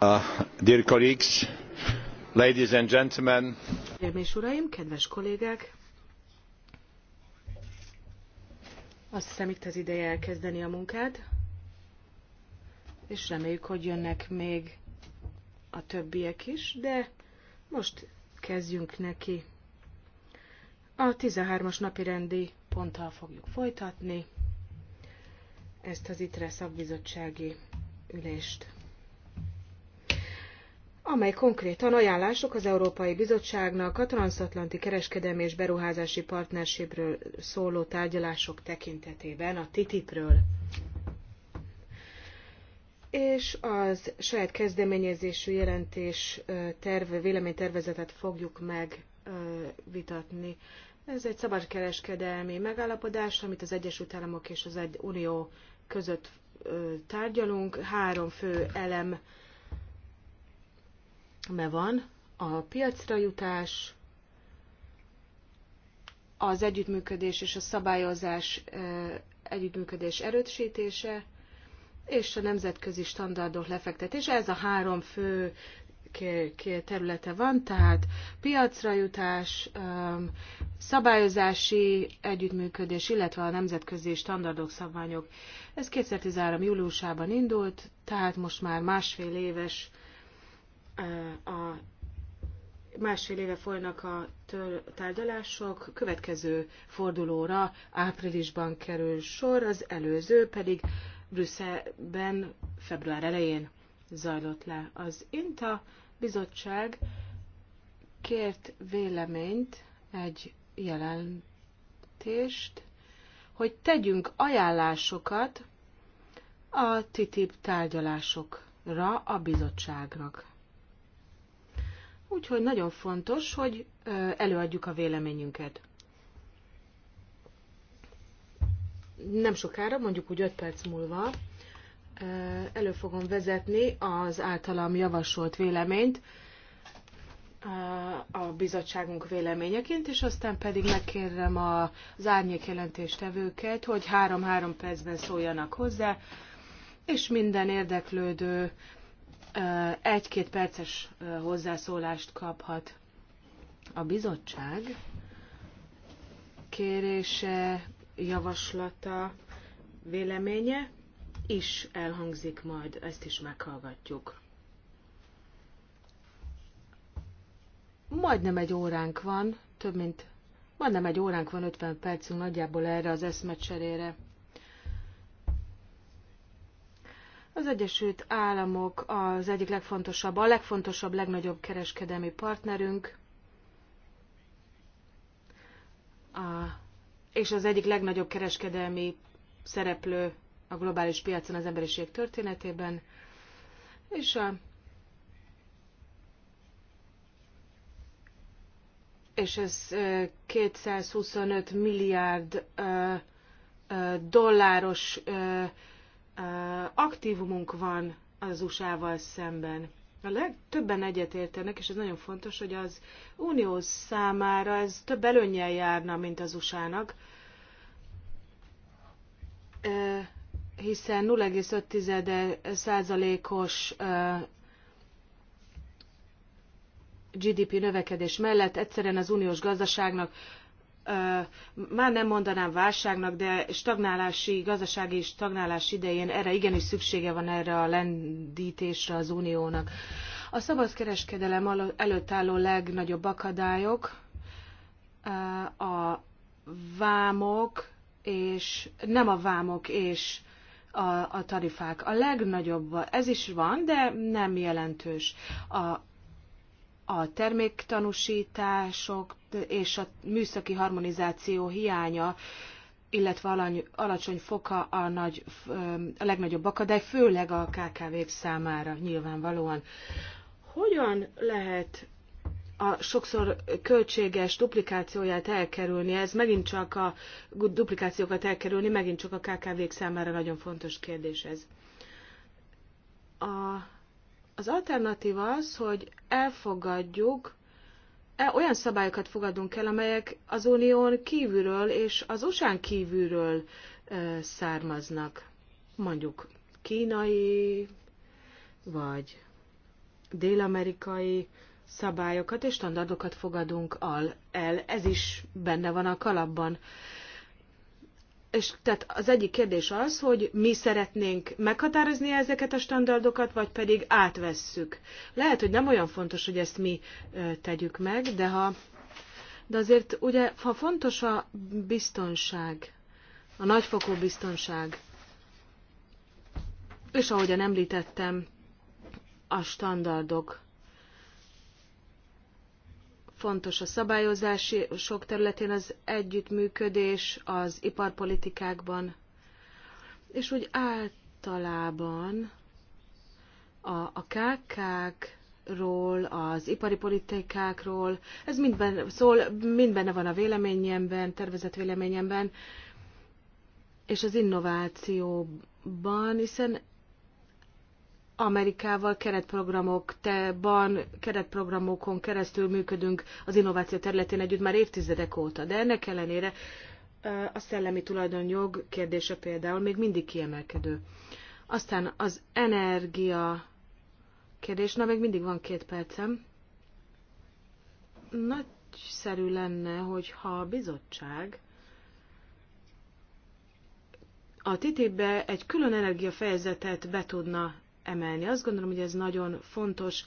Uh, hölgyeim és uraim, kedves kollégák! Azt hiszem itt az ideje elkezdeni a munkát, és reméljük, hogy jönnek még a többiek is, de most kezdjünk neki. A 13-as napi rendi ponttal fogjuk folytatni ezt az ITRE szakbizottsági ülést amely konkrétan ajánlások az Európai Bizottságnak a transzatlanti kereskedelmi és beruházási partnerségről szóló tárgyalások tekintetében, a TTIP-ről. És az saját kezdeményezésű jelentés terve, véleménytervezetet fogjuk megvitatni. Ez egy szabadkereskedelmi megállapodás, amit az Egyesült Államok és az Unió között tárgyalunk. Három fő elem me van a piacra jutás, az együttműködés és a szabályozás együttműködés erősítése, és a nemzetközi standardok lefektetése. Ez a három fő területe van, tehát piacra jutás, szabályozási együttműködés, illetve a nemzetközi standardok, szabványok. Ez 2013. júliusában indult, tehát most már másfél éves a másfél éve folynak a tárgyalások, következő fordulóra áprilisban kerül sor, az előző pedig Brüsszelben február elején zajlott le. Az INTA bizottság kért véleményt, egy jelentést, hogy tegyünk ajánlásokat a TTIP tárgyalásokra a bizottságnak. Úgyhogy nagyon fontos, hogy előadjuk a véleményünket. Nem sokára, mondjuk úgy 5 perc múlva elő fogom vezetni az általam javasolt véleményt a bizottságunk véleményeként, és aztán pedig megkérem az árnyék jelentéstevőket, hogy három-három percben szóljanak hozzá, és minden érdeklődő egy-két perces hozzászólást kaphat a bizottság kérése, javaslata, véleménye is elhangzik majd, ezt is meghallgatjuk. Majdnem egy óránk van, több mint, majdnem egy óránk van, 50 percünk nagyjából erre az eszmecserére. Az Egyesült Államok az egyik legfontosabb, a legfontosabb, legnagyobb kereskedelmi partnerünk, a, és az egyik legnagyobb kereskedelmi szereplő a globális piacon az emberiség történetében, és a és ez 225 milliárd dolláros aktívumunk van az USA-val szemben. A legtöbben egyetértenek, és ez nagyon fontos, hogy az Unió számára ez több előnyel járna, mint az USA-nak, hiszen 05 százalékos GDP növekedés mellett egyszerűen az uniós gazdaságnak már nem mondanám válságnak, de stagnálási, gazdasági stagnálás idején erre igenis szüksége van erre a lendítésre az uniónak. A kereskedelem előtt álló legnagyobb akadályok a vámok és nem a vámok és a, a tarifák. A legnagyobb, ez is van, de nem jelentős. A a terméktanúsítások és a műszaki harmonizáció hiánya, illetve alany, alacsony foka a, nagy, a legnagyobb akadály, főleg a KKV-k számára nyilvánvalóan. Hogyan lehet a sokszor költséges duplikációját elkerülni, ez megint csak a duplikációkat elkerülni, megint csak a KKV-k számára nagyon fontos kérdés ez. A az alternatíva az, hogy elfogadjuk, e, olyan szabályokat fogadunk el, amelyek az unión kívülről és az usa kívülről e, származnak. Mondjuk kínai, vagy dél-amerikai szabályokat és standardokat fogadunk al el. Ez is benne van a kalapban és tehát az egyik kérdés az, hogy mi szeretnénk meghatározni ezeket a standardokat, vagy pedig átvesszük. Lehet, hogy nem olyan fontos, hogy ezt mi tegyük meg, de ha de azért ugye, ha fontos a biztonság, a nagyfokú biztonság, és ahogyan említettem, a standardok Fontos a szabályozási sok területén az együttműködés az iparpolitikákban, és úgy általában a, a kákák, ról, az ipari politikákról, ez mindben szól, mind benne van a véleményemben, tervezett véleményemben, és az innovációban, hiszen Amerikával keretprogramokban, keretprogramokon keresztül működünk az innováció területén együtt már évtizedek óta, de ennek ellenére a szellemi tulajdonjog kérdése például még mindig kiemelkedő. Aztán az energia kérdés, na még mindig van két percem. Nagyszerű lenne, hogyha a bizottság a TTIP-be egy külön energiafejezetet be tudna emelni. Azt gondolom, hogy ez nagyon fontos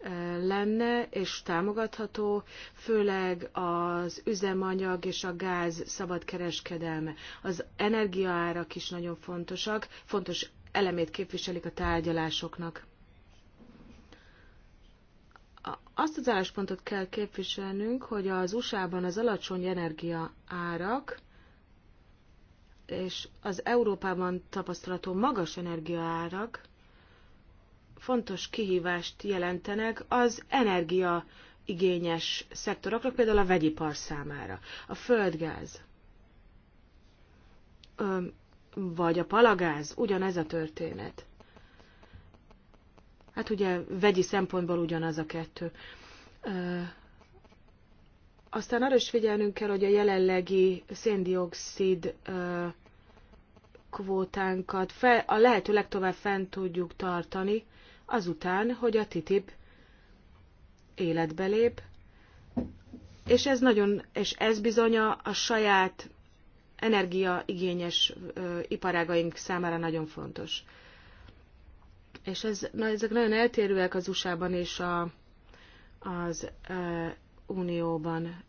eh, lenne és támogatható, főleg az üzemanyag és a gáz szabad kereskedelme. Az energiaárak is nagyon fontosak, fontos elemét képviselik a tárgyalásoknak. Azt az álláspontot kell képviselnünk, hogy az USA-ban az alacsony energiaárak és az Európában tapasztalható magas energiaárak fontos kihívást jelentenek az energia igényes szektorokra, például a vegyipar számára. A földgáz, vagy a palagáz, ugyanez a történet. Hát ugye vegyi szempontból ugyanaz a kettő. Aztán arra is figyelnünk kell, hogy a jelenlegi széndiokszid kvótánkat fel, a lehető legtovább fent tudjuk tartani, azután, hogy a titib életbe lép, és ez nagyon, és ez bizony a, a saját energiaigényes iparágaink számára nagyon fontos. És ez, na, ezek nagyon eltérőek az USA-ban és a, az e, Unióban.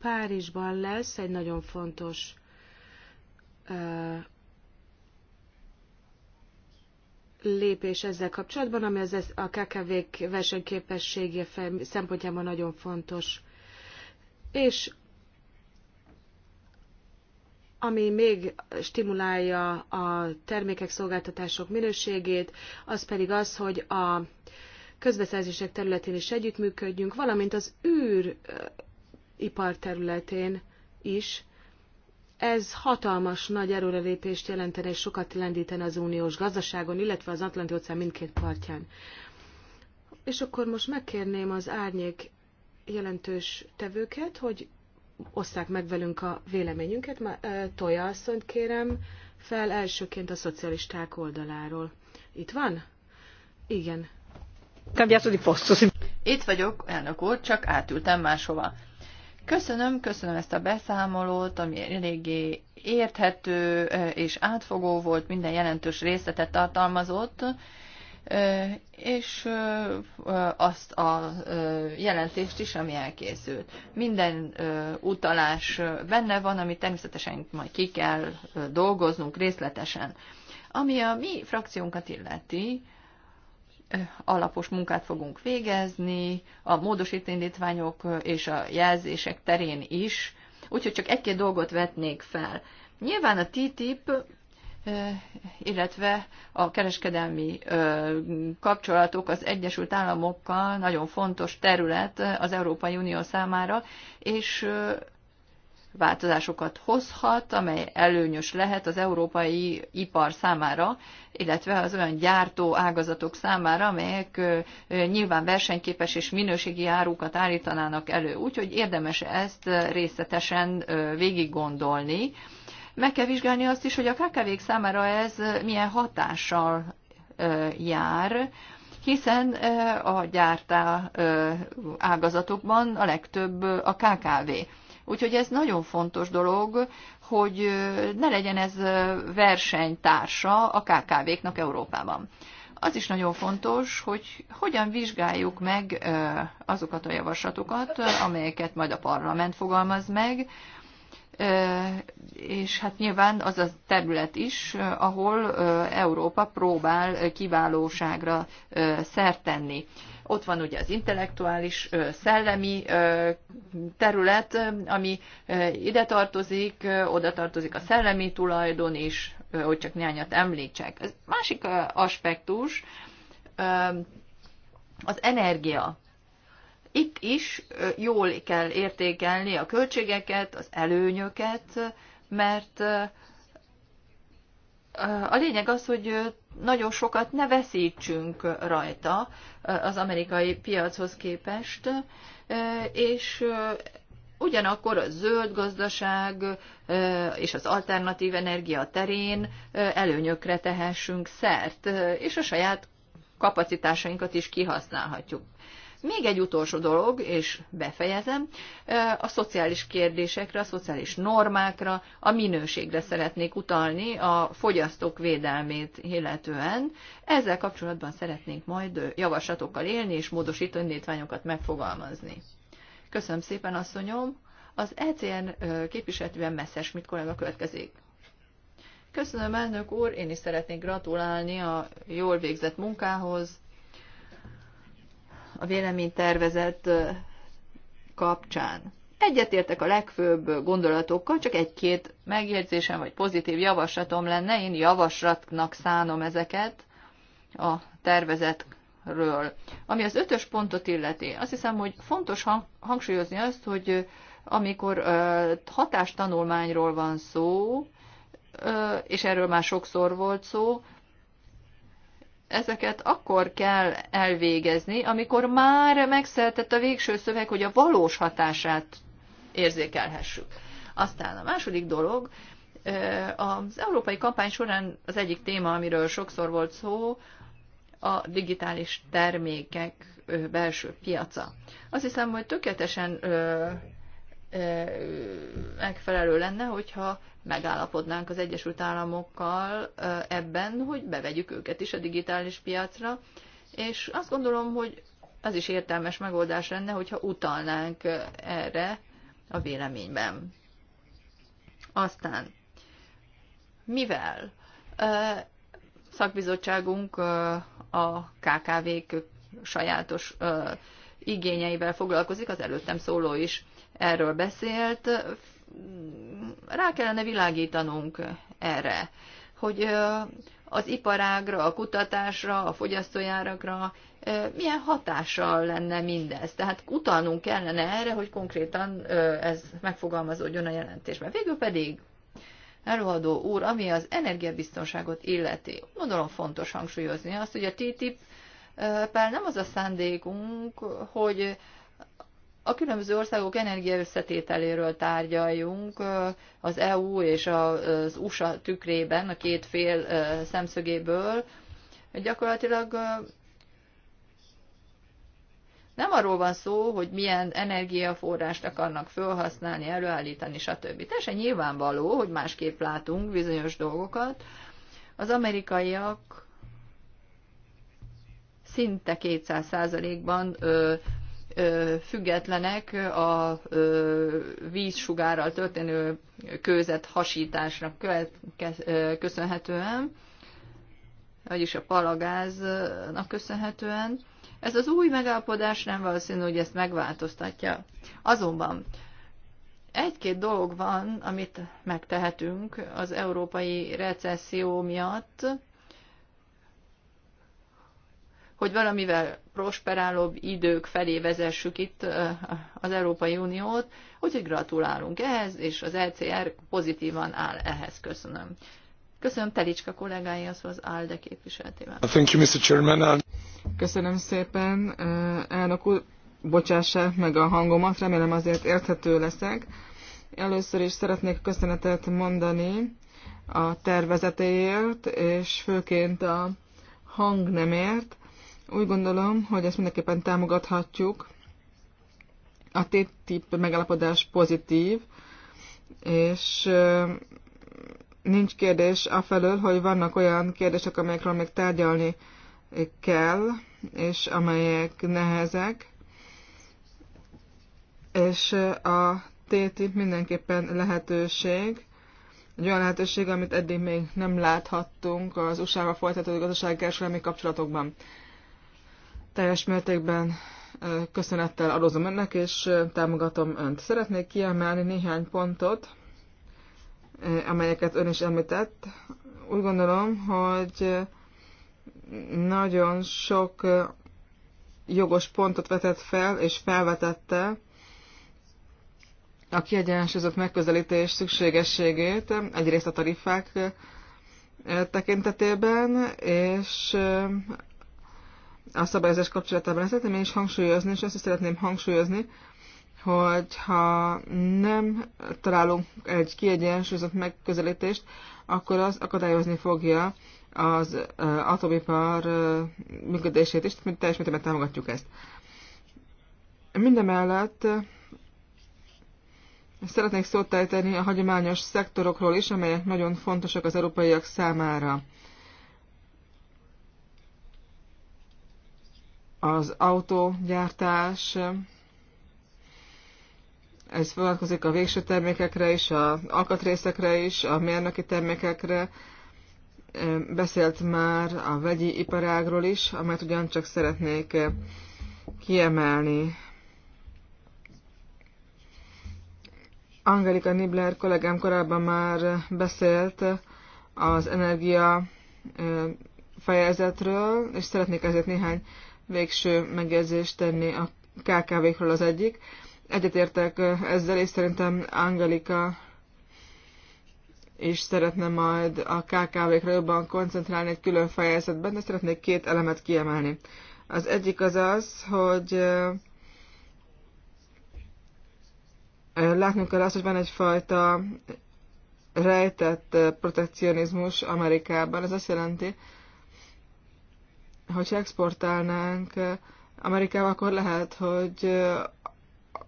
Párizsban lesz egy nagyon fontos e, lépés ezzel kapcsolatban, ami az a KKV-k versenyképessége szempontjából nagyon fontos. És ami még stimulálja a termékek, szolgáltatások minőségét, az pedig az, hogy a közbeszerzések területén is együttműködjünk, valamint az űr ipar területén is, ez hatalmas nagy erőrelépést jelentene és sokat lendítene az uniós gazdaságon, illetve az Atlanti-óceán mindkét partján. És akkor most megkérném az árnyék jelentős tevőket, hogy osszák meg velünk a véleményünket. Már Toja asszonyt kérem fel elsőként a szocialisták oldaláról. Itt van? Igen. Itt vagyok, elnök úr, csak átültem máshova. Köszönöm, köszönöm ezt a beszámolót, ami eléggé érthető és átfogó volt, minden jelentős részletet tartalmazott, és azt a jelentést is, ami elkészült. Minden utalás benne van, ami természetesen majd ki kell dolgoznunk részletesen. Ami a mi frakciónkat illeti, alapos munkát fogunk végezni, a indítványok és a jelzések terén is, úgyhogy csak egy-két dolgot vetnék fel. Nyilván a TTIP, illetve a kereskedelmi kapcsolatok az Egyesült Államokkal nagyon fontos terület az Európai Unió számára, és változásokat hozhat, amely előnyös lehet az európai ipar számára, illetve az olyan gyártó ágazatok számára, amelyek nyilván versenyképes és minőségi árukat állítanának elő. Úgyhogy érdemes ezt részletesen végig gondolni. Meg kell vizsgálni azt is, hogy a KKV-k számára ez milyen hatással jár, hiszen a gyártá ágazatokban a legtöbb a KKV. Úgyhogy ez nagyon fontos dolog, hogy ne legyen ez versenytársa a KKV-knak Európában. Az is nagyon fontos, hogy hogyan vizsgáljuk meg azokat a javaslatokat, amelyeket majd a parlament fogalmaz meg, és hát nyilván az a terület is, ahol Európa próbál kiválóságra szert tenni. Ott van ugye az intellektuális, szellemi terület, ami ide tartozik, oda tartozik a szellemi tulajdon is, hogy csak néhányat említsek. Ez másik aspektus, az energia. Itt is jól kell értékelni a költségeket, az előnyöket, mert a lényeg az, hogy nagyon sokat ne veszítsünk rajta eh, az amerikai piachoz képest, eh, és eh, ugyanakkor a zöld gazdaság és az alternatív energia terén előnyökre tehessünk szert, és a saját kapacitásainkat is kihasználhatjuk. Még egy utolsó dolog, és befejezem, a szociális kérdésekre, a szociális normákra, a minőségre szeretnék utalni a fogyasztók védelmét illetően. Ezzel kapcsolatban szeretnénk majd javaslatokkal élni és módosító indítványokat megfogalmazni. Köszönöm szépen, asszonyom! Az ECN képviseletűen messzes, mit kollega következik. Köszönöm, elnök úr, én is szeretnék gratulálni a jól végzett munkához, a véleménytervezet kapcsán. Egyetértek a legfőbb gondolatokkal, csak egy-két megjegyzésem vagy pozitív javaslatom lenne, én javaslatnak szánom ezeket a tervezetről. Ami az ötös pontot illeti, azt hiszem, hogy fontos hangsúlyozni azt, hogy amikor hatástanulmányról van szó, és erről már sokszor volt szó, ezeket akkor kell elvégezni, amikor már megszeretett a végső szöveg, hogy a valós hatását érzékelhessük. Aztán a második dolog, az európai kampány során az egyik téma, amiről sokszor volt szó, a digitális termékek belső piaca. Azt hiszem, hogy tökéletesen megfelelő lenne, hogyha megállapodnánk az Egyesült Államokkal ebben, hogy bevegyük őket is a digitális piacra, és azt gondolom, hogy az is értelmes megoldás lenne, hogyha utalnánk erre a véleményben. Aztán, mivel szakbizottságunk a KKV-k sajátos igényeivel foglalkozik, az előttem szóló is erről beszélt, rá kellene világítanunk erre, hogy az iparágra, a kutatásra, a fogyasztójárakra milyen hatással lenne mindez. Tehát utalnunk kellene erre, hogy konkrétan ez megfogalmazódjon a jelentésben. Végül pedig előadó úr, ami az energiabiztonságot illeti. Gondolom fontos hangsúlyozni azt, hogy a TTIP-pel nem az a szándékunk, hogy a különböző országok energiaösszetételéről tárgyaljunk az EU és az USA tükrében, a két fél szemszögéből. Gyakorlatilag nem arról van szó, hogy milyen energiaforrást akarnak felhasználni, előállítani, stb. Teljesen nyilvánvaló, hogy másképp látunk bizonyos dolgokat. Az amerikaiak szinte 200%-ban függetlenek a vízsugárral történő kőzet hasításnak köszönhetően, vagyis a palagáznak köszönhetően. Ez az új megállapodás nem valószínű, hogy ezt megváltoztatja. Azonban egy-két dolog van, amit megtehetünk az európai recesszió miatt, hogy valamivel prosperálóbb idők felé vezessük itt az Európai Uniót, úgyhogy gratulálunk ehhez, és az LCR e pozitívan áll ehhez. Köszönöm. Köszönöm Telicska kollégáihoz az ALDE képviseletében. Thank you, Mr. Chairman. Köszönöm szépen, elnök úr, bocsássák meg a hangomat, remélem azért érthető leszek. Először is szeretnék köszönetet mondani a tervezetéért, és főként a hangnemért. Úgy gondolom, hogy ezt mindenképpen támogathatjuk. A TTIP megállapodás pozitív, és nincs kérdés afelől, hogy vannak olyan kérdések, amelyekről még tárgyalni kell, és amelyek nehezek, és a TTIP mindenképpen lehetőség, egy olyan lehetőség, amit eddig még nem láthattunk az USA-val folytatódó gazdaságkereskedelmi kapcsolatokban. Teljes mértékben köszönettel adozom önnek, és támogatom önt. Szeretnék kiemelni néhány pontot, amelyeket ön is említett. Úgy gondolom, hogy nagyon sok jogos pontot vetett fel, és felvetette a kiegyensúlyozott megközelítés szükségességét, egyrészt a tarifák tekintetében, és a szabályozás kapcsolatában. Ezt szeretném én is hangsúlyozni, és azt is szeretném hangsúlyozni, hogy ha nem találunk egy kiegyensúlyozott megközelítést, akkor az akadályozni fogja az atomipar működését is, mint teljes mértékben támogatjuk ezt. Mindemellett szeretnék szót ejteni a hagyományos szektorokról is, amelyek nagyon fontosak az európaiak számára. az autógyártás, ez vonatkozik a végső termékekre is, a alkatrészekre is, a mérnöki termékekre. Beszélt már a vegyi iparágról is, amelyet ugyancsak szeretnék kiemelni. Angelika Nibler kollégám korábban már beszélt az energia fejezetről, és szeretnék ezért néhány végső megjegyzést tenni a KKV-kről az egyik. Egyetértek ezzel, és szerintem Angelika és szeretne majd a KKV-kra jobban koncentrálni egy külön fejezetben, de szeretnék két elemet kiemelni. Az egyik az az, hogy látnunk kell azt, hogy van egyfajta rejtett protekcionizmus Amerikában. Ez azt jelenti, hogyha exportálnánk Amerikába, akkor lehet, hogy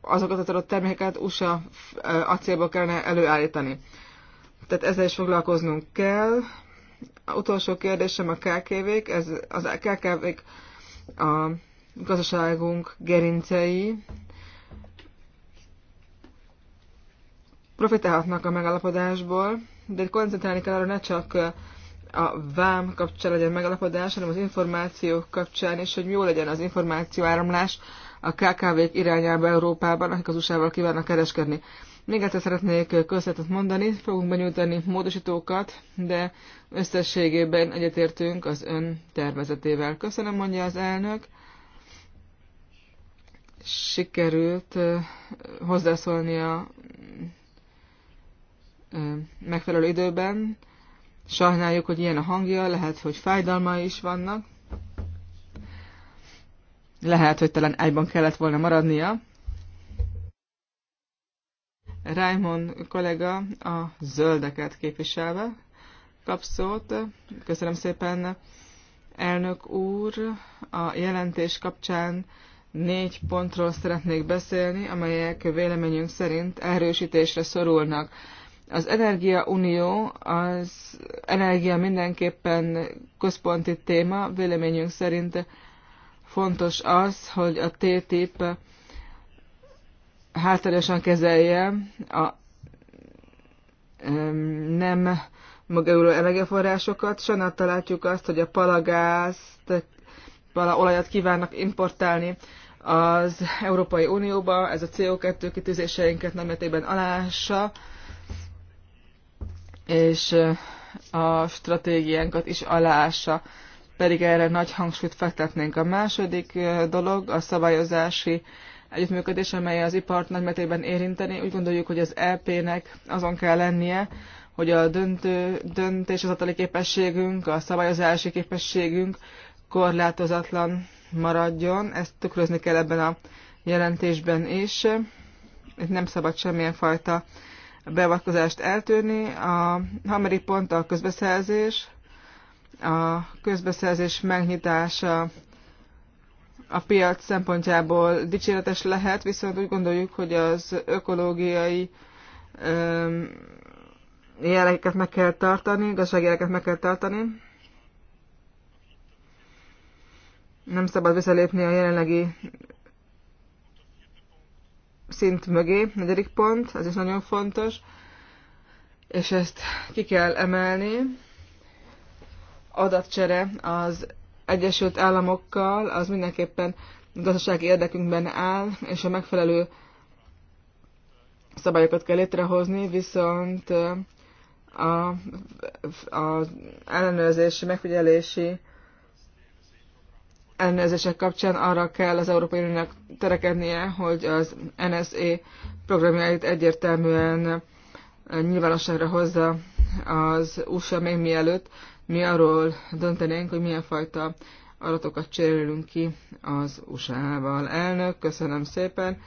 azokat az adott termékeket USA acélból kellene előállítani. Tehát ezzel is foglalkoznunk kell. A utolsó kérdésem a KKV-k. Ez, az kkv a gazdaságunk gerincei. Profitálhatnak a megállapodásból, de koncentrálni kell arra ne csak a vám kapcsán legyen megalapodás, hanem az információk kapcsán és hogy jó legyen az információ áramlás a KKV-k irányába Európában, akik az USA-val kívánnak kereskedni. Még egyszer szeretnék köszönetet mondani, fogunk benyújtani módosítókat, de összességében egyetértünk az ön tervezetével. Köszönöm, mondja az elnök. Sikerült hozzászólni a megfelelő időben. Sajnáljuk, hogy ilyen a hangja, lehet, hogy fájdalmai is vannak. Lehet, hogy talán ágyban kellett volna maradnia. Raymond kollega a zöldeket képviselve kap szót. Köszönöm szépen, elnök úr. A jelentés kapcsán négy pontról szeretnék beszélni, amelyek véleményünk szerint erősítésre szorulnak. Az Energia Unió, az energia mindenképpen központi téma, véleményünk szerint fontos az, hogy a TTIP hátrányosan kezelje a nem magáuló energiaforrásokat. Sajnálattal látjuk azt, hogy a palagázt, olajat kívánnak importálni az Európai Unióba, ez a CO2 kitűzéseinket nem alása. alássa és a stratégiánkat is aláássa. Pedig erre nagy hangsúlyt fektetnénk. A második dolog a szabályozási együttműködés, amely az ipart nagymetében érinteni. Úgy gondoljuk, hogy az EP-nek azon kell lennie, hogy a döntő, döntéshozatali képességünk, a szabályozási képességünk korlátozatlan maradjon. Ezt tükrözni kell ebben a jelentésben is. Itt nem szabad semmilyen fajta uh, beavatkozást eltűrni. A hamari pont a közbeszerzés, a közbeszerzés megnyitása a piac szempontjából dicséretes lehet, viszont úgy gondoljuk, hogy az ökológiai jeleket meg kell tartani, gazdaságjeleket meg kell tartani. Nem szabad visszalépni a jelenlegi szint mögé, negyedik pont, ez is nagyon fontos, és ezt ki kell emelni. Adatcsere az Egyesült Államokkal az mindenképpen gazdasági érdekünkben áll, és a megfelelő szabályokat kell létrehozni, viszont a, az ellenőrzési, megfigyelési ellenőrzések kapcsán arra kell az Európai Uniónak törekednie, hogy az NSA programjait egyértelműen eh, nyilvánosságra hozza az USA még mielőtt mi arról döntenénk, hogy milyen fajta adatokat cserélünk ki az USA-val. Elnök, köszönöm szépen.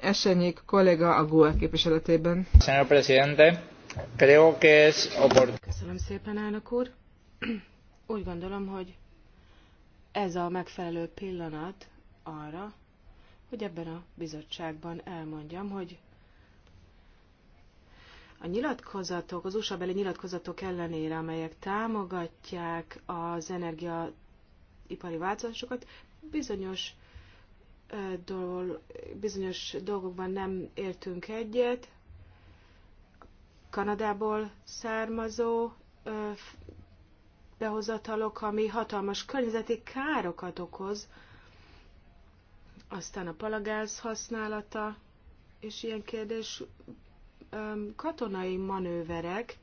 Esenyik kollega a GUE képviseletében. Köszönöm szépen, elnök úr. Úgy gondolom, hogy ez a megfelelő pillanat arra, hogy ebben a bizottságban elmondjam, hogy a nyilatkozatok, az USA-beli nyilatkozatok ellenére, amelyek támogatják az energiaipari változásokat, bizonyos, bizonyos dolgokban nem értünk egyet. Kanadából származó behozatalok, ami hatalmas környezeti károkat okoz, aztán a palagáz használata, és ilyen kérdés, katonai manőverek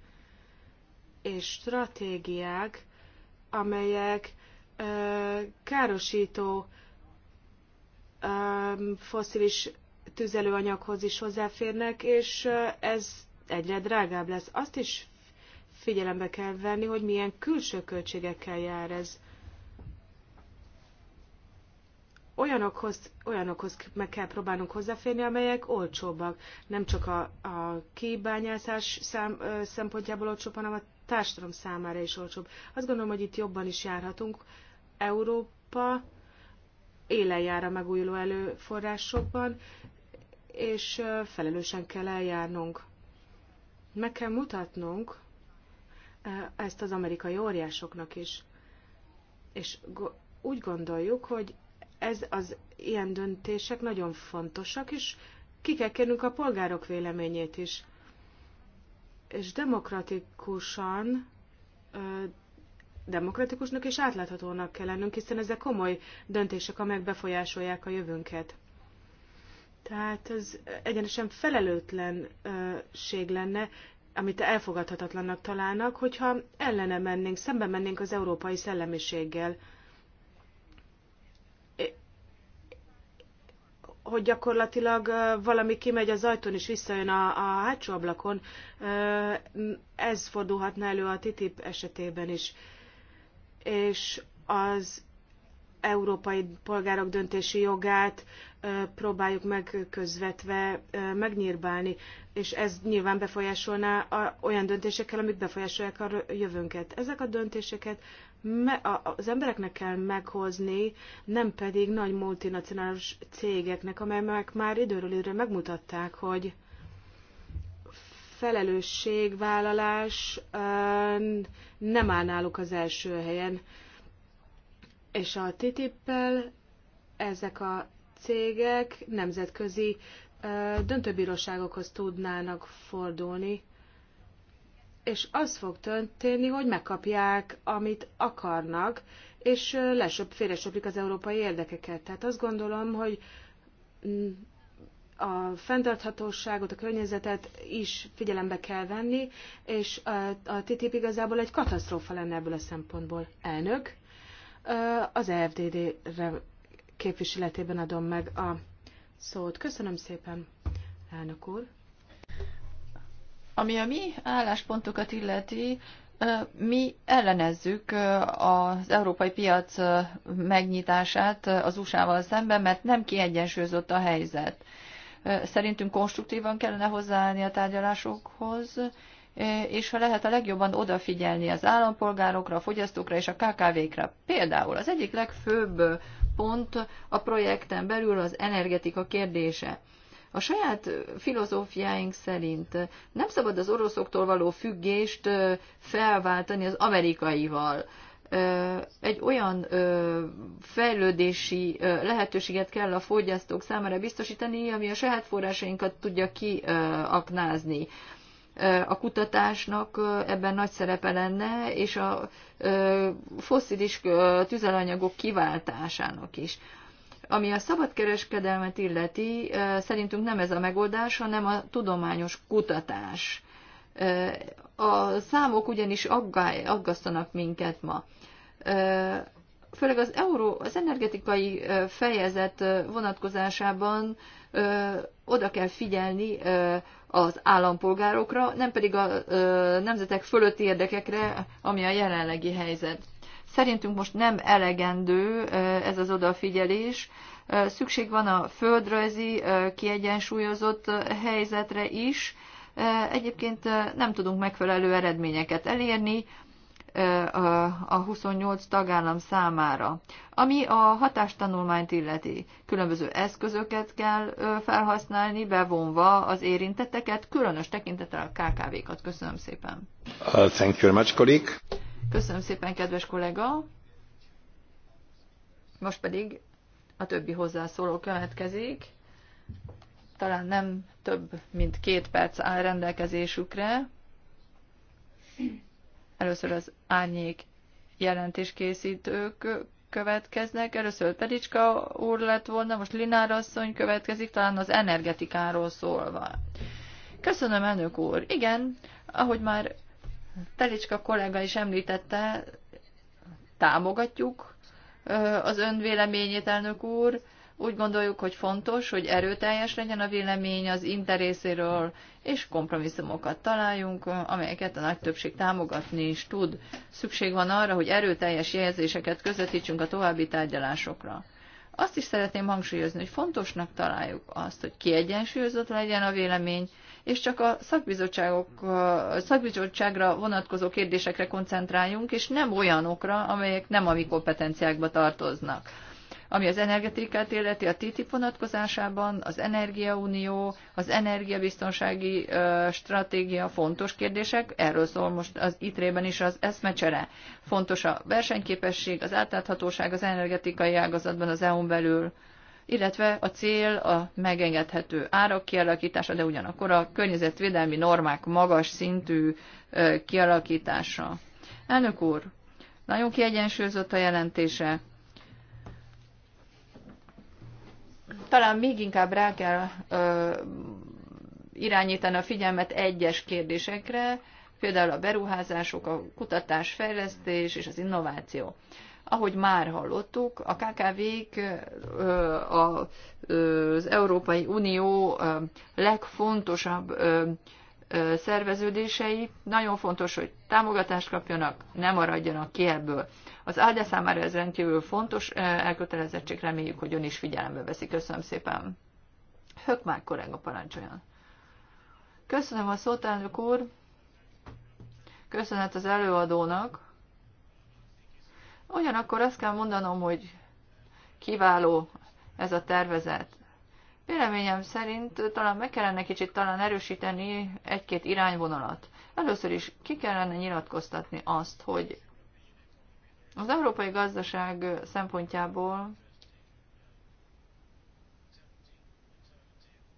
és stratégiák, amelyek károsító foszilis tüzelőanyaghoz is hozzáférnek, és ez egyre drágább lesz. Azt is figyelembe kell venni, hogy milyen külső költségekkel jár ez. Olyanokhoz, olyanokhoz meg kell próbálnunk hozzáférni, amelyek olcsóbbak. Nem csak a, a kibányászás szám, ö, szempontjából olcsóbb, hanem a társadalom számára is olcsóbb. Azt gondolom, hogy itt jobban is járhatunk. Európa élen jár a megújuló előforrásokban, és felelősen kell eljárnunk. Meg kell mutatnunk, E, ezt az amerikai óriásoknak is. És úgy gondoljuk, hogy ez az ilyen döntések nagyon fontosak, és ki kell kérnünk a polgárok véleményét is. És demokratikusan, e, demokratikusnak és átláthatónak kell lennünk, hiszen ezek komoly döntések, amelyek befolyásolják a jövőnket. Tehát ez egyenesen felelőtlenség lenne amit elfogadhatatlannak találnak, hogyha ellene mennénk, szembe mennénk az európai szellemiséggel. Hogy gyakorlatilag valami kimegy az ajtón és visszajön a, a hátsó ablakon, ez fordulhatna elő a TTIP esetében is. És az európai polgárok döntési jogát próbáljuk meg közvetve megnyírbálni, és ez nyilván befolyásolná olyan döntésekkel, amik befolyásolják a jövőnket. Ezek a döntéseket az embereknek kell meghozni, nem pedig nagy multinacionális cégeknek, amelyek már időről időre megmutatták, hogy felelősségvállalás nem áll náluk az első helyen és a TTIP-pel ezek a cégek nemzetközi döntőbíróságokhoz tudnának fordulni, és az fog történni, hogy megkapják, amit akarnak, és lesöp, félresöplik az európai érdekeket. Tehát azt gondolom, hogy mm, a fenntarthatóságot, a környezetet is figyelembe kell venni, és a TTIP igazából egy katasztrófa lenne ebből a szempontból. Elnök, az efdd képviseletében adom meg a szót. Köszönöm szépen, elnök úr. Ami a mi álláspontokat illeti, mi ellenezzük az európai piac megnyitását az USA-val szemben, mert nem kiegyensúlyozott a helyzet. Szerintünk konstruktívan kellene hozzáállni a tárgyalásokhoz, és ha lehet a legjobban odafigyelni az állampolgárokra, a fogyasztókra és a KKV-kra. Például az egyik legfőbb pont a projekten belül az energetika kérdése. A saját filozófiáink szerint nem szabad az oroszoktól való függést felváltani az amerikaival. Egy olyan fejlődési lehetőséget kell a fogyasztók számára biztosítani, ami a saját forrásainkat tudja kiaknázni a kutatásnak ebben nagy szerepe lenne, és a foszilis tüzelanyagok kiváltásának is. Ami a szabadkereskedelmet illeti, szerintünk nem ez a megoldás, hanem a tudományos kutatás. A számok ugyanis aggasztanak minket ma. Főleg az, euró, az energetikai fejezet vonatkozásában oda kell figyelni az állampolgárokra, nem pedig a nemzetek fölötti érdekekre, ami a jelenlegi helyzet. Szerintünk most nem elegendő ez az odafigyelés, szükség van a földrajzi kiegyensúlyozott helyzetre is. Egyébként nem tudunk megfelelő eredményeket elérni, a 28 tagállam számára. Ami a hatástanulmányt illeti, különböző eszközöket kell felhasználni, bevonva az érintetteket, különös tekintettel a KKV-kat. Köszönöm szépen. Uh, thank you very much, colleague. Köszönöm szépen, kedves kollega. Most pedig a többi hozzászóló következik. Talán nem több, mint két perc áll rendelkezésükre. Először az árnyék jelentéskészítők következnek, először Pedicska úr lett volna, most Linár asszony következik, talán az energetikáról szólva. Köszönöm, elnök úr. Igen, ahogy már Pedicska kollega is említette, támogatjuk az ön véleményét, elnök úr. Úgy gondoljuk, hogy fontos, hogy erőteljes legyen a vélemény az interészéről, és kompromisszumokat találjunk, amelyeket a nagy többség támogatni is tud. Szükség van arra, hogy erőteljes jelzéseket közvetítsünk a további tárgyalásokra. Azt is szeretném hangsúlyozni, hogy fontosnak találjuk azt, hogy kiegyensúlyozott legyen a vélemény, és csak a szakbizottságok, szakbizottságra vonatkozó kérdésekre koncentráljunk, és nem olyanokra, amelyek nem a mi kompetenciákba tartoznak ami az energetikát illeti a TTIP vonatkozásában, az energiaunió, az energiabiztonsági stratégia fontos kérdések, erről szól most az ITRE-ben is az eszmecsere. Fontos a versenyképesség, az átláthatóság az energetikai ágazatban az EU-n belül, illetve a cél a megengedhető árak kialakítása, de ugyanakkor a környezetvédelmi normák magas szintű kialakítása. Elnök úr, nagyon kiegyensúlyozott a jelentése, talán még inkább rá kell ö, irányítani a figyelmet egyes kérdésekre, például a beruházások, a kutatás, fejlesztés és az innováció. Ahogy már hallottuk, a KKV-k az Európai Unió legfontosabb szerveződései. Nagyon fontos, hogy támogatást kapjanak, ne maradjanak ki ebből. Az áldja számára ez rendkívül fontos elkötelezettség, reméljük, hogy ön is figyelembe veszi. Köszönöm szépen. Hökmák korega parancsoljon. Köszönöm a szót, elnök úr. Köszönet az előadónak. Ugyanakkor azt kell mondanom, hogy kiváló ez a tervezet. Véleményem szerint talán meg kellene kicsit talán erősíteni egy-két irányvonalat. Először is ki kellene nyilatkoztatni azt, hogy az európai gazdaság szempontjából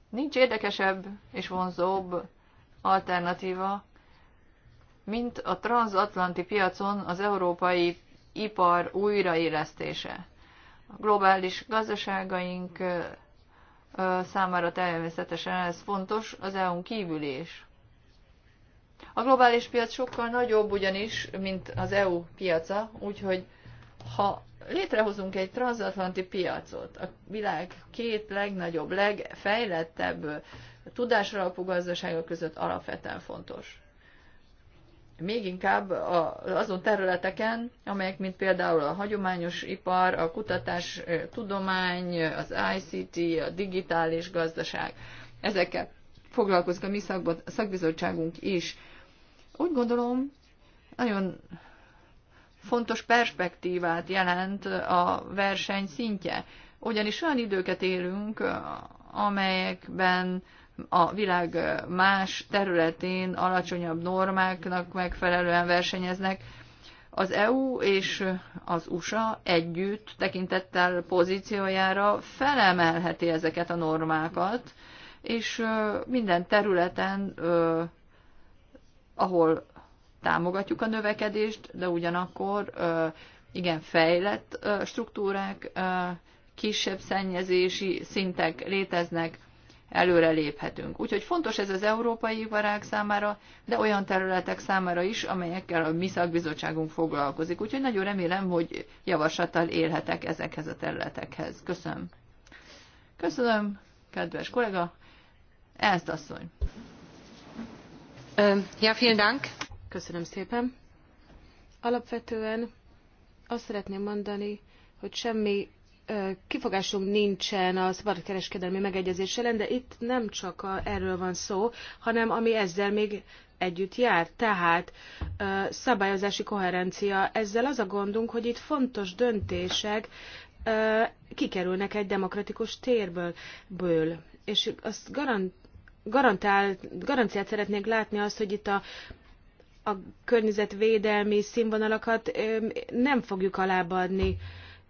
nincs érdekesebb és vonzóbb alternatíva, mint a transatlanti piacon az európai ipar újraélesztése. A globális gazdaságaink számára természetesen ez fontos, az EU-n kívül is. A globális piac sokkal nagyobb ugyanis, mint az EU piaca, úgyhogy ha létrehozunk egy transatlanti piacot, a világ két legnagyobb, legfejlettebb tudásalapú gazdasága között alapvetően fontos még inkább azon területeken, amelyek, mint például a hagyományos ipar, a kutatás, tudomány, az ICT, a digitális gazdaság. Ezekkel foglalkozik a mi szakbizottságunk is. Úgy gondolom, nagyon fontos perspektívát jelent a verseny szintje. Ugyanis olyan időket élünk, amelyekben a világ más területén alacsonyabb normáknak megfelelően versenyeznek. Az EU és az USA együtt tekintettel pozíciójára felemelheti ezeket a normákat, és minden területen, ahol támogatjuk a növekedést, de ugyanakkor igen fejlett struktúrák, kisebb szennyezési szintek léteznek, előre léphetünk. Úgyhogy fontos ez az európai iparág számára, de olyan területek számára is, amelyekkel a mi szakbizottságunk foglalkozik. Úgyhogy nagyon remélem, hogy javaslattal élhetek ezekhez a területekhez. Köszönöm. Köszönöm, kedves kollega. Ezt asszony. Ja, vielen Dank. Köszönöm szépen. Alapvetően azt szeretném mondani, hogy semmi kifogásunk nincsen a szabadkereskedelmi megegyezés ellen, de itt nem csak a, erről van szó, hanem ami ezzel még együtt jár. Tehát szabályozási koherencia. Ezzel az a gondunk, hogy itt fontos döntések kikerülnek egy demokratikus térből. Ből. És azt garantál, garanciát szeretnék látni azt, hogy itt a a környezetvédelmi színvonalakat nem fogjuk alábadni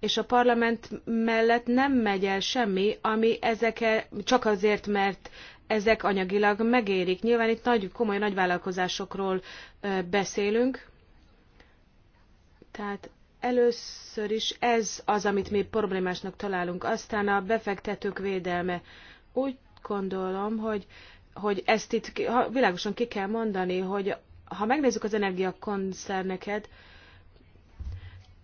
és a parlament mellett nem megy el semmi, ami ezeket csak azért, mert ezek anyagilag megérik. Nyilván itt nagy, komoly nagyvállalkozásokról beszélünk, tehát először is ez az, amit mi problémásnak találunk. Aztán a befektetők védelme. Úgy gondolom, hogy, hogy ezt itt világosan ki kell mondani, hogy ha megnézzük az energiakoncerneket,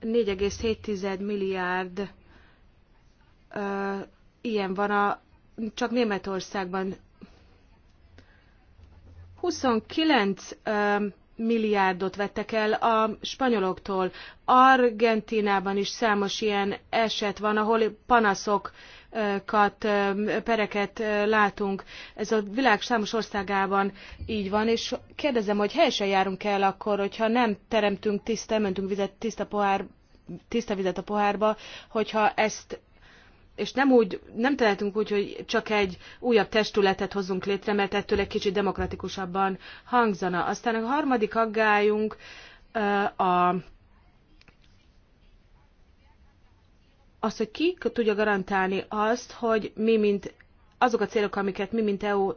4,7 milliárd ö, ilyen van a, csak Németországban. 29 ö, milliárdot vettek el a spanyoloktól. Argentinában is számos ilyen eset van, ahol panaszok ö, kat, pereket látunk. Ez a világ számos országában így van, és kérdezem, hogy helyesen járunk el akkor, hogyha nem teremtünk tiszta, mentünk vizet, tiszta, pohár, tiszta vizet a pohárba, hogyha ezt és nem úgy, nem tehetünk úgy, hogy csak egy újabb testületet hozunk létre, mert ettől egy kicsit demokratikusabban hangzana. Aztán a harmadik aggályunk a az, hogy ki tudja garantálni azt, hogy mi, mint azok a célok, amiket mi, mint EU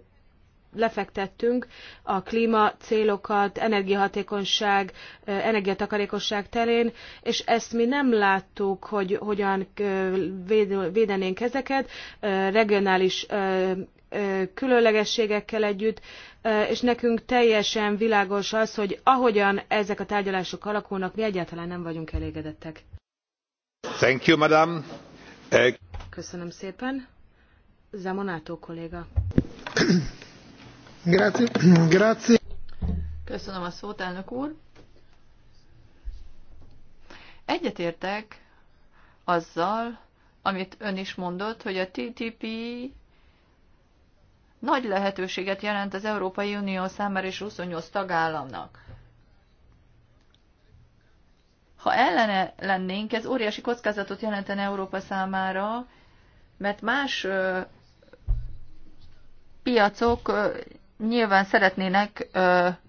lefektettünk, a klíma célokat, energiahatékonyság, energiatakarékosság terén, és ezt mi nem láttuk, hogy hogyan védenénk ezeket regionális különlegességekkel együtt, és nekünk teljesen világos az, hogy ahogyan ezek a tárgyalások alakulnak, mi egyáltalán nem vagyunk elégedettek. Eh, Köszönöm szépen. Zamonato kolléga. Grazie. Grazie. Köszönöm a szót, elnök úr. Egyetértek azzal, amit ön is mondott, hogy a TTP nagy lehetőséget jelent az Európai Unió számára és 28 tagállamnak. Ha ellene lennénk, ez óriási kockázatot jelentene Európa számára, mert más piacok nyilván szeretnének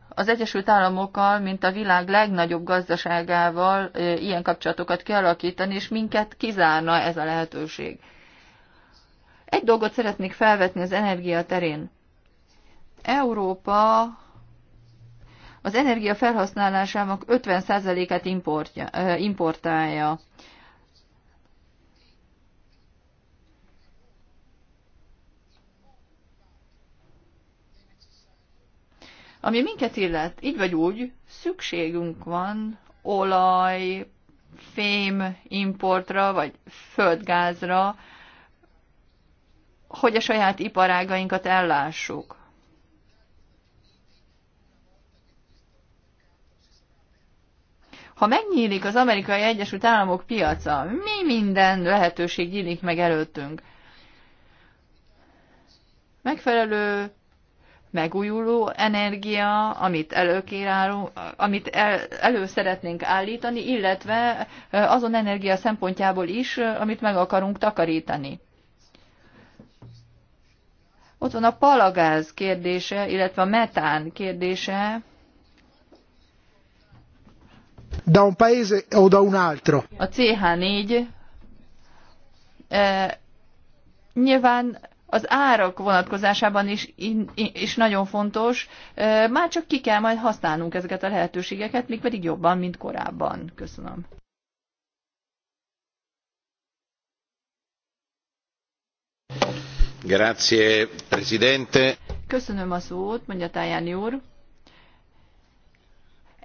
az Egyesült Államokkal, mint a világ legnagyobb gazdaságával ilyen kapcsolatokat kialakítani, és minket kizárna ez a lehetőség. Egy dolgot szeretnék felvetni az energia terén. Európa az energia felhasználásának 50%-át importálja. Ami minket illet, így vagy úgy, szükségünk van olaj, fém importra, vagy földgázra, hogy a saját iparágainkat ellássuk. Ha megnyílik az amerikai Egyesült Államok piaca, mi minden lehetőség nyílik meg előttünk? Megfelelő megújuló energia, amit, előkírálunk, amit el, elő szeretnénk állítani, illetve azon energia szempontjából is, amit meg akarunk takarítani. Ott van a palagáz kérdése, illetve a metán kérdése, da un paese o da un altro. A CH4 e, nyilván az árak vonatkozásában is, is nagyon fontos. E, már csak ki kell majd használnunk ezeket a lehetőségeket, még pedig jobban, mint korábban. Köszönöm. Grazie, Presidente. Köszönöm a szót, mondja Tajani úr.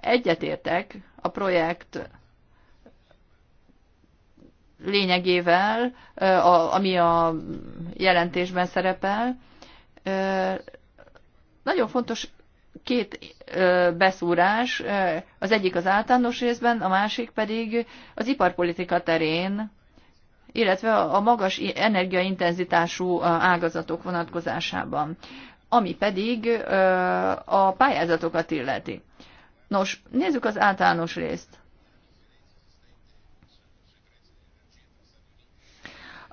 Egyetértek a projekt lényegével, ami a jelentésben szerepel. Nagyon fontos két beszúrás, az egyik az általános részben, a másik pedig az iparpolitika terén, illetve a magas energiaintenzitású ágazatok vonatkozásában, ami pedig a pályázatokat illeti. Nos, nézzük az általános részt.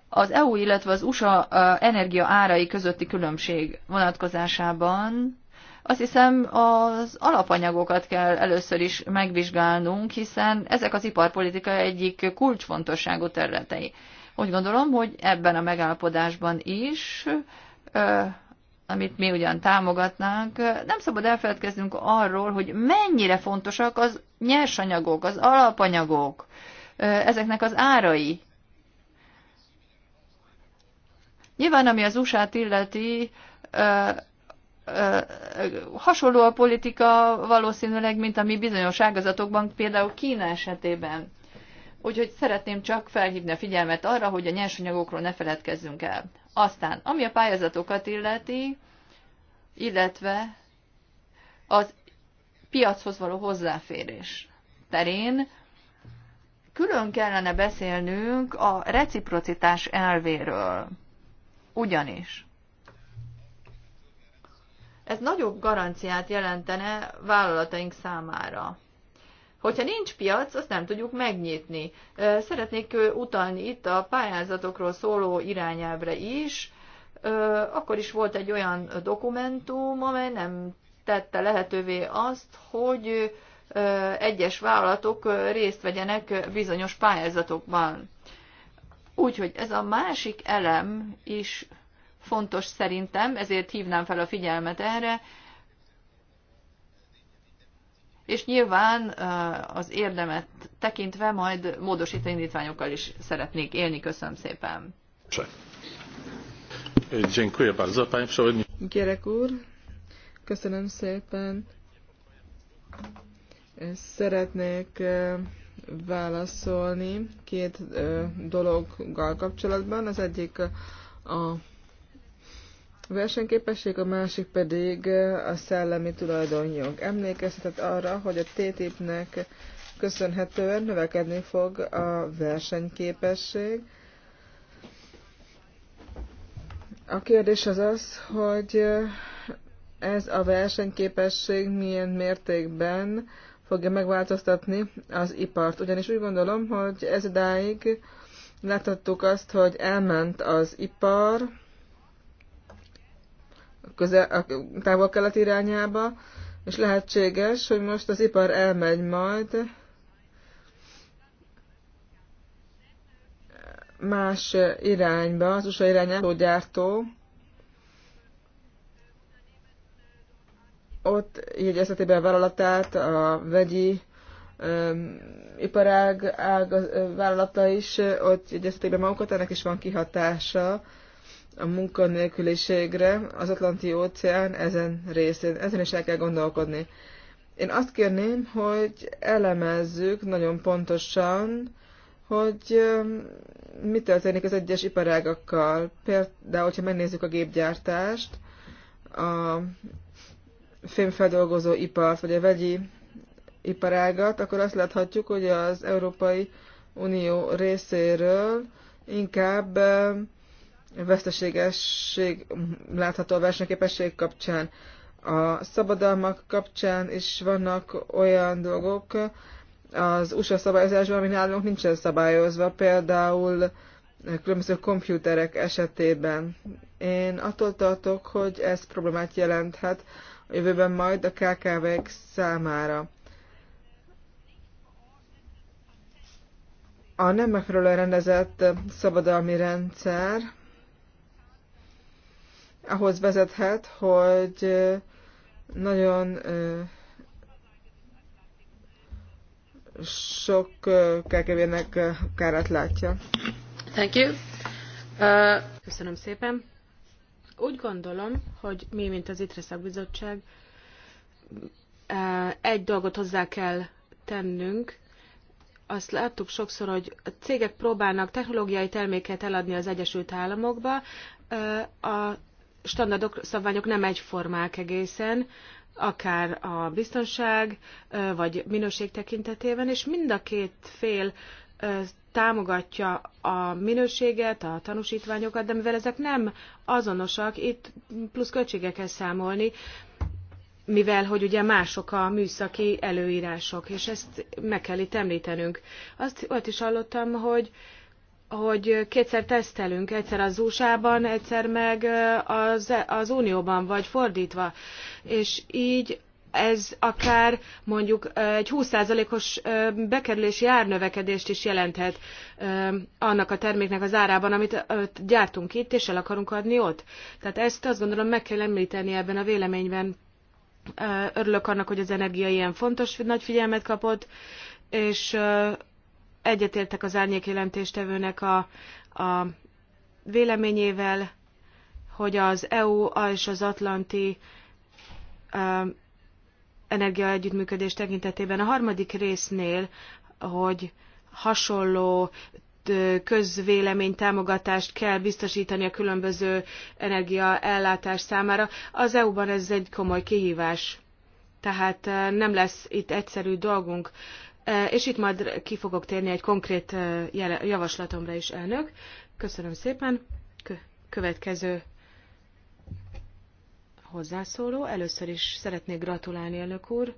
Az EU, illetve az USA energia árai közötti különbség vonatkozásában azt hiszem az alapanyagokat kell először is megvizsgálnunk, hiszen ezek az iparpolitika egyik kulcsfontosságú területei. Úgy gondolom, hogy ebben a megállapodásban is amit mi ugyan támogatnánk, nem szabad elfeledkeznünk arról, hogy mennyire fontosak az nyersanyagok, az alapanyagok, ezeknek az árai. Nyilván, ami az USA-t illeti, hasonló a politika valószínűleg, mint ami bizonyos ágazatokban, például Kína esetében. Úgyhogy szeretném csak felhívni a figyelmet arra, hogy a nyersanyagokról ne feledkezzünk el. Aztán, ami a pályázatokat illeti, illetve az piachoz való hozzáférés terén külön kellene beszélnünk a reciprocitás elvéről. Ugyanis ez nagyobb garanciát jelentene vállalataink számára. Hogyha nincs piac, azt nem tudjuk megnyitni. Szeretnék utalni itt a pályázatokról szóló irányelvre is. Akkor is volt egy olyan dokumentum, amely nem tette lehetővé azt, hogy egyes vállalatok részt vegyenek bizonyos pályázatokban. Úgyhogy ez a másik elem is fontos szerintem, ezért hívnám fel a figyelmet erre, és nyilván az érdemet tekintve majd módosító indítványokkal is szeretnék élni. Köszönöm szépen. Dziękuję bardzo, panie przewodniczący. Gyerek úr, köszönöm szépen. Szeretnék válaszolni két dologgal kapcsolatban. Az egyik a versenyképesség, a másik pedig eh, a szellemi tulajdonjog. Emlékeztetett arra, hogy a TTIP-nek köszönhetően növekedni fog a versenyképesség. A kérdés az az, hogy eh, ez a versenyképesség milyen mértékben fogja megváltoztatni az ipart. Ugyanis úgy gondolom, hogy ez idáig láthattuk azt, hogy elment az ipar, közel, a távol-kelet irányába, és lehetséges, hogy most az ipar elmegy majd más irányba, az USA irányába, gyártó, ott jegyezheti be a vállalatát, a vegyi um, iparág ág, vállalata is, ott jegyezheti be magukat, ennek is van kihatása a munkanélküliségre az Atlanti óceán ezen részén. Ezen is el kell gondolkodni. Én azt kérném, hogy elemezzük nagyon pontosan, hogy mi történik az egyes iparágakkal. Például, hogyha megnézzük a gépgyártást, a fémfeldolgozó ipart, vagy a vegyi iparágat, akkor azt láthatjuk, hogy az Európai Unió részéről inkább veszteségesség látható a versenyképesség kapcsán. A szabadalmak kapcsán is vannak olyan dolgok az USA szabályozásban, ami nálunk nincsen szabályozva, például különböző komputerek esetében. Én attól tartok, hogy ez problémát jelenthet a jövőben majd a KKV-k számára. A nem megfelelően rendezett szabadalmi rendszer ahhoz vezethet, hogy nagyon sok kekevének kárát látja. Thank you. Uh, Köszönöm szépen. Úgy gondolom, hogy mi, mint az ITRE szakbizottság, egy dolgot hozzá kell tennünk. Azt láttuk sokszor, hogy a cégek próbálnak technológiai terméket eladni az Egyesült Államokba, a standardok, szabványok nem egyformák egészen, akár a biztonság vagy minőség tekintetében, és mind a két fél támogatja a minőséget, a tanúsítványokat, de mivel ezek nem azonosak, itt plusz költségekkel számolni, mivel hogy ugye mások a műszaki előírások, és ezt meg kell itt említenünk. Azt ott is hallottam, hogy hogy kétszer tesztelünk, egyszer az USA-ban, egyszer meg az, az Unióban, vagy fordítva. És így ez akár mondjuk egy 20%-os bekerülési árnövekedést is jelenthet annak a terméknek az árában, amit gyártunk itt, és el akarunk adni ott. Tehát ezt azt gondolom meg kell említeni ebben a véleményben. Örülök annak, hogy az energia ilyen fontos, nagy figyelmet kapott, és egyetértek az árnyék jelentéstevőnek a, a véleményével, hogy az EU és az Atlanti energia együttműködés tekintetében a harmadik résznél, hogy hasonló közvélemény támogatást kell biztosítani a különböző energiaellátás számára. Az EU-ban ez egy komoly kihívás. Tehát nem lesz itt egyszerű dolgunk és itt majd ki fogok térni egy konkrét javaslatomra is, elnök. Köszönöm szépen. Következő hozzászóló. Először is szeretnék gratulálni, elnök úr,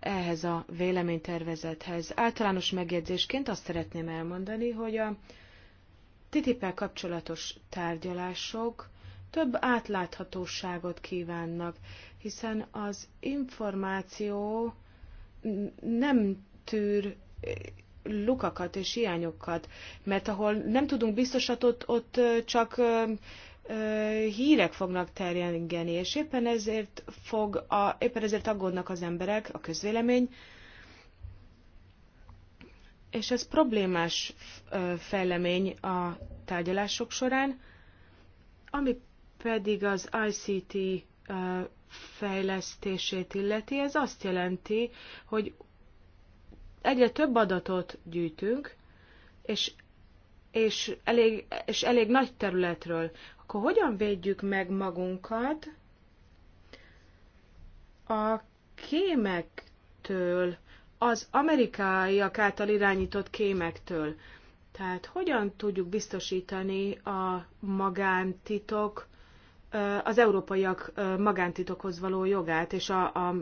ehhez a véleménytervezethez. Általános megjegyzésként azt szeretném elmondani, hogy a ttip kapcsolatos tárgyalások több átláthatóságot kívánnak, hiszen az információ nem tűr eh, lukakat és hiányokat, mert ahol nem tudunk biztosat, ott, ott eh, csak eh, hírek fognak terjengeni, és éppen ezért, fog a, éppen ezért aggódnak az emberek, a közvélemény, és ez problémás fejlemény a tárgyalások során, ami pedig az ICT fejlesztését illeti, ez azt jelenti, hogy egyre több adatot gyűjtünk, és, és, elég, és elég nagy területről, akkor hogyan védjük meg magunkat a kémektől, az amerikaiak által irányított kémektől? Tehát hogyan tudjuk biztosítani a magántitok, az európaiak magántitokhoz való jogát és a, a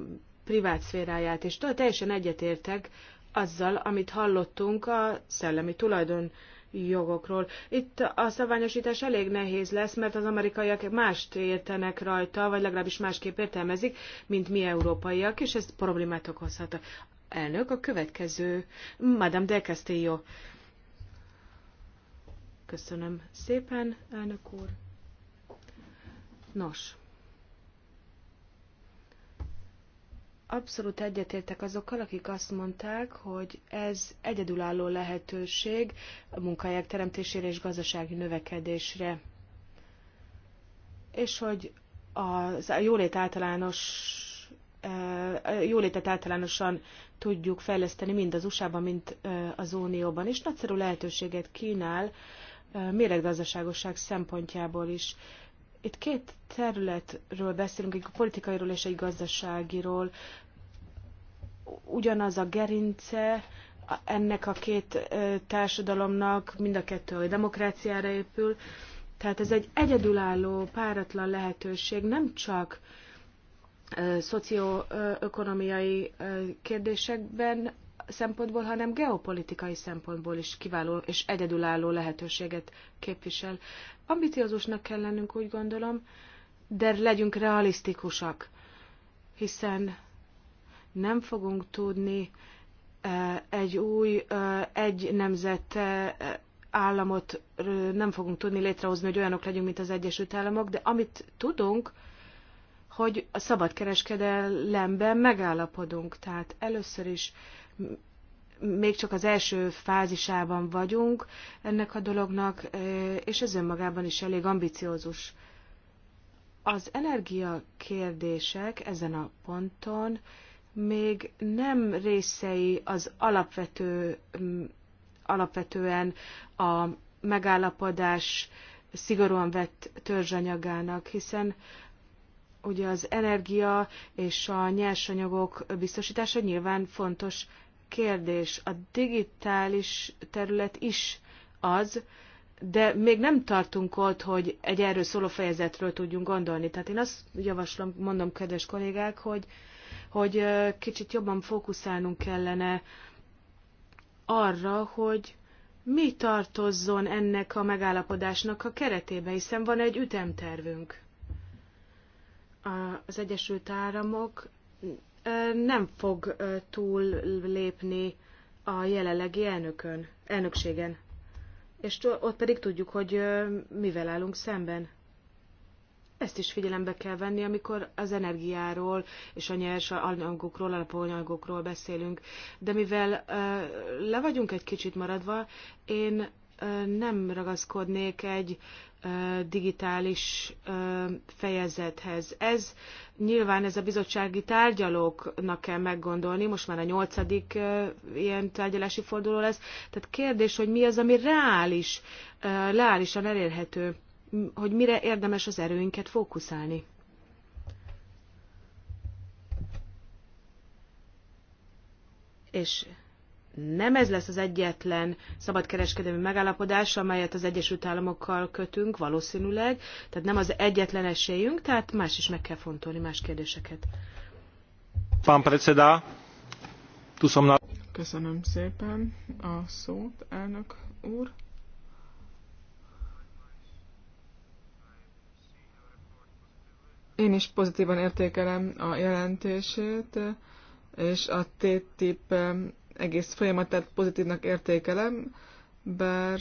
privát szféráját, és teljesen egyetértek azzal, amit hallottunk a szellemi tulajdon jogokról. Itt a szabványosítás elég nehéz lesz, mert az amerikaiak mást értenek rajta, vagy legalábbis másképp értelmezik, mint mi európaiak, és ez problémát okozhat. Elnök, a következő, Madame de Castillo. Köszönöm szépen, elnök úr. Nos, Abszolút egyetértek azokkal, akik azt mondták, hogy ez egyedülálló lehetőség a munkahelyek teremtésére és gazdasági növekedésre. És hogy a jólét általános jólétet általánosan tudjuk fejleszteni mind az USA-ban, mind az Unióban, és nagyszerű lehetőséget kínál méreggazdaságosság szempontjából is. Itt két területről beszélünk, egy politikairól és egy gazdaságiról. Ugyanaz a gerince ennek a két társadalomnak, mind a kettő a demokráciára épül. Tehát ez egy egyedülálló, páratlan lehetőség, nem csak szocioökonomiai kérdésekben szempontból, hanem geopolitikai szempontból is kiváló és egyedülálló lehetőséget képvisel ambiciózusnak kell lennünk, úgy gondolom, de legyünk realisztikusak, hiszen nem fogunk tudni egy új, egy nemzet államot nem fogunk tudni létrehozni, hogy olyanok legyünk, mint az Egyesült Államok, de amit tudunk, hogy a szabadkereskedelemben megállapodunk. Tehát először is még csak az első fázisában vagyunk ennek a dolognak, és ez önmagában is elég ambiciózus. Az energia kérdések ezen a ponton még nem részei az alapvető, alapvetően a megállapodás szigorúan vett törzsanyagának, hiszen ugye az energia és a nyersanyagok biztosítása nyilván fontos kérdés. A digitális terület is az, de még nem tartunk ott, hogy egy erről szóló fejezetről tudjunk gondolni. Tehát én azt javaslom, mondom, kedves kollégák, hogy, hogy kicsit jobban fókuszálnunk kellene arra, hogy mi tartozzon ennek a megállapodásnak a keretébe, hiszen van egy ütemtervünk. Az Egyesült Államok nem fog túl lépni a jelenlegi elnökön, elnökségen. És ott pedig tudjuk, hogy mivel állunk szemben. Ezt is figyelembe kell venni, amikor az energiáról és a nyers anyagokról, alapanyagokról beszélünk. De mivel le vagyunk egy kicsit maradva, én nem ragaszkodnék egy digitális fejezethez. Ez nyilván ez a bizottsági tárgyalóknak kell meggondolni, most már a nyolcadik ilyen tárgyalási forduló lesz. Tehát kérdés, hogy mi az, ami reális, reálisan elérhető, hogy mire érdemes az erőinket fókuszálni. És nem ez lesz az egyetlen szabadkereskedelmi megállapodás, amelyet az Egyesült Államokkal kötünk valószínűleg, tehát nem az egyetlen esélyünk, tehát más is meg kell fontolni, más kérdéseket. Pán predseda, tuszomna. Köszönöm szépen a szót, elnök úr. Én is pozitívan értékelem a jelentését, és a TTIP egész folyamatát pozitívnak értékelem, bár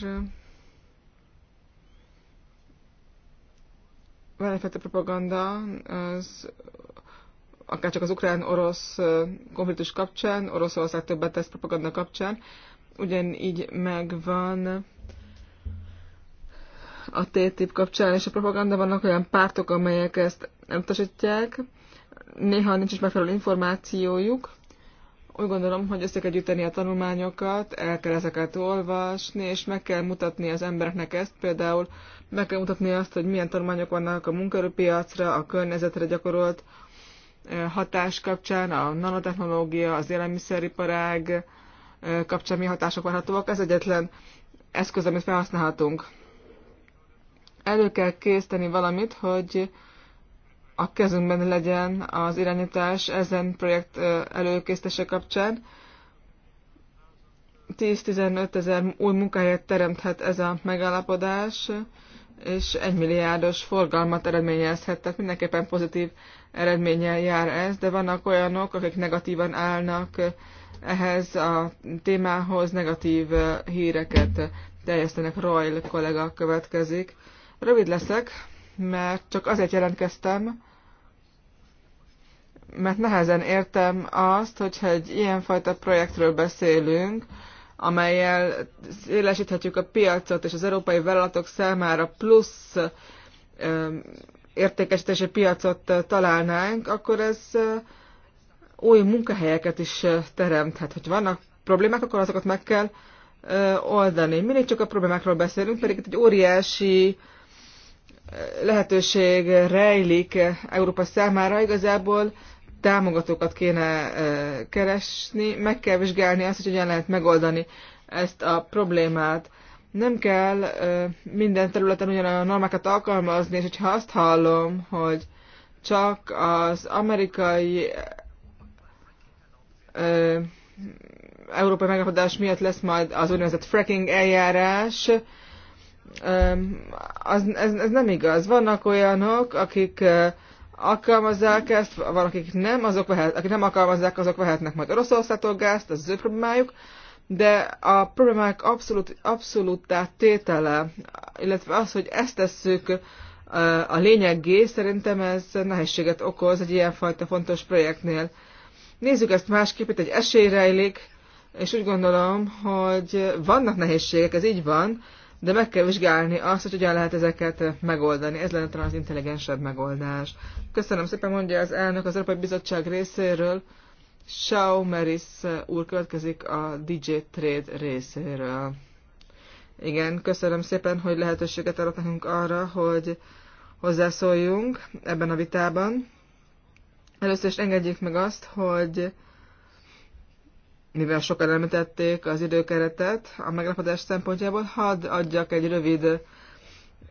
valamiféle propaganda az akár csak az ukrán-orosz konfliktus kapcsán, Oroszország többet tesz propaganda kapcsán, ugyanígy megvan a TTIP kapcsán és a propaganda, vannak olyan pártok, amelyek ezt nem utasítják, néha nincs is megfelelő információjuk, úgy gondolom, hogy össze kell gyűjteni a tanulmányokat, el kell ezeket olvasni, és meg kell mutatni az embereknek ezt, például meg kell mutatni azt, hogy milyen tanulmányok vannak a munkaerőpiacra, a környezetre gyakorolt eh, hatás kapcsán, a nanotechnológia, az élelmiszeriparág eh, kapcsán mi hatások várhatóak. Ez egyetlen eszköz, amit felhasználhatunk. Elő kell készíteni valamit, hogy a kezünkben legyen az irányítás ezen projekt előkészítése kapcsán. 10-15 ezer új munkahelyet teremthet ez a megállapodás, és egy milliárdos forgalmat eredményezhet, tehát mindenképpen pozitív eredménnyel jár ez, de vannak olyanok, akik negatívan állnak ehhez a témához, negatív híreket teljesztenek. Royal kollega következik. Rövid leszek, mert csak azért jelentkeztem, mert nehezen értem azt, hogyha egy ilyenfajta projektről beszélünk, amelyel szélesíthetjük a piacot és az európai vállalatok számára plusz értékesítési piacot találnánk, akkor ez új munkahelyeket is teremthet. Hogy vannak problémák, akkor azokat meg kell oldani. Mindig csak a problémákról beszélünk, pedig itt egy óriási lehetőség rejlik Európa számára, igazából támogatókat kéne keresni, meg kell vizsgálni azt, hogy hogyan lehet megoldani ezt a problémát. Nem kell minden területen ugyanolyan a normákat alkalmazni, és hogyha azt hallom, hogy csak az amerikai európai megállapodás miatt lesz majd az úgynevezett fracking eljárás, az, ez, ez nem igaz. Vannak olyanok, akik alkalmazzák ezt, van, akik nem, azok vehet, akik nem alkalmazzák, azok vehetnek majd Oroszországtól gázt, az az ő problémájuk, de a problémák abszolút, tehát tétele, illetve az, hogy ezt tesszük a lényeggé, szerintem ez nehézséget okoz egy ilyenfajta fontos projektnél. Nézzük ezt másképp, itt egy esély rejlik, és úgy gondolom, hogy vannak nehézségek, ez így van, de meg kell vizsgálni azt, hogy hogyan lehet ezeket megoldani. Ez lenne talán az intelligensebb megoldás. Köszönöm szépen, mondja az elnök az Európai Bizottság részéről. Meris úr következik a DJ Trade részéről. Igen, köszönöm szépen, hogy lehetőséget adott nekünk arra, hogy hozzászóljunk ebben a vitában. Először is engedjék meg azt, hogy mivel sokan említették az időkeretet a meglepetés szempontjából, hadd adjak egy rövid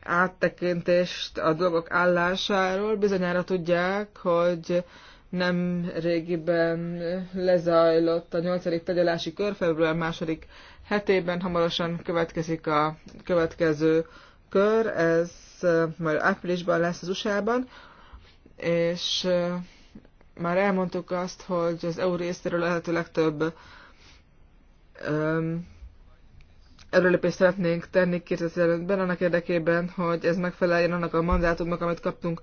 áttekintést a dolgok állásáról. Bizonyára tudják, hogy nem régiben lezajlott a nyolcadik tegyelási kör, február második hetében hamarosan következik a következő kör, ez majd áprilisban lesz az USA-ban, és már elmondtuk azt, hogy az EU részéről lehető legtöbb um, erőlépést szeretnénk tenni 2015-ben annak érdekében, hogy ez megfeleljen annak a mandátumnak, amit kaptunk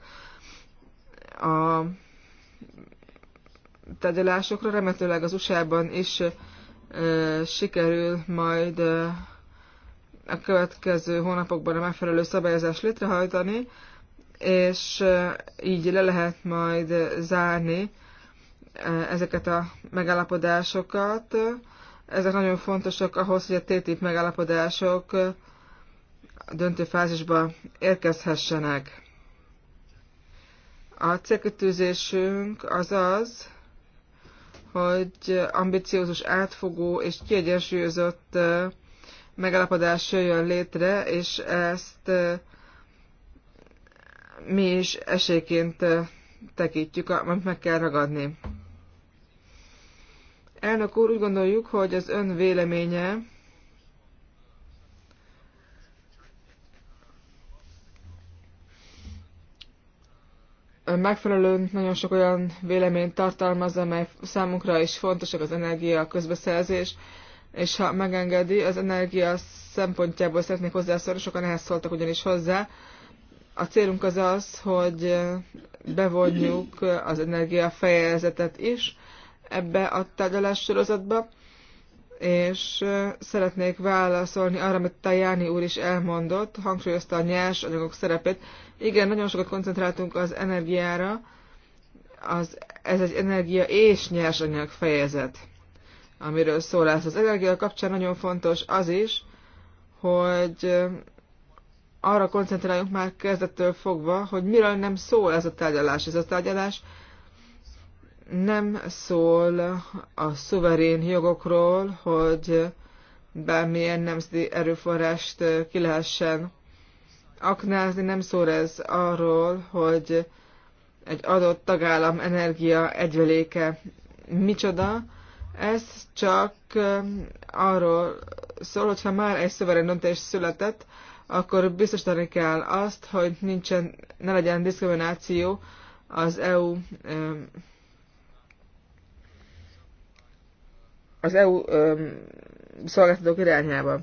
a tárgyalásokra. Remetőleg az USA-ban is uh, sikerül majd uh, a következő hónapokban a megfelelő szabályozást létrehajtani, és így le lehet majd zárni ezeket a megállapodásokat. Ezek nagyon fontosak ahhoz, hogy a TTIP megállapodások döntő fázisba érkezhessenek. A célkötőzésünk az az, hogy ambiciózus, átfogó és kiegyensúlyozott megállapodás jöjjön létre, és ezt mi is esélyként tekintjük, amit meg kell ragadni. Elnök úr, úgy gondoljuk, hogy az ön véleménye megfelelő? nagyon sok olyan véleményt tartalmaz, amely számunkra is fontosak az energia, a közbeszerzés, és ha megengedi, az energia szempontjából szeretnék hozzászólni, sokan ehhez szóltak ugyanis hozzá, a célunk az az, hogy bevonjuk az energiafejezetet is ebbe a sorozatba, és szeretnék válaszolni arra, amit Tajani úr is elmondott, hangsúlyozta a nyers anyagok szerepét. Igen, nagyon sokat koncentráltunk az energiára, az, ez egy energia és nyersanyag fejezet, amiről szól ez. Az energia kapcsán nagyon fontos az is, hogy arra koncentráljunk már kezdettől fogva, hogy miről nem szól ez a tárgyalás. Ez a tárgyalás nem szól a szuverén jogokról, hogy bármilyen nemzeti erőforrást ki lehessen aknázni, nem szól ez arról, hogy egy adott tagállam energia egyveléke micsoda, ez csak um, arról szól, hogyha már egy szuverén döntés született, akkor biztosítani kell azt, hogy nincsen, ne legyen diszkrimináció az EU az EU szolgáltatók irányába.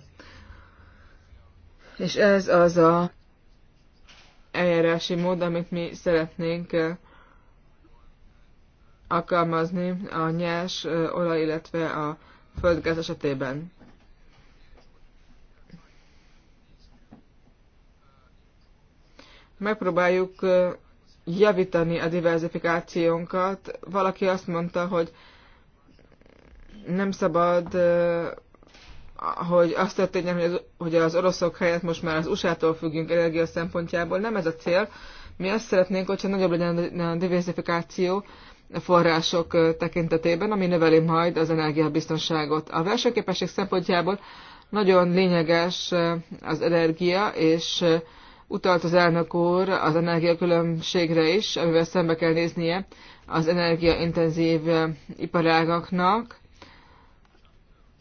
És ez az a eljárási mód, amit mi szeretnénk eh, alkalmazni a nyers eh, olaj, illetve a földgáz esetében. megpróbáljuk javítani a diversifikációnkat. Valaki azt mondta, hogy nem szabad, hogy azt történjen, hogy az, hogy az oroszok helyett most már az USA-tól függünk energia szempontjából. Nem ez a cél. Mi azt szeretnénk, hogyha nagyobb legyen a diversifikáció források tekintetében, ami növeli majd az energiabiztonságot. A versenyképesség szempontjából nagyon lényeges az energia, és utalt az elnök úr az energiakülönbségre is, amivel szembe kell néznie az energiaintenzív eh, iparágaknak.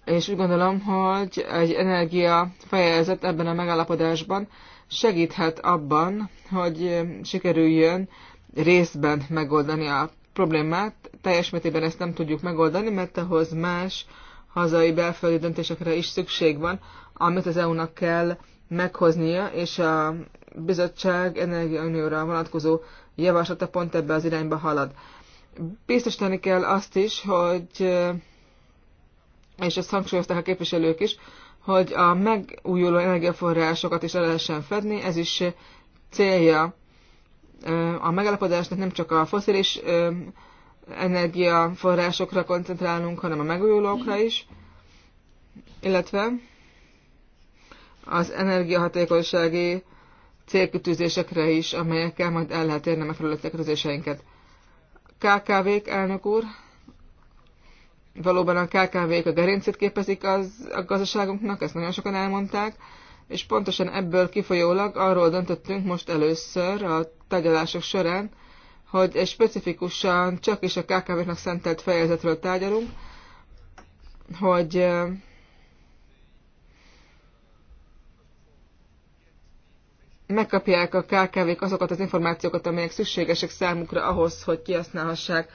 És úgy gondolom, hogy egy energia fejezet ebben a megállapodásban segíthet abban, hogy eh, sikerüljön részben megoldani a problémát. Teljes mértékben ezt nem tudjuk megoldani, mert ahhoz más hazai belföldi döntésekre is szükség van, amit az EU-nak kell meghoznia, és a bizottság energiaunióra vonatkozó javaslata pont ebbe az irányba halad. Biztosítani kell azt is, hogy, és ezt hangsúlyozták a képviselők is, hogy a megújuló energiaforrásokat is le lehessen fedni, ez is célja a megállapodásnak nem csak a foszilis energiaforrásokra koncentrálunk, hanem a megújulókra is, illetve az energiahatékonysági célkütőzésekre is, amelyekkel majd el lehet érni megfelelő célkütőzéseinket. KKV-k, elnök úr, valóban a KKV-k a gerincét képezik az, a gazdaságunknak, ezt nagyon sokan elmondták, és pontosan ebből kifolyólag arról döntöttünk most először a tárgyalások során, hogy egy specifikusan csak is a KKV-knak szentelt fejezetről tárgyalunk, hogy megkapják a KKV-k azokat az információkat, amelyek szükségesek számukra ahhoz, hogy kihasználhassák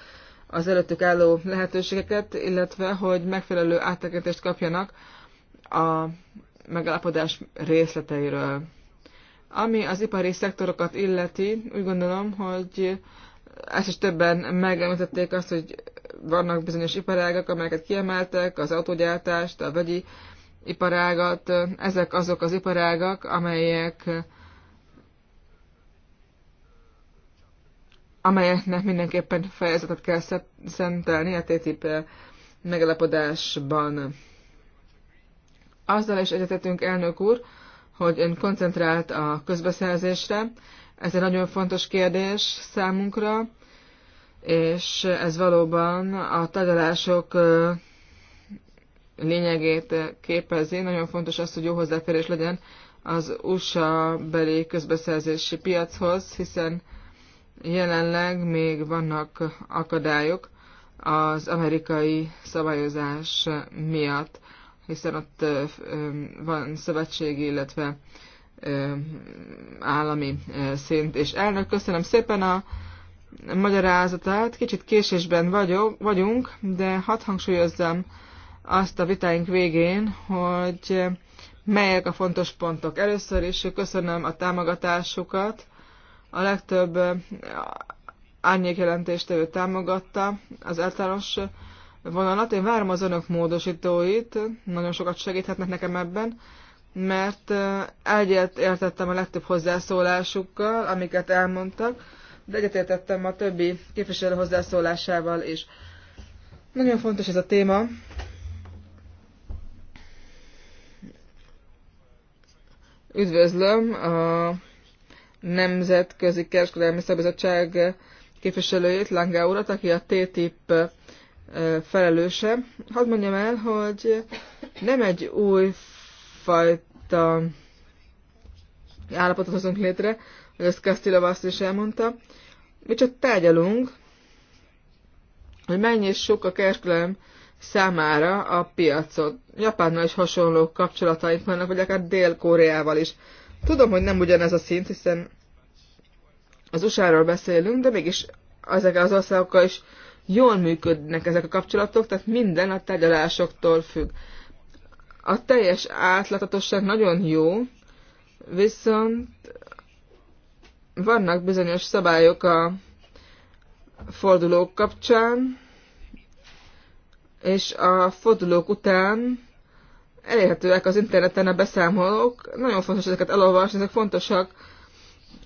az előttük álló lehetőségeket, illetve hogy megfelelő áttekintést kapjanak a megállapodás részleteiről. Ami az ipari szektorokat illeti, úgy gondolom, hogy ezt is többen megemlítették azt, hogy vannak bizonyos iparágak, amelyeket kiemeltek, az autógyártást, a vegyi iparágat. Ezek azok az iparágak, amelyek amelyeknek mindenképpen fejezetet kell szentelni a TTIP megalapodásban. Azzal is egyetetünk, elnök úr, hogy ön koncentrált a közbeszerzésre. Ez egy nagyon fontos kérdés számunkra, és ez valóban a tagadások lényegét képezi. Nagyon fontos az, hogy jó hozzáférés legyen az USA beli közbeszerzési piachoz, hiszen jelenleg még vannak akadályok az amerikai szabályozás miatt, hiszen ott van szövetségi, illetve állami szint. És elnök, köszönöm szépen a magyarázatát. Kicsit késésben vagyok, vagyunk, de hadd hangsúlyozzam azt a vitáink végén, hogy melyek a fontos pontok. Először is köszönöm a támogatásukat a legtöbb árnyékjelentést ő támogatta az általános vonalat. Én várom az önök módosítóit, nagyon sokat segíthetnek nekem ebben, mert egyet értettem a legtöbb hozzászólásukkal, amiket elmondtak, de egyetértettem a többi képviselő hozzászólásával is. Nagyon fontos ez a téma. Üdvözlöm a Nemzetközi Kereskedelmi Szabizottság képviselőjét, Lange urat, aki a TTIP felelőse. Hadd mondjam el, hogy nem egy új fajta állapotot hozunk létre, hogy ezt Castillo azt is elmondta. Mi csak tárgyalunk, hogy mennyi és sok a kereskedelem számára a piacot. Japánnal is hasonló kapcsolataink vannak, vagy akár Dél-Koreával is. Tudom, hogy nem ugyanez a szint, hiszen az USA-ról beszélünk, de mégis ezek az országokkal is jól működnek ezek a kapcsolatok, tehát minden a tárgyalásoktól függ. A teljes átláthatóság nagyon jó, viszont vannak bizonyos szabályok a fordulók kapcsán, és a fordulók után elérhetőek az interneten a beszámolók. Nagyon fontos ezeket elolvasni, ezek fontosak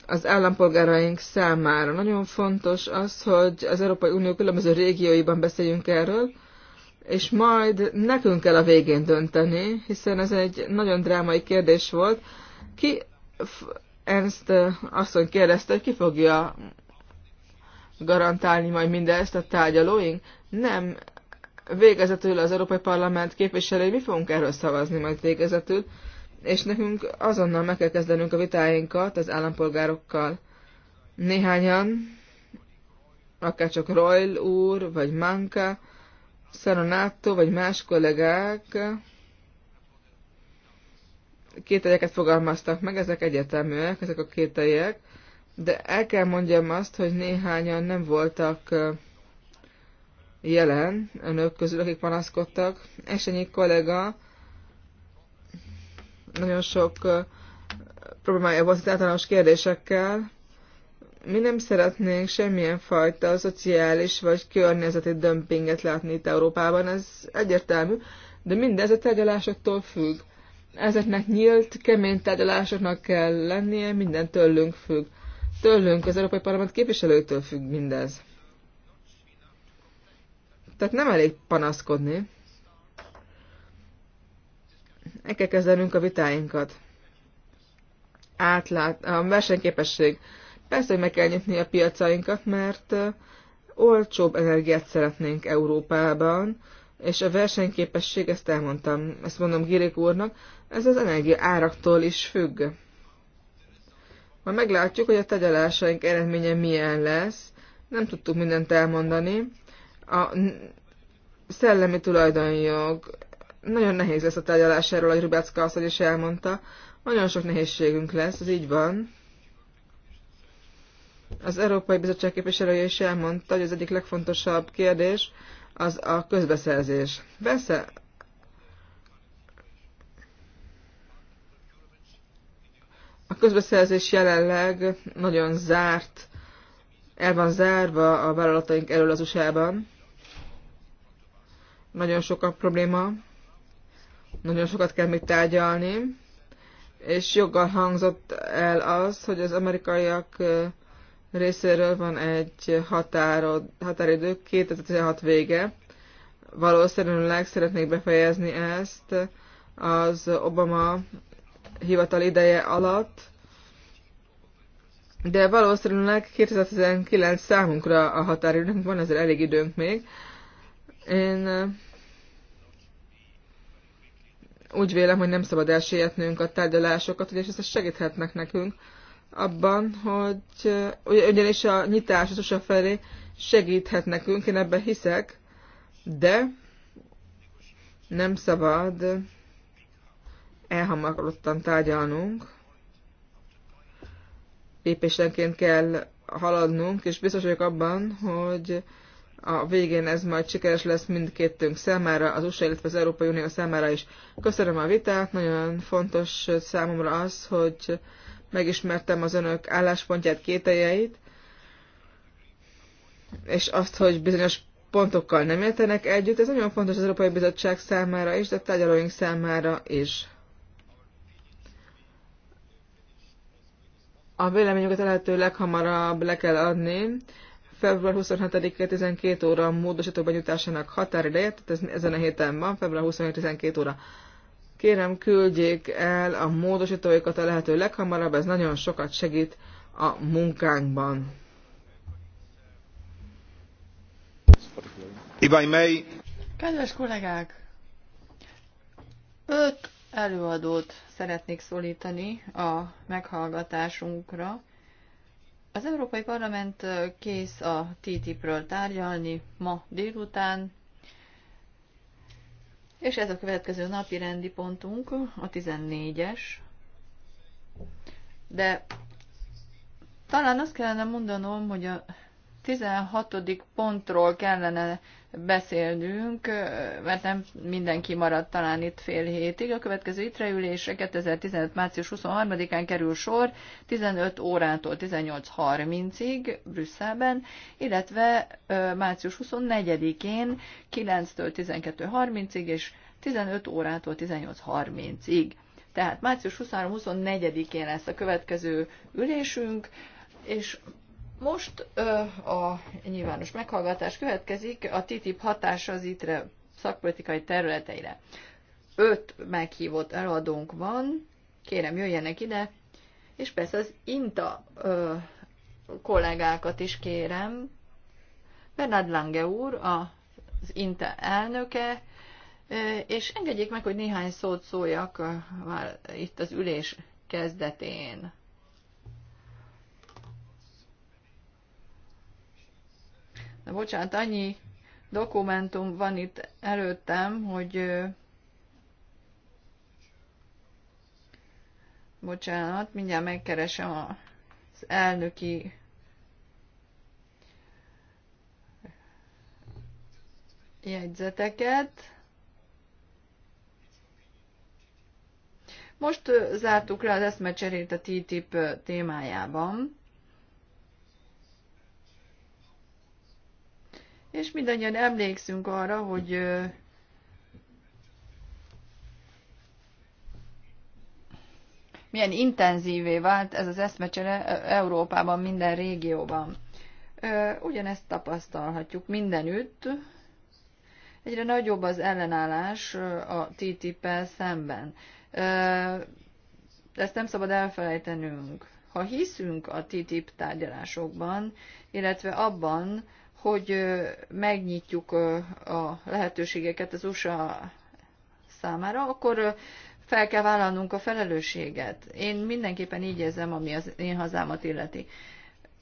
az állampolgáraink számára. Nagyon fontos az, hogy az Európai Unió különböző régióiban beszéljünk erről, és majd nekünk kell a végén dönteni, hiszen ez egy nagyon drámai kérdés volt. Ki, Ernst asszony kérdezte, hogy ki fogja garantálni majd mindezt a tárgyalóink? Nem, végezetül az Európai Parlament képviselői mi fogunk erről szavazni majd végezetül, és nekünk azonnal meg kell kezdenünk a vitáinkat az állampolgárokkal. Néhányan, akár csak Royl úr, vagy Manka, Szeronátó, vagy más kollégák kételyeket fogalmaztak meg, ezek egyeteműek, ezek a kételyek, de el kell mondjam azt, hogy néhányan nem voltak jelen önök közül, akik panaszkodtak. Esenyi kollega nagyon sok problémája volt az általános kérdésekkel. Mi nem szeretnénk semmilyen fajta szociális vagy környezeti dömpinget látni itt Európában, ez egyértelmű, de mindez a tárgyalásoktól függ. Ezeknek nyílt, kemény tárgyalásoknak kell lennie, minden tőlünk függ. Tőlünk, az Európai Parlament képviselőtől függ mindez. Tehát nem elég panaszkodni. El kell kezdenünk a vitáinkat. Átlát, a versenyképesség. Persze, hogy meg kell nyitni a piacainkat, mert olcsóbb energiát szeretnénk Európában, és a versenyképesség, ezt elmondtam, ezt mondom Girék úrnak, ez az energia áraktól is függ. Majd meglátjuk, hogy a tegyalásaink eredménye milyen lesz. Nem tudtuk mindent elmondani, a szellemi tulajdonjog. Nagyon nehéz lesz a tárgyalás erről, ahogy Rubácka asszony is elmondta. Nagyon sok nehézségünk lesz, ez így van. Az Európai Bizottság képviselője is elmondta, hogy az egyik legfontosabb kérdés az a közbeszerzés. Persze, a közbeszerzés jelenleg nagyon zárt, el van zárva a vállalataink elől az USA-ban. Nagyon sok a probléma, nagyon sokat kell még tárgyalni, és joggal hangzott el az, hogy az amerikaiak részéről van egy határod, határidő, 2016 vége. Valószínűleg szeretnék befejezni ezt az Obama hivatal ideje alatt, de valószínűleg 2019 számunkra a határidőnk van, ezért elég időnk még. Én úgy vélem, hogy nem szabad elsietnünk a tárgyalásokat, és ezt segíthetnek nekünk abban, hogy ugyanis a nyitás az USA felé segíthet nekünk, én ebben hiszek, de nem szabad elhamarodtan tárgyalnunk. Lépésenként kell haladnunk, és biztos vagyok abban, hogy a végén ez majd sikeres lesz mindkettőnk számára, az USA, illetve az Európai Unió számára is. Köszönöm a vitát, nagyon fontos számomra az, hogy megismertem az önök álláspontját, kételjeit, és azt, hogy bizonyos pontokkal nem értenek együtt. Ez nagyon fontos az Európai Bizottság számára is, de a tárgyalóink számára is. A véleményüket a lehető leghamarabb le kell adni február 27-e 12 óra a módosító benyújtásának határideje, tehát ez ezen a héten van, február 27-12 óra. Kérem, küldjék el a módosítóikat a lehető leghamarabb, ez nagyon sokat segít a munkánkban. Kedves kollégák! Öt előadót szeretnék szólítani a meghallgatásunkra. Az Európai Parlament kész a TTIP-ről tárgyalni ma délután, és ez a következő napi rendi pontunk, a 14-es. De talán azt kellene mondanom, hogy a 16. pontról kellene beszélnünk, mert nem mindenki maradt talán itt fél hétig. A következő ittreülésre 2015. március 23-án kerül sor 15 órától 18.30-ig Brüsszelben, illetve március 24-én 9-től 12.30-ig és 15 órától 18.30-ig. Tehát március 23-24-én lesz a következő ülésünk, és most ö, a nyilvános meghallgatás következik a TTIP hatása az ITRE szakpolitikai területeire. Öt meghívott előadónk van, kérem jöjjenek ide, és persze az INTA ö, kollégákat is kérem. Bernard Lange úr, az INTA elnöke, és engedjék meg, hogy néhány szót szóljak már itt az ülés kezdetén. De bocsánat, annyi dokumentum van itt előttem, hogy bocsánat, mindjárt megkeresem az elnöki jegyzeteket. Most zártuk le az eszmecserét a TTIP témájában. és mindannyian emlékszünk arra, hogy milyen intenzívé vált ez az eszmecsere Európában, minden régióban. Ugyanezt tapasztalhatjuk mindenütt. Egyre nagyobb az ellenállás a TTIP-el szemben. Ezt nem szabad elfelejtenünk. Ha hiszünk a TTIP tárgyalásokban, illetve abban, hogy megnyitjuk a lehetőségeket az USA számára, akkor fel kell vállalnunk a felelősséget. Én mindenképpen így érzem, ami az én hazámat illeti.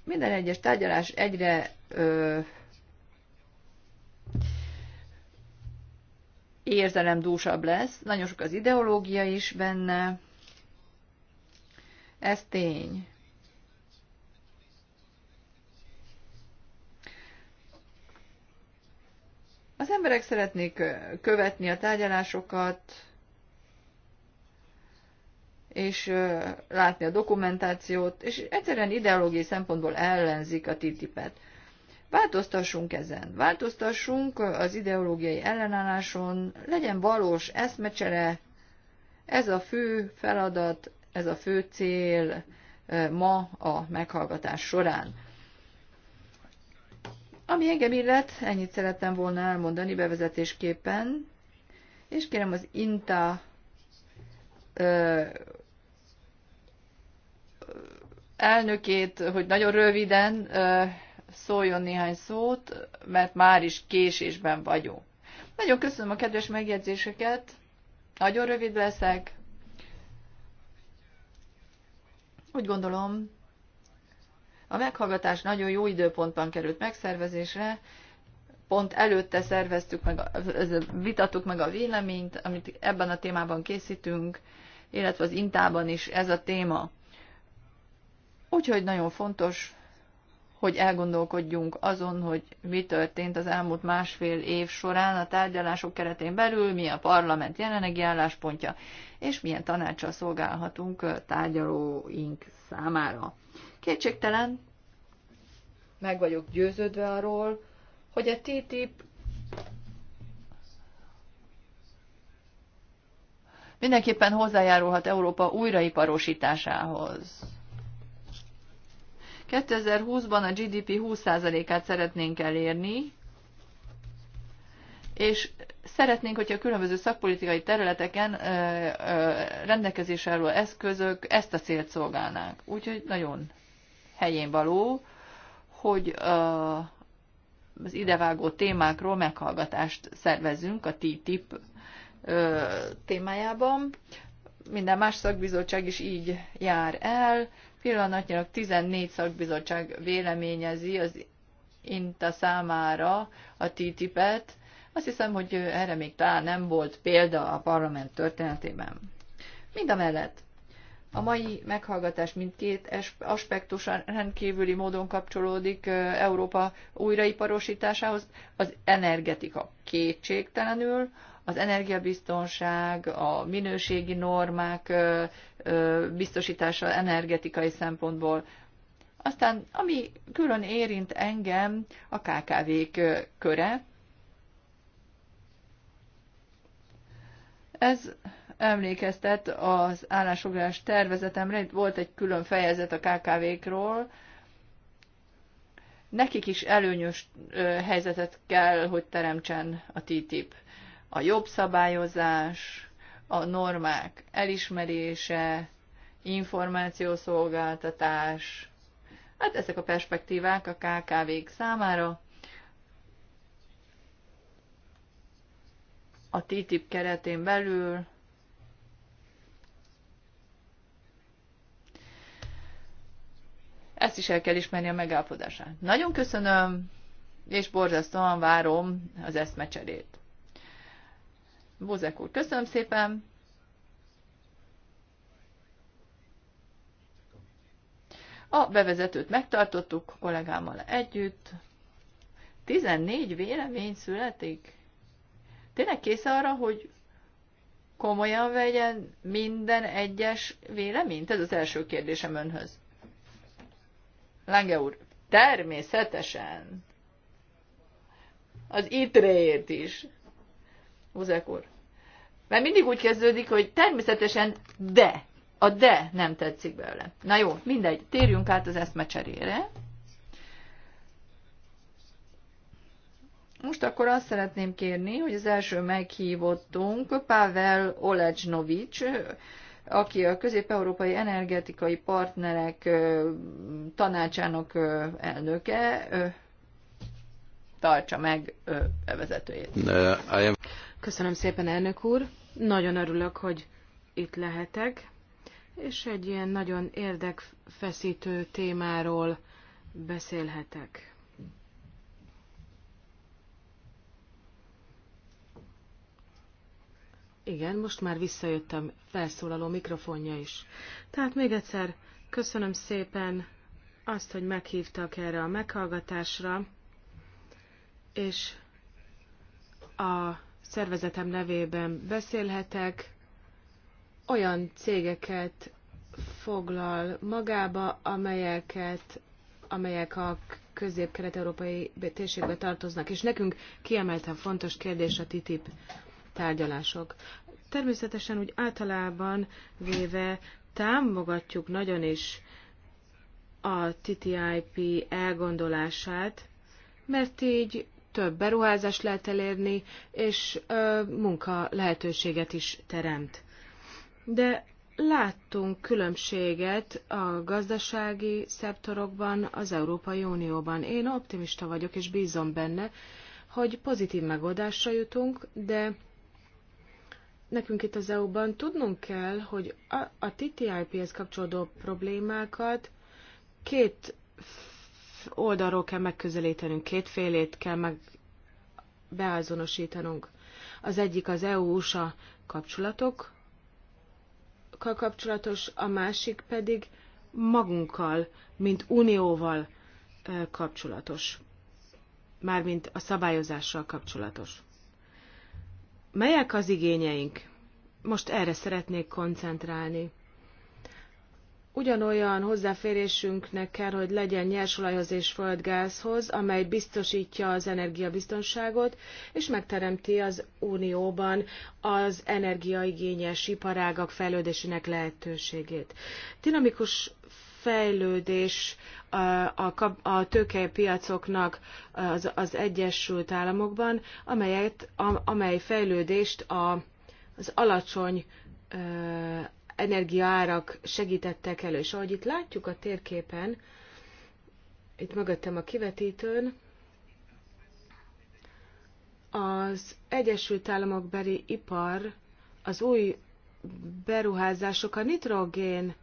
Minden egyes tárgyalás egyre ö, dúsabb lesz, nagyon sok az ideológia is benne, ez tény. Az emberek szeretnék követni a tárgyalásokat, és látni a dokumentációt, és egyszerűen ideológiai szempontból ellenzik a TTIP-et. Változtassunk ezen, változtassunk az ideológiai ellenálláson, legyen valós eszmecsere, ez a fő feladat, ez a fő cél ma a meghallgatás során. Ami engem illet, ennyit szerettem volna elmondani bevezetésképpen, és kérem az INTA ö, elnökét, hogy nagyon röviden ö, szóljon néhány szót, mert már is késésben vagyok. Nagyon köszönöm a kedves megjegyzéseket, nagyon rövid leszek. Úgy gondolom, a meghallgatás nagyon jó időpontban került megszervezésre, pont előtte szerveztük meg, vitattuk meg a véleményt, amit ebben a témában készítünk, illetve az intában is ez a téma. Úgyhogy nagyon fontos, hogy elgondolkodjunk azon, hogy mi történt az elmúlt másfél év során a tárgyalások keretén belül, mi a parlament jelenlegi álláspontja, és milyen tanácssal szolgálhatunk tárgyalóink számára. Kétségtelen meg vagyok győződve arról, hogy a TTIP mindenképpen hozzájárulhat Európa újraiparosításához. 2020-ban a GDP 20%-át szeretnénk elérni, és szeretnénk, hogyha a különböző szakpolitikai területeken rendelkezésre álló eszközök ezt a célt szolgálnák. Úgyhogy nagyon helyén való, hogy az idevágó témákról meghallgatást szervezünk a TTIP témájában. Minden más szakbizottság is így jár el. Pillanatnyilag 14 szakbizottság véleményezi az INTA számára a TTIP-et. Azt hiszem, hogy erre még talán nem volt példa a parlament történetében. Mind a mellett a mai meghallgatás mindkét aspektusan rendkívüli módon kapcsolódik Európa újraiparosításához. Az energetika kétségtelenül, az energiabiztonság, a minőségi normák biztosítása energetikai szempontból. Aztán, ami külön érint engem, a KKV-k köre. Ez emlékeztet az állásfoglalás tervezetemre, itt volt egy külön fejezet a KKV-król, nekik is előnyös helyzetet kell, hogy teremtsen a TTIP. A jobb szabályozás, a normák elismerése, információszolgáltatás, hát ezek a perspektívák a KKV-k számára. A TTIP keretén belül Ezt is el kell ismerni a megállapodását. Nagyon köszönöm, és borzasztóan várom az eszmecserét. Bozek úr, köszönöm szépen! A bevezetőt megtartottuk kollégámmal együtt. 14 vélemény születik. Tényleg kész arra, hogy komolyan vegyen minden egyes véleményt? Ez az első kérdésem önhöz. Lange úr, természetesen. Az itréért is. Buzek úr. Mert mindig úgy kezdődik, hogy természetesen de. A de nem tetszik bele. Na jó, mindegy, térjünk át az eszmecserére. Most akkor azt szeretném kérni, hogy az első meghívottunk Pavel Olecsnovics, aki a közép-európai energetikai partnerek tanácsának elnöke, tartsa meg bevezetőjét. Köszönöm szépen, elnök úr. Nagyon örülök, hogy itt lehetek, és egy ilyen nagyon érdekfeszítő témáról beszélhetek. Igen, most már visszajött a felszólaló mikrofonja is. Tehát még egyszer köszönöm szépen azt, hogy meghívtak erre a meghallgatásra, és a szervezetem nevében beszélhetek. Olyan cégeket foglal magába, amelyeket, amelyek a közép-kelet-európai térségbe tartoznak, és nekünk kiemelten fontos kérdés a TTIP tárgyalások. Természetesen úgy általában véve támogatjuk nagyon is a TTIP elgondolását, mert így több beruházást lehet elérni, és ö, munka lehetőséget is teremt. De láttunk különbséget a gazdasági szektorokban az Európai Unióban. Én optimista vagyok, és bízom benne, hogy pozitív megoldásra jutunk, de nekünk itt az EU-ban tudnunk kell, hogy a, a TTIP-hez kapcsolódó problémákat két oldalról kell megközelítenünk, két félét kell meg beazonosítanunk. Az egyik az EU-USA kapcsolatok, kapcsolatos, a másik pedig magunkkal, mint unióval kapcsolatos. Mármint a szabályozással kapcsolatos. Melyek az igényeink? Most erre szeretnék koncentrálni. Ugyanolyan hozzáférésünknek kell, hogy legyen nyersolajhoz és földgázhoz, amely biztosítja az energiabiztonságot, és megteremti az Unióban az energiaigényes iparágak fejlődésének lehetőségét. Dinamikus fejlődés a, tőkepiacoknak az, az Egyesült Államokban, amelyet, amely fejlődést az alacsony energiaárak segítettek elő. És ahogy itt látjuk a térképen, itt mögöttem a kivetítőn, az Egyesült Államok beli ipar az új beruházások a nitrogén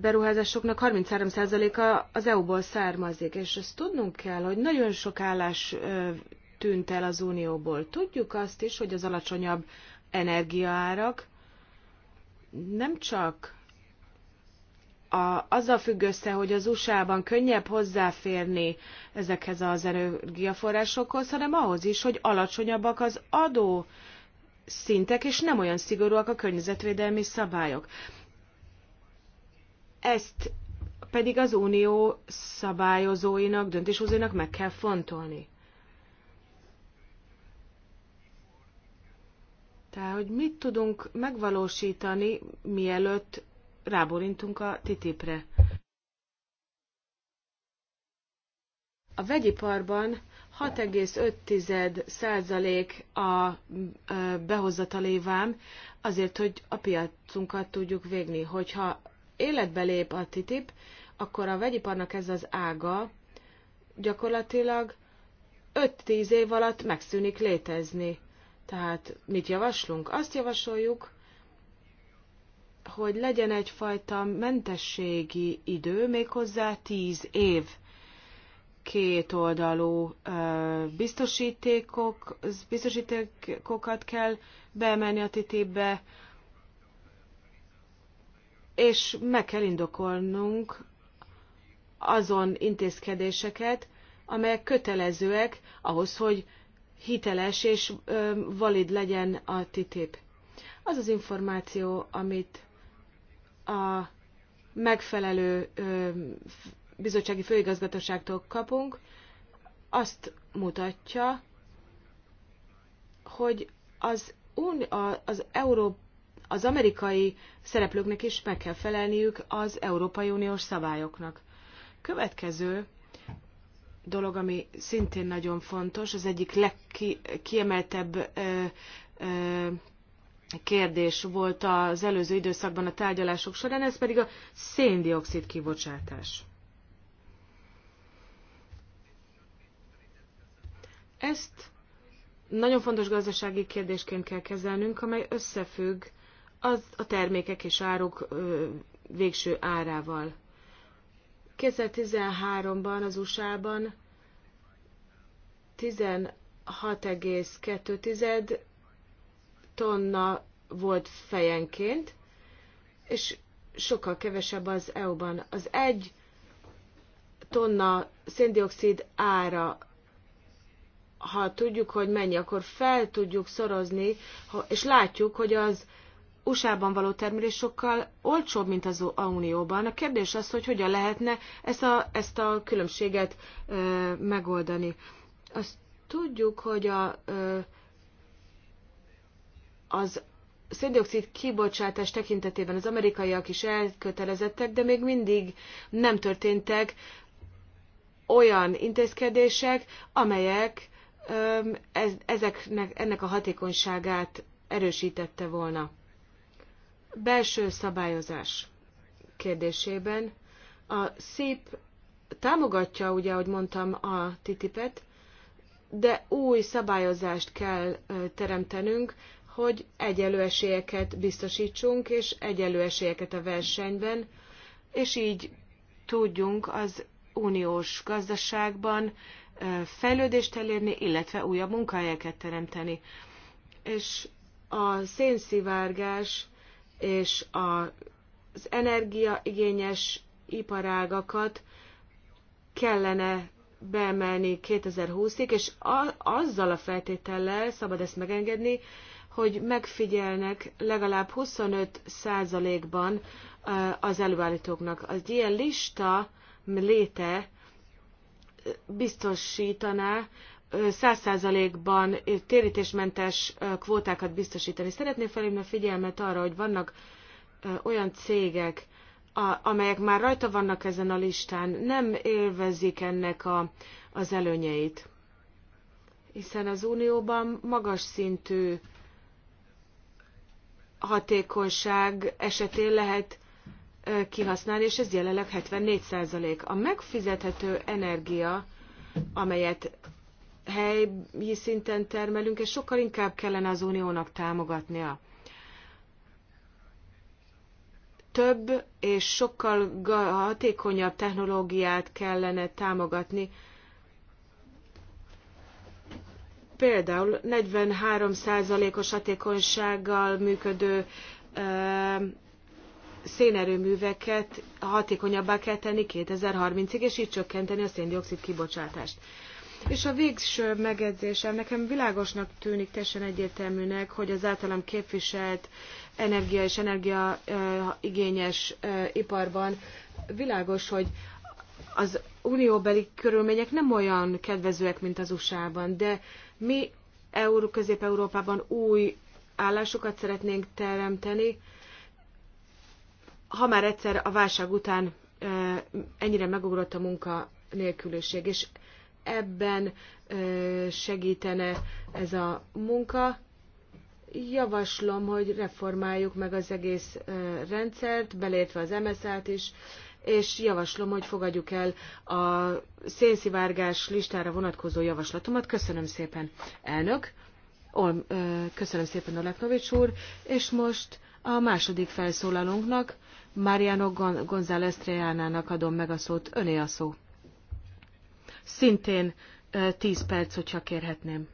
beruházásoknak 33%-a az EU-ból származik, és ezt tudnunk kell, hogy nagyon sok állás tűnt el az Unióból. Tudjuk azt is, hogy az alacsonyabb energiaárak nem csak a, azzal függ össze, hogy az USA-ban könnyebb hozzáférni ezekhez az energiaforrásokhoz, hanem ahhoz is, hogy alacsonyabbak az adó szintek, és nem olyan szigorúak a környezetvédelmi szabályok. Ezt pedig az unió szabályozóinak, döntéshozóinak meg kell fontolni. Tehát, hogy mit tudunk megvalósítani, mielőtt ráborintunk a titipre. A vegyiparban 6,5% a behozatalévám azért, hogy a piacunkat tudjuk végni. Hogyha életbe lép a TTIP, akkor a vegyiparnak ez az ága gyakorlatilag 5-10 év alatt megszűnik létezni. Tehát mit javaslunk? Azt javasoljuk, hogy legyen egyfajta mentességi idő, méghozzá 10 év kétoldalú biztosítékok, biztosítékokat kell bemenni a TTIP-be, és meg kell indokolnunk azon intézkedéseket, amelyek kötelezőek ahhoz, hogy hiteles és valid legyen a TTIP. Az az információ, amit a megfelelő bizottsági főigazgatóságtól kapunk, azt mutatja, hogy az, az Európa az amerikai szereplőknek is meg kell felelniük az Európai Uniós szabályoknak. Következő dolog, ami szintén nagyon fontos, az egyik legkiemeltebb kérdés volt az előző időszakban a tárgyalások során, ez pedig a széndiokszid kibocsátás. Ezt nagyon fontos gazdasági kérdésként kell kezelnünk, amely összefügg az a termékek és áruk végső árával. 2013-ban az USA-ban 16,2 tonna volt fejenként, és sokkal kevesebb az EU-ban. Az egy tonna széndiokszid ára, ha tudjuk, hogy mennyi, akkor fel tudjuk szorozni, és látjuk, hogy az USA-ban való termelés sokkal olcsóbb, mint az Unióban. A kérdés az, hogy hogyan lehetne ezt a, ezt a különbséget ö, megoldani. Azt tudjuk, hogy a, ö, az széndiokszid kibocsátás tekintetében az amerikaiak is elkötelezettek, de még mindig nem történtek olyan intézkedések, amelyek ö, ez, ezeknek, ennek a hatékonyságát erősítette volna belső szabályozás kérdésében. A szép támogatja, ugye, ahogy mondtam, a TTIP-et, de új szabályozást kell teremtenünk, hogy egyenlő esélyeket biztosítsunk, és egyenlő esélyeket a versenyben, és így tudjunk az uniós gazdaságban fejlődést elérni, illetve újabb munkahelyeket teremteni. És a szénszivárgás és az energiaigényes iparágakat kellene beemelni 2020-ig, és a, azzal a feltétellel szabad ezt megengedni, hogy megfigyelnek legalább 25%-ban az előállítóknak. Az ilyen lista léte biztosítaná száz százalékban térítésmentes kvótákat biztosítani. Szeretném felhívni a figyelmet arra, hogy vannak olyan cégek, amelyek már rajta vannak ezen a listán, nem élvezik ennek a, az előnyeit. Hiszen az Unióban magas szintű hatékonyság esetén lehet kihasználni, és ez jelenleg 74 százalék. A megfizethető energia, amelyet helyi szinten termelünk, és sokkal inkább kellene az uniónak támogatnia. Több és sokkal hatékonyabb technológiát kellene támogatni. Például 43%-os hatékonysággal működő szénerőműveket hatékonyabbá kell tenni 2030-ig, és így csökkenteni a széndiokszid kibocsátást. És a végső megjegyzésem nekem világosnak tűnik, teljesen egyértelműnek, hogy az általam képviselt energia és energia uh, iparban világos, hogy az unióbeli körülmények nem olyan kedvezőek, mint az USA-ban, de mi Euró, Közép-Európában új állásokat szeretnénk teremteni, ha már egyszer a válság után ennyire megugrott a munka És ebben segítene ez a munka. Javaslom, hogy reformáljuk meg az egész rendszert, beleértve az MSZ-t is, és javaslom, hogy fogadjuk el a szénszivárgás listára vonatkozó javaslatomat. Köszönöm szépen, elnök. köszönöm szépen, Oleknovics úr, és most a második felszólalónknak, Mariano González Trejánának adom meg a szót. Öné a szó. Szintén 10 perc, hogyha kérhetném.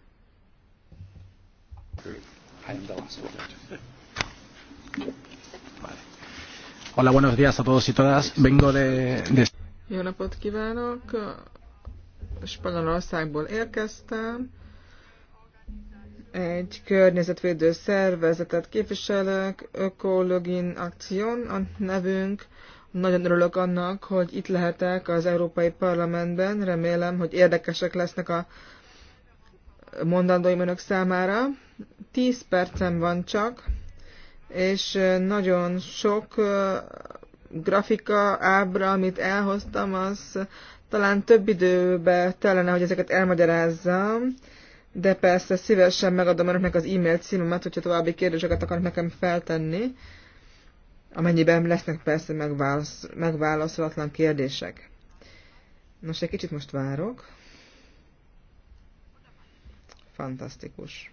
Hola, buenos días a todos y todas. Vengo de, de... Jó napot kívánok! Spanyolországból érkeztem. Egy környezetvédő szervezetet képviselek, Ökologin Aktion a nevünk. Nagyon örülök annak, hogy itt lehetek az Európai Parlamentben. Remélem, hogy érdekesek lesznek a mondandóim önök számára. Tíz percem van csak, és nagyon sok grafika, ábra, amit elhoztam, az talán több időbe telene, hogy ezeket elmagyarázzam, de persze szívesen megadom önöknek az e-mail címemet, hogyha további kérdéseket akarnak nekem feltenni amennyiben lesznek persze megválasz, megválaszolatlan kérdések. Nos, egy kicsit most várok. Fantasztikus.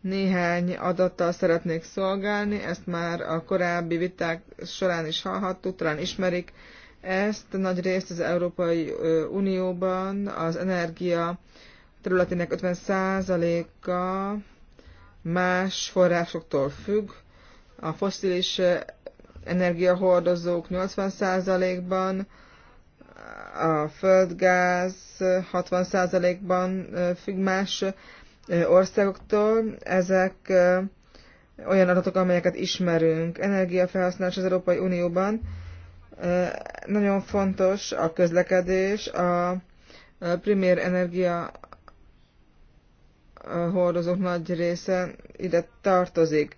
Néhány adattal szeretnék szolgálni, ezt már a korábbi viták során is hallhattuk, talán ismerik ezt. Nagy részt az Európai Unióban az energia területének 50%-a más forrásoktól függ, a foszilis energiahordozók 80%-ban, a földgáz 60%-ban függ más országoktól. Ezek olyan adatok, amelyeket ismerünk. Energiafelhasználás az Európai Unióban nagyon fontos a közlekedés, a primér energia hordozók nagy része ide tartozik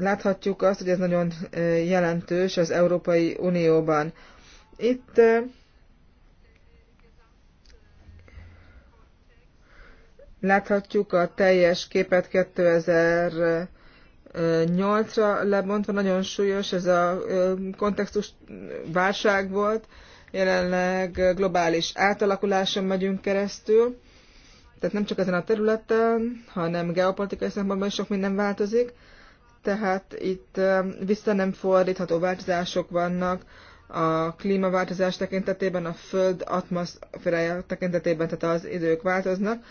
láthatjuk azt, hogy ez nagyon jelentős az Európai Unióban. Itt láthatjuk a teljes képet 2008-ra lebontva, nagyon súlyos, ez a kontextus válság volt, jelenleg globális átalakuláson megyünk keresztül, tehát nem csak ezen a területen, hanem geopolitikai szempontból is sok minden változik, tehát itt um, vissza nem fordítható változások vannak a klímaváltozás tekintetében, a föld atmoszférája tekintetében, tehát az idők változnak,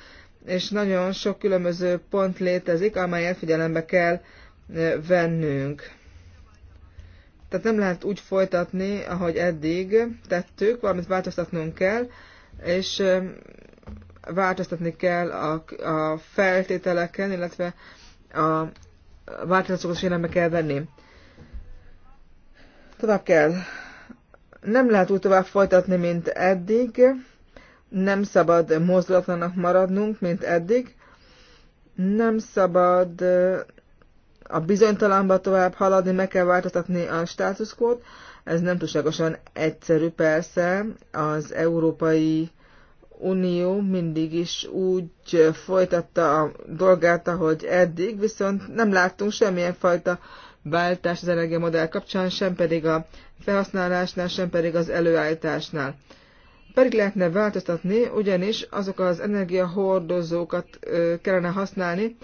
és nagyon sok különböző pont létezik, amelyet figyelembe kell vennünk. Tehát nem lehet úgy folytatni, ahogy eddig tettük, valamit változtatnunk kell, és változtatni kell a, a feltételeken, illetve a változásokat figyelembe kell venni. Tovább kell. Nem lehet úgy tovább folytatni, mint eddig. Nem szabad mozdulatlanak maradnunk, mint eddig. Nem szabad eh, a bizonytalanba tovább haladni, meg kell változtatni a státuszkót. Ez nem túlságosan egyszerű persze. Az európai Unió mindig is úgy folytatta a dolgát, ahogy eddig, viszont nem láttunk semmilyen fajta váltást az energiamodell kapcsán, sem pedig a felhasználásnál, sem pedig az előállításnál. Pedig lehetne változtatni, ugyanis azok az energiahordozókat kellene használni,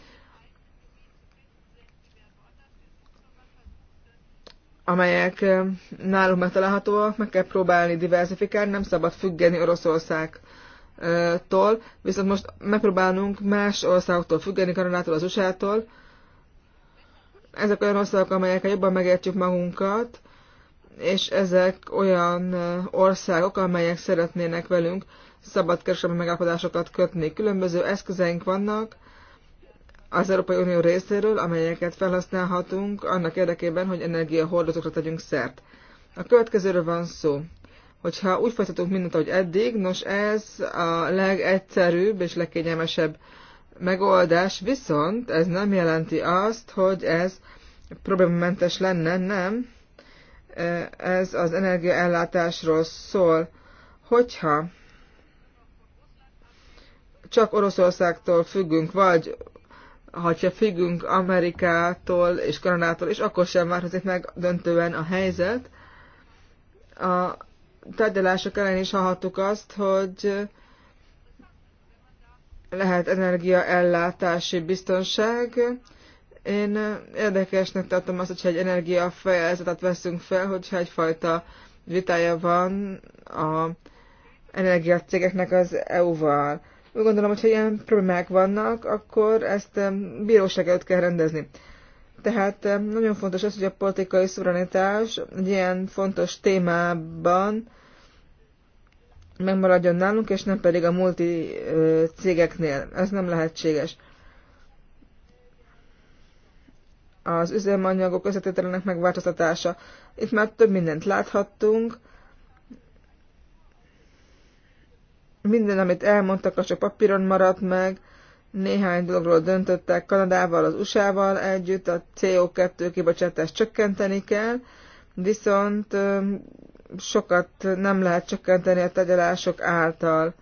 amelyek nálunk megtalálhatóak, meg kell próbálni diversifikálni, nem szabad függeni Oroszország tól, viszont most megpróbálunk más országoktól függeni, Kanadától, az USA-tól. Ezek olyan országok, amelyekkel jobban megértjük magunkat, és ezek olyan országok, amelyek szeretnének velünk szabadkereskedelmi megállapodásokat kötni. Különböző eszközeink vannak az Európai Unió részéről, amelyeket felhasználhatunk annak érdekében, hogy energiahordozókra tegyünk szert. A következőről van szó. Hogyha úgy folytatunk mindent, ahogy eddig, nos ez a legegyszerűbb és legkényelmesebb megoldás, viszont ez nem jelenti azt, hogy ez problémamentes lenne, nem. E, ez az energiaellátásról szól, hogyha csak Oroszországtól függünk, vagy ha csak függünk Amerikától és Kanadától, és akkor sem változik meg döntően a helyzet. A tárgyalások ellen is hallhattuk azt, hogy lehet energiaellátási biztonság. Én érdekesnek tartom azt, hogyha egy energiafejezetet veszünk fel, hogyha egyfajta vitája van a energiacégeknek az EU-val. Úgy gondolom, hogy ilyen problémák vannak, akkor ezt bíróság előtt kell rendezni. Tehát nagyon fontos az, hogy a politikai szuverenitás egy ilyen fontos témában megmaradjon nálunk, és nem pedig a multi cégeknél. Ez nem lehetséges. Az üzemanyagok összetételének megváltoztatása. Itt már több mindent láthattunk. Minden, amit elmondtak, az csak papíron maradt meg néhány dologról döntöttek Kanadával, az USA-val együtt, a CO2 kibocsátást csökkenteni kell, viszont sokat nem lehet csökkenteni a tegyelások által.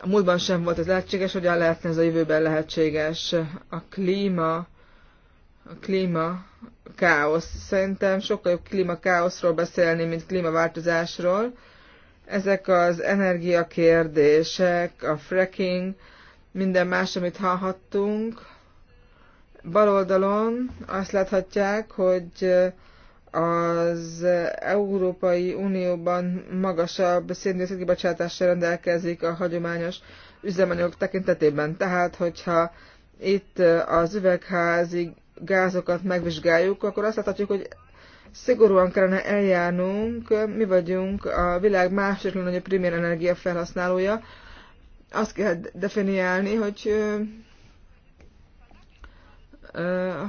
A múltban sem volt ez lehetséges, hogyan lehetne ez a jövőben lehetséges. A klíma, a klíma káosz. Szerintem sokkal jobb klíma káoszról beszélni, mint klímaváltozásról. Ezek az energiakérdések, a fracking, minden más, amit hallhattunk. Bal oldalon azt láthatják, hogy az Európai Unióban magasabb széndiokszid kibocsátással rendelkezik a hagyományos üzemanyagok tekintetében. Tehát, hogyha itt az üvegházi gázokat megvizsgáljuk, akkor azt láthatjuk, hogy szigorúan kellene eljárnunk, mi vagyunk a világ második nagyobb primér energia felhasználója, azt kell definiálni, hogy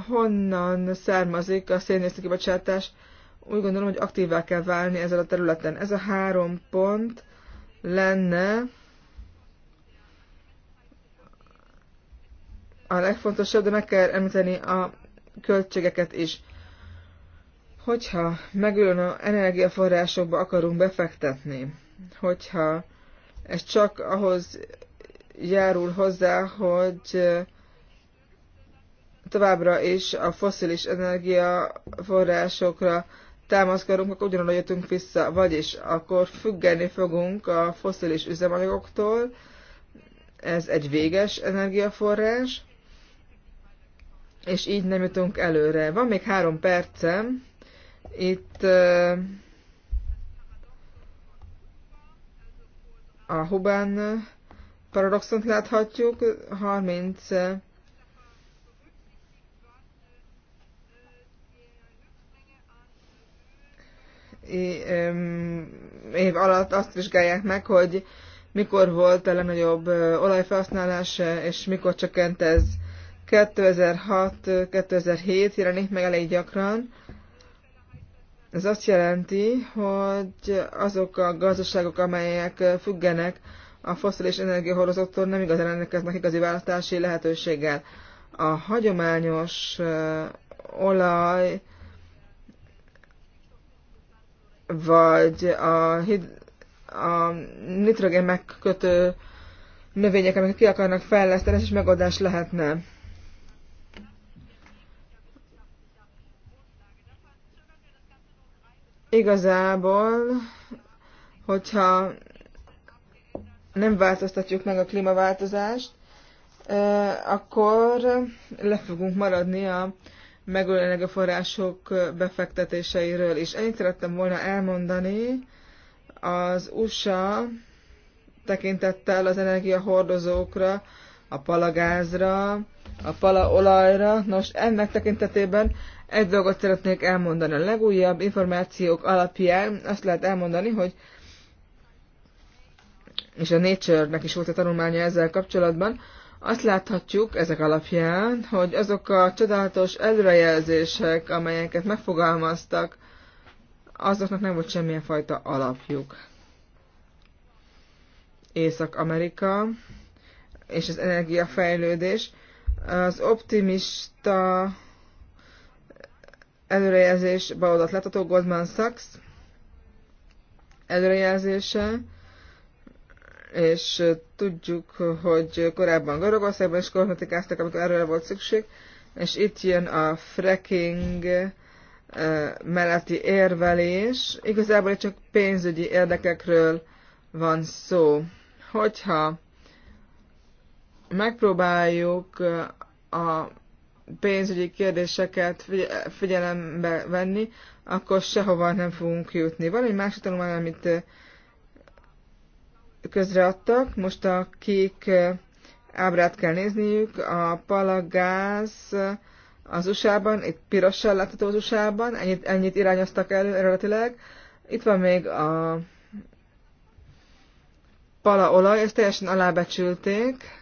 honnan származik a szénészeti kibocsátás. Úgy gondolom, hogy aktívvá kell válni ezzel a területen. Ez a három pont lenne a legfontosabb, de meg kell említeni a költségeket is. Hogyha megülön a energiaforrásokba akarunk befektetni, hogyha ez csak ahhoz járul hozzá, hogy továbbra is a foszilis energiaforrásokra támaszkodunk, akkor ugyanúgy jöttünk vissza, vagyis akkor függeni fogunk a foszilis üzemanyagoktól, ez egy véges energiaforrás, és így nem jutunk előre. Van még három percem, itt a Hubán paradoxont láthatjuk, 30 eh, év alatt azt vizsgálják meg, hogy mikor volt a legnagyobb eh, olajfelhasználás, és mikor csökkent ez 2006-2007 eh, jelenik meg elég gyakran. Ez azt jelenti, hogy azok a gazdaságok, amelyek függenek a foszilis energiahorozoktól, nem igazán rendelkeznek igazi választási lehetőséggel. A hagyományos eh, olaj vagy a, hid- a nitrogén megkötő növények, amiket ki akarnak fejleszteni, ez is megoldás lehetne. Igazából, hogyha nem változtatjuk meg a klímaváltozást, akkor le fogunk maradni a megújuló energiaforrások befektetéseiről is. Ennyit szerettem volna elmondani az USA tekintettel az energiahordozókra, a palagázra, a palaolajra. Nos, ennek tekintetében egy dolgot szeretnék elmondani. A legújabb információk alapján azt lehet elmondani, hogy és a Nature-nek is volt a tanulmánya ezzel kapcsolatban, azt láthatjuk ezek alapján, hogy azok a csodálatos előrejelzések, amelyeket megfogalmaztak, azoknak nem volt semmilyen fajta alapjuk. Észak-Amerika és az energiafejlődés. Az optimista előrejelzés baloldat letató Goldman Sachs előrejelzése, és tudjuk, hogy korábban Görögországban is kormatikáztak, amikor erre volt szükség, és itt jön a fracking melletti érvelés. Igazából csak pénzügyi érdekekről van szó. Hogyha megpróbáljuk a pénzügyi kérdéseket figyelembe venni, akkor sehova nem fogunk jutni. Van egy másik tanulmány, amit közreadtak, most a kék ábrát kell nézniük, a palagáz az USA-ban, itt pirossal látható az USA-ban, ennyit, ennyit irányoztak elő eredetileg. Itt van még a palaolaj, ezt teljesen alábecsülték,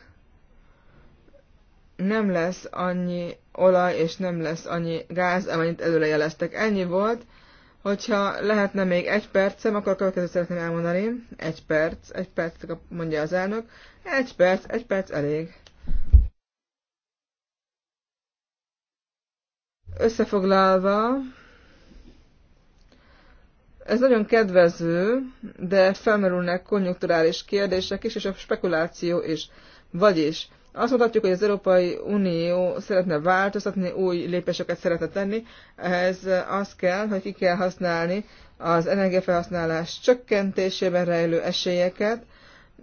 nem lesz annyi olaj és nem lesz annyi gáz, amennyit előre jeleztek. Ennyi volt. Hogyha lehetne még egy percem, akkor a következőt szeretném elmondani. Egy perc, egy perc, mondja az elnök. Egy perc, egy perc elég. Összefoglalva, ez nagyon kedvező, de felmerülnek konjunkturális kérdések is, és a spekuláció is. Vagyis azt mutatjuk, hogy az Európai Unió szeretne változtatni, új lépéseket szeretne tenni. Ehhez az kell, hogy ki kell használni az energiafelhasználás csökkentésében rejlő esélyeket,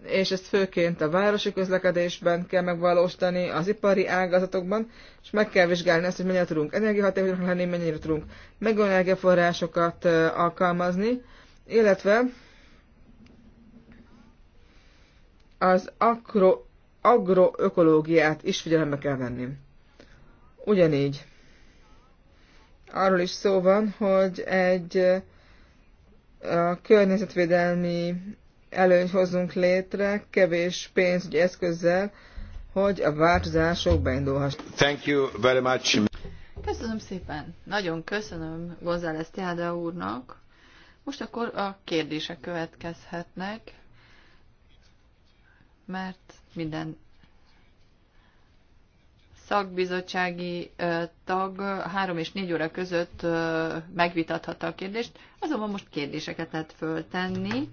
és ezt főként a városi közlekedésben kell megvalósítani, az ipari ágazatokban, és meg kell vizsgálni azt, hogy mennyire tudunk energiahatékonyak lenni, mennyire tudunk megújuló alkalmazni, illetve az akro, agroökológiát is figyelembe kell venni. Ugyanígy. Arról is szó van, hogy egy a környezetvédelmi előny hozzunk létre kevés pénzügyi eszközzel, hogy a változások beindulhassanak. Thank you very much. Köszönöm szépen. Nagyon köszönöm González Tiáda úrnak. Most akkor a kérdések következhetnek mert minden szakbizottsági tag három és négy óra között megvitathatta a kérdést, azonban most kérdéseket lehet föltenni.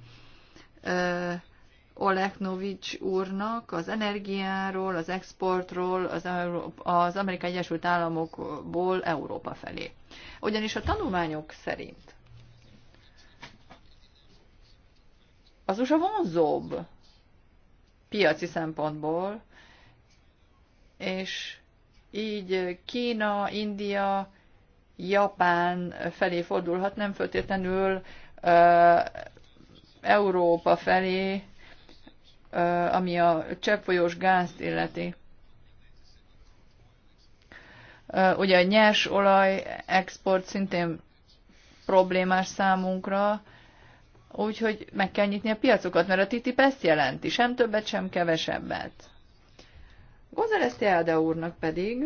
Novics úrnak az energiáról, az exportról, az, Európa, az Amerikai Egyesült Államokból Európa felé. Ugyanis a tanulmányok szerint az USA vonzóbb piaci szempontból, és így Kína, India, Japán felé fordulhat, nem föltétlenül Európa felé, ami a cseppfolyós gázt illeti. Ugye a nyers olaj export szintén problémás számunkra, Úgyhogy meg kell nyitni a piacokat, mert a TTIP ezt jelenti, sem többet, sem kevesebbet. González Teáda úrnak pedig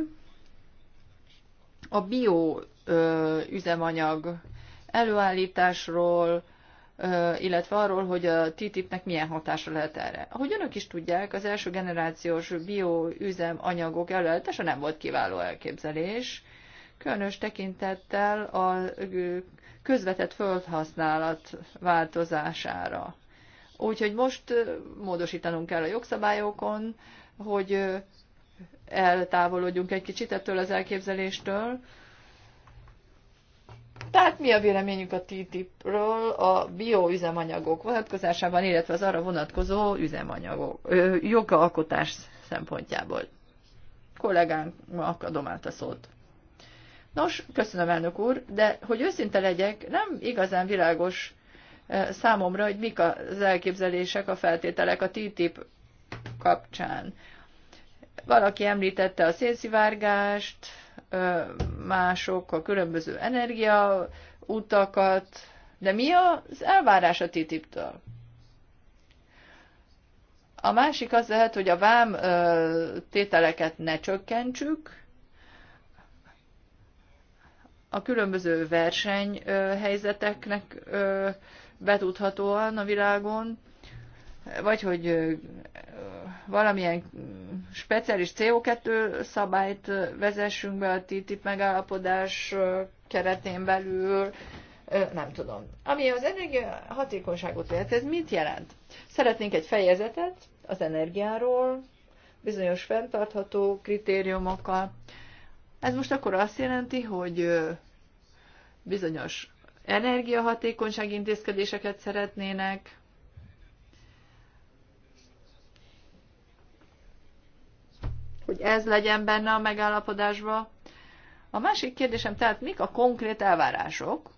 a bio ö, üzemanyag előállításról, ö, illetve arról, hogy a TTIP-nek milyen hatása lehet erre. Ahogy önök is tudják, az első generációs bioüzemanyagok előállítása nem volt kiváló elképzelés, különös tekintettel a közvetett földhasználat változására. Úgyhogy most módosítanunk kell a jogszabályokon, hogy eltávolodjunk egy kicsit ettől az elképzeléstől. Tehát mi a véleményünk a TTIP-ről a bioüzemanyagok vonatkozásában, illetve az arra vonatkozó üzemanyagok, jogalkotás szempontjából? Kollégánknak adom át a szót. Nos, köszönöm, elnök úr, de hogy őszinte legyek, nem igazán világos eh, számomra, hogy mik az elképzelések, a feltételek a TTIP kapcsán. Valaki említette a szénszivárgást, eh, mások a különböző energiautakat, de mi az elvárás a TTIP-től? A másik az lehet, hogy a vám eh, tételeket ne csökkentsük, a különböző versenyhelyzeteknek betudhatóan a világon, vagy hogy valamilyen speciális CO2 szabályt vezessünk be a TTIP megállapodás keretén belül, nem tudom. Ami az energia hatékonyságot jelent, ez mit jelent? Szeretnénk egy fejezetet az energiáról, bizonyos fenntartható kritériumokkal. Ez most akkor azt jelenti, hogy bizonyos energiahatékonyság intézkedéseket szeretnének, hogy ez legyen benne a megállapodásba. A másik kérdésem tehát, mik a konkrét elvárások,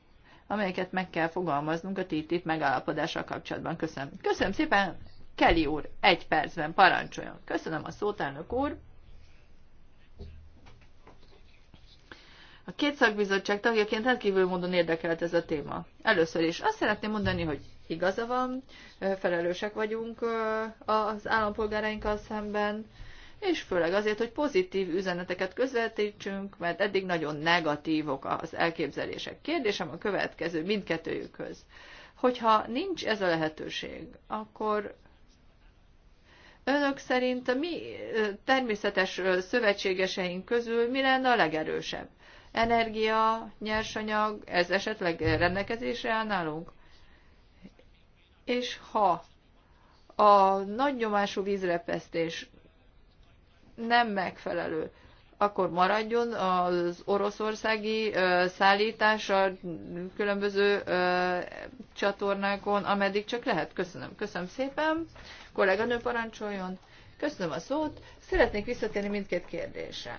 amelyeket meg kell fogalmaznunk a TTIP megállapodással kapcsolatban. Köszönöm. Köszönöm szépen, Kelly úr, egy percben parancsoljon. Köszönöm a szót, elnök úr. A két szakbizottság tagjaként rendkívül módon érdekelt ez a téma. Először is azt szeretném mondani, hogy igaza van, felelősek vagyunk az állampolgárainkkal szemben, és főleg azért, hogy pozitív üzeneteket közvetítsünk, mert eddig nagyon negatívok az elképzelések. Kérdésem a következő mindkettőjükhöz. Hogyha nincs ez a lehetőség, akkor önök szerint a mi természetes szövetségeseink közül mi lenne a legerősebb? energia, nyersanyag, ez esetleg rendelkezésre áll nálunk? És ha a nagy nyomású vízrepesztés nem megfelelő, akkor maradjon az oroszországi szállítás a különböző csatornákon, ameddig csak lehet. Köszönöm. Köszönöm szépen. Kolléganő parancsoljon. Köszönöm a szót. Szeretnék visszatérni mindkét kérdésre.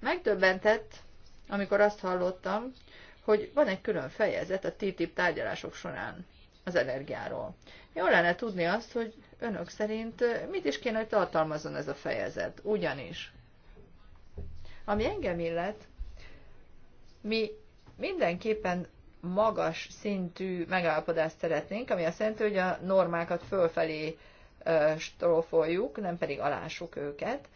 Megdöbbentett amikor azt hallottam, hogy van egy külön fejezet a TTIP tárgyalások során az energiáról. Jó lenne tudni azt, hogy önök szerint mit is kéne, hogy tartalmazzon ez a fejezet. Ugyanis, ami engem illet, mi mindenképpen magas szintű megállapodást szeretnénk, ami azt jelenti, hogy a normákat fölfelé strofoljuk, nem pedig alássuk őket.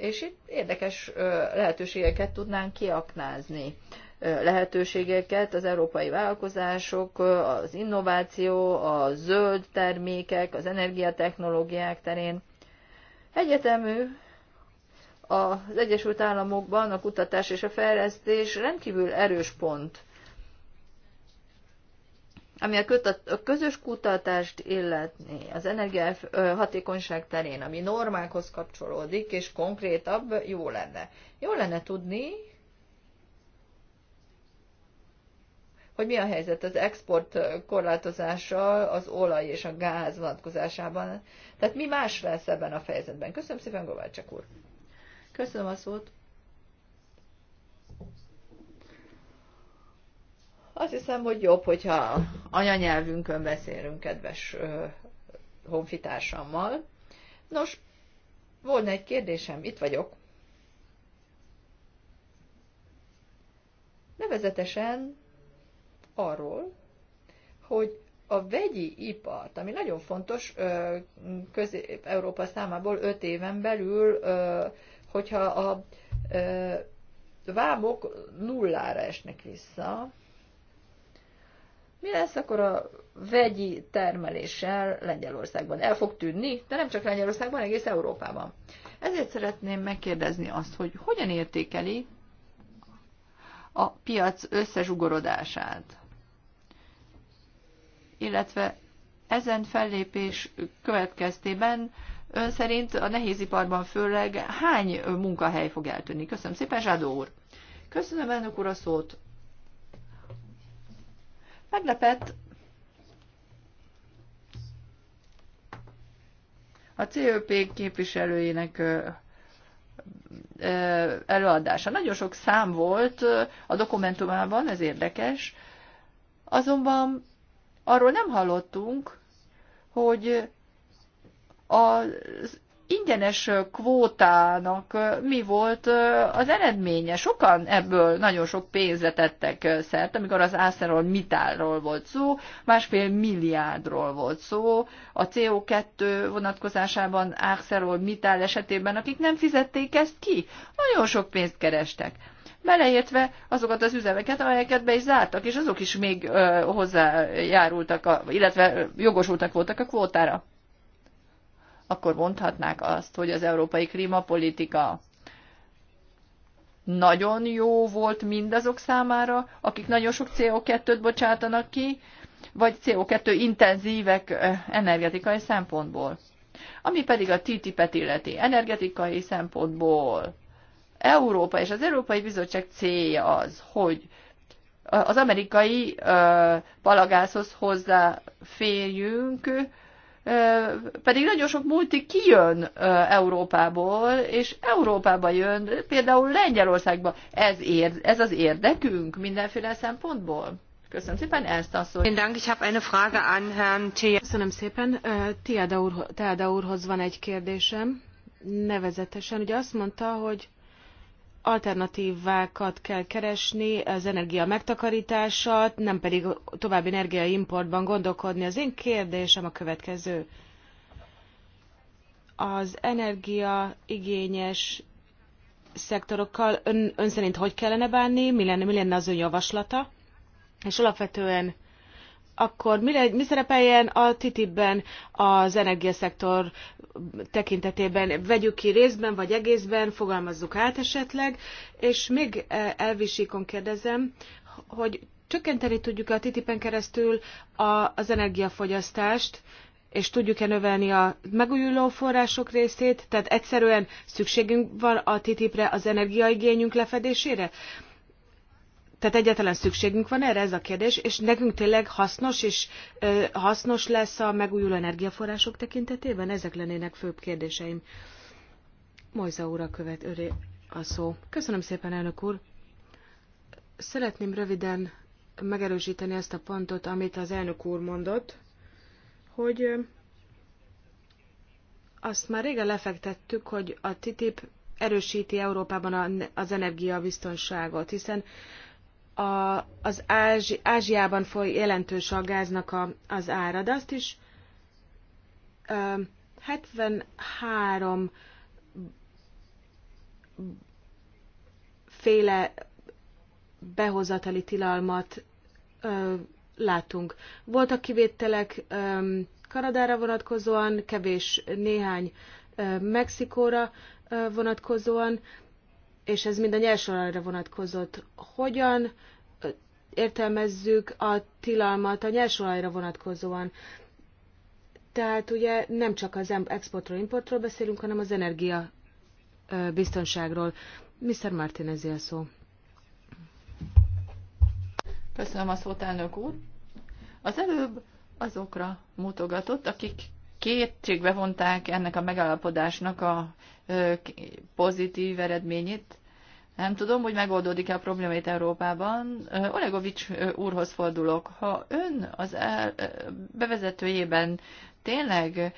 És itt érdekes lehetőségeket tudnánk kiaknázni. Lehetőségeket az európai vállalkozások, az innováció, a zöld termékek, az energiatechnológiák terén. Egyetemű az Egyesült Államokban a kutatás és a fejlesztés rendkívül erős pont ami a, a közös kutatást illetni az energia hatékonyság terén, ami normákhoz kapcsolódik, és konkrétabb, jó lenne. Jó lenne tudni, hogy mi a helyzet az export korlátozással az olaj és a gáz vonatkozásában. Tehát mi más lesz ebben a fejezetben? Köszönöm szépen, Govácsak úr! Köszönöm a szót! Azt hiszem, hogy jobb, hogyha anyanyelvünkön beszélünk kedves honfitársammal. Nos, volna egy kérdésem, itt vagyok. Nevezetesen arról, hogy a vegyi ipart, ami nagyon fontos Közép-Európa számából öt éven belül, hogyha a vámok nullára esnek vissza, mi lesz akkor a vegyi termeléssel Lengyelországban? El fog tűnni, de nem csak Lengyelországban, egész Európában. Ezért szeretném megkérdezni azt, hogy hogyan értékeli a piac összezsugorodását, illetve ezen fellépés következtében ön szerint a nehéziparban főleg hány munkahely fog eltűnni? Köszönöm szépen, Zsádó úr! Köszönöm elnök úr a szót! Meglepett a COP képviselőjének előadása. Nagyon sok szám volt a dokumentumában, ez érdekes, azonban arról nem hallottunk, hogy az ingyenes kvótának mi volt az eredménye? Sokan ebből nagyon sok pénzre tettek szert, amikor az Ászerról mitálról volt szó, másfél milliárdról volt szó, a CO2 vonatkozásában Ászerról mitál esetében, akik nem fizették ezt ki, nagyon sok pénzt kerestek beleértve azokat az üzemeket, amelyeket be is zártak, és azok is még hozzájárultak, illetve jogosultak voltak a kvótára akkor mondhatnák azt, hogy az európai klímapolitika nagyon jó volt mindazok számára, akik nagyon sok CO2-t bocsátanak ki, vagy CO2 intenzívek energetikai szempontból. Ami pedig a TTIP-et illeti energetikai szempontból. Európa és az Európai Bizottság célja az, hogy az amerikai palagászhoz hozzáférjünk, pedig nagyon sok multi kijön Európából, és Európába jön, például Lengyelországba. Ez, ér, ez az érdekünk mindenféle szempontból. Köszönöm szépen, Ernst asszony. Köszönöm szépen. Tiada, úr, Tiada úrhoz van egy kérdésem. Nevezetesen, ugye azt mondta, hogy alternatívákat kell keresni, az energia megtakarítását, nem pedig további energiaimportban gondolkodni. Az én kérdésem a következő. Az energia igényes szektorokkal ön, ön szerint hogy kellene bánni, mi lenne, mi lenne az ön javaslata? És alapvetően akkor mi, le, mi szerepeljen a TTIP-ben az energiaszektor tekintetében? Vegyük ki részben vagy egészben, fogalmazzuk át esetleg, és még e, elvisíkon kérdezem, hogy csökkenteni tudjuk a TTIP-en keresztül a, az energiafogyasztást, és tudjuk-e növelni a megújuló források részét? Tehát egyszerűen szükségünk van a TTIP-re az energiaigényünk lefedésére? tehát egyáltalán szükségünk van erre, ez a kérdés, és nekünk tényleg hasznos és ö, hasznos lesz a megújuló energiaforrások tekintetében? Ezek lennének főbb kérdéseim. Mojza úr követ, öré a szó. Köszönöm szépen, elnök úr. Szeretném röviden megerősíteni ezt a pontot, amit az elnök úr mondott, hogy azt már régen lefektettük, hogy a TTIP erősíti Európában az energiabiztonságot, hiszen a, az Ázsi, Ázsiában foly jelentős a gáznak a, az ára, de azt is ö, 73 féle behozatali tilalmat ö, látunk. Voltak kivételek ö, Kanadára vonatkozóan, kevés néhány ö, Mexikóra ö, vonatkozóan, és ez mind a nyersolajra vonatkozott. Hogyan értelmezzük a tilalmat a nyersolajra vonatkozóan? Tehát ugye nem csak az exportról, importról beszélünk, hanem az energia biztonságról. Mr. Martinez a szó. Köszönöm a szót, elnök úr. Az előbb azokra mutogatott, akik kétségbe vonták ennek a megállapodásnak a pozitív eredményét, nem tudom, hogy megoldódik-e a problémait Európában. Olegovics úrhoz fordulok. Ha ön az el, bevezetőjében tényleg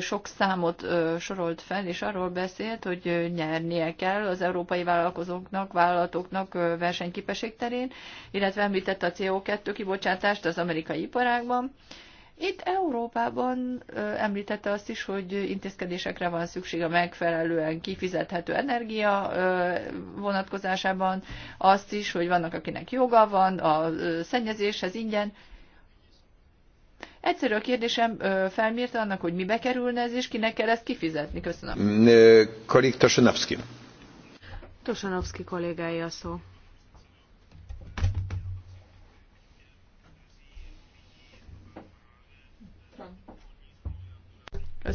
sok számot sorolt fel, és arról beszélt, hogy nyernie kell az európai vállalkozóknak, vállalatoknak versenyképesség terén, illetve említette a CO2 kibocsátást az amerikai iparágban. Itt Európában említette azt is, hogy intézkedésekre van szükség a megfelelően kifizethető energia vonatkozásában, azt is, hogy vannak, akinek joga van a szennyezéshez ingyen. Egyszerű a kérdésem, felmérte annak, hogy mibe kerülne ez, és kinek kell ezt kifizetni? Köszönöm. Kolik Tosanovski. Tosanovski kollégája szó.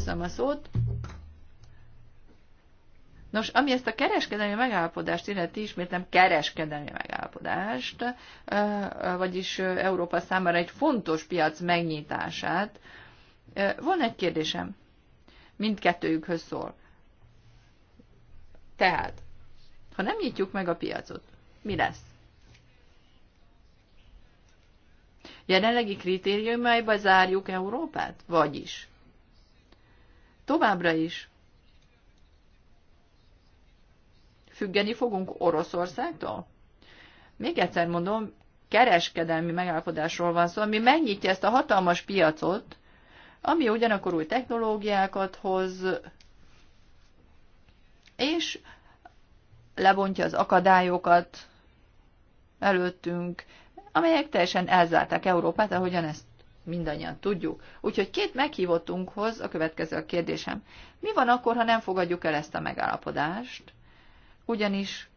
Köszönöm a szót. Nos, ami ezt a kereskedelmi megállapodást illeti, ismétlem kereskedelmi megállapodást, vagyis Európa számára egy fontos piac megnyitását, van egy kérdésem. Mindkettőjükhöz szól. Tehát, ha nem nyitjuk meg a piacot, mi lesz? Jelenlegi kritériumaiba zárjuk Európát? Vagyis Továbbra is függeni fogunk Oroszországtól? Még egyszer mondom, kereskedelmi megállapodásról van szó, ami megnyitja ezt a hatalmas piacot, ami ugyanakkor új technológiákat hoz, és lebontja az akadályokat előttünk, amelyek teljesen elzárták Európát, ahogyan ezt mindannyian tudjuk. Úgyhogy két meghívottunkhoz a következő a kérdésem. Mi van akkor, ha nem fogadjuk el ezt a megállapodást? Ugyanis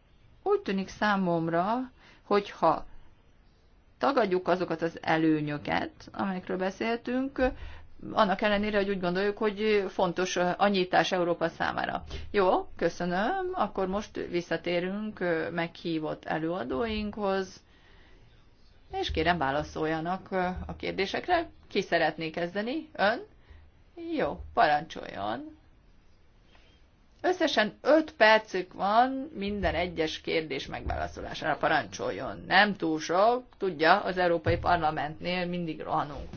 úgy tűnik számomra, hogyha tagadjuk azokat az előnyöket, amelyekről beszéltünk, annak ellenére, hogy úgy gondoljuk, hogy fontos a nyitás Európa számára. Jó, köszönöm. Akkor most visszatérünk meghívott előadóinkhoz és kérem válaszoljanak a kérdésekre. Ki szeretné kezdeni? Ön? Jó, parancsoljon. Összesen 5 percük van minden egyes kérdés megválaszolására. Parancsoljon. Nem túl sok, tudja, az Európai Parlamentnél mindig rohanunk.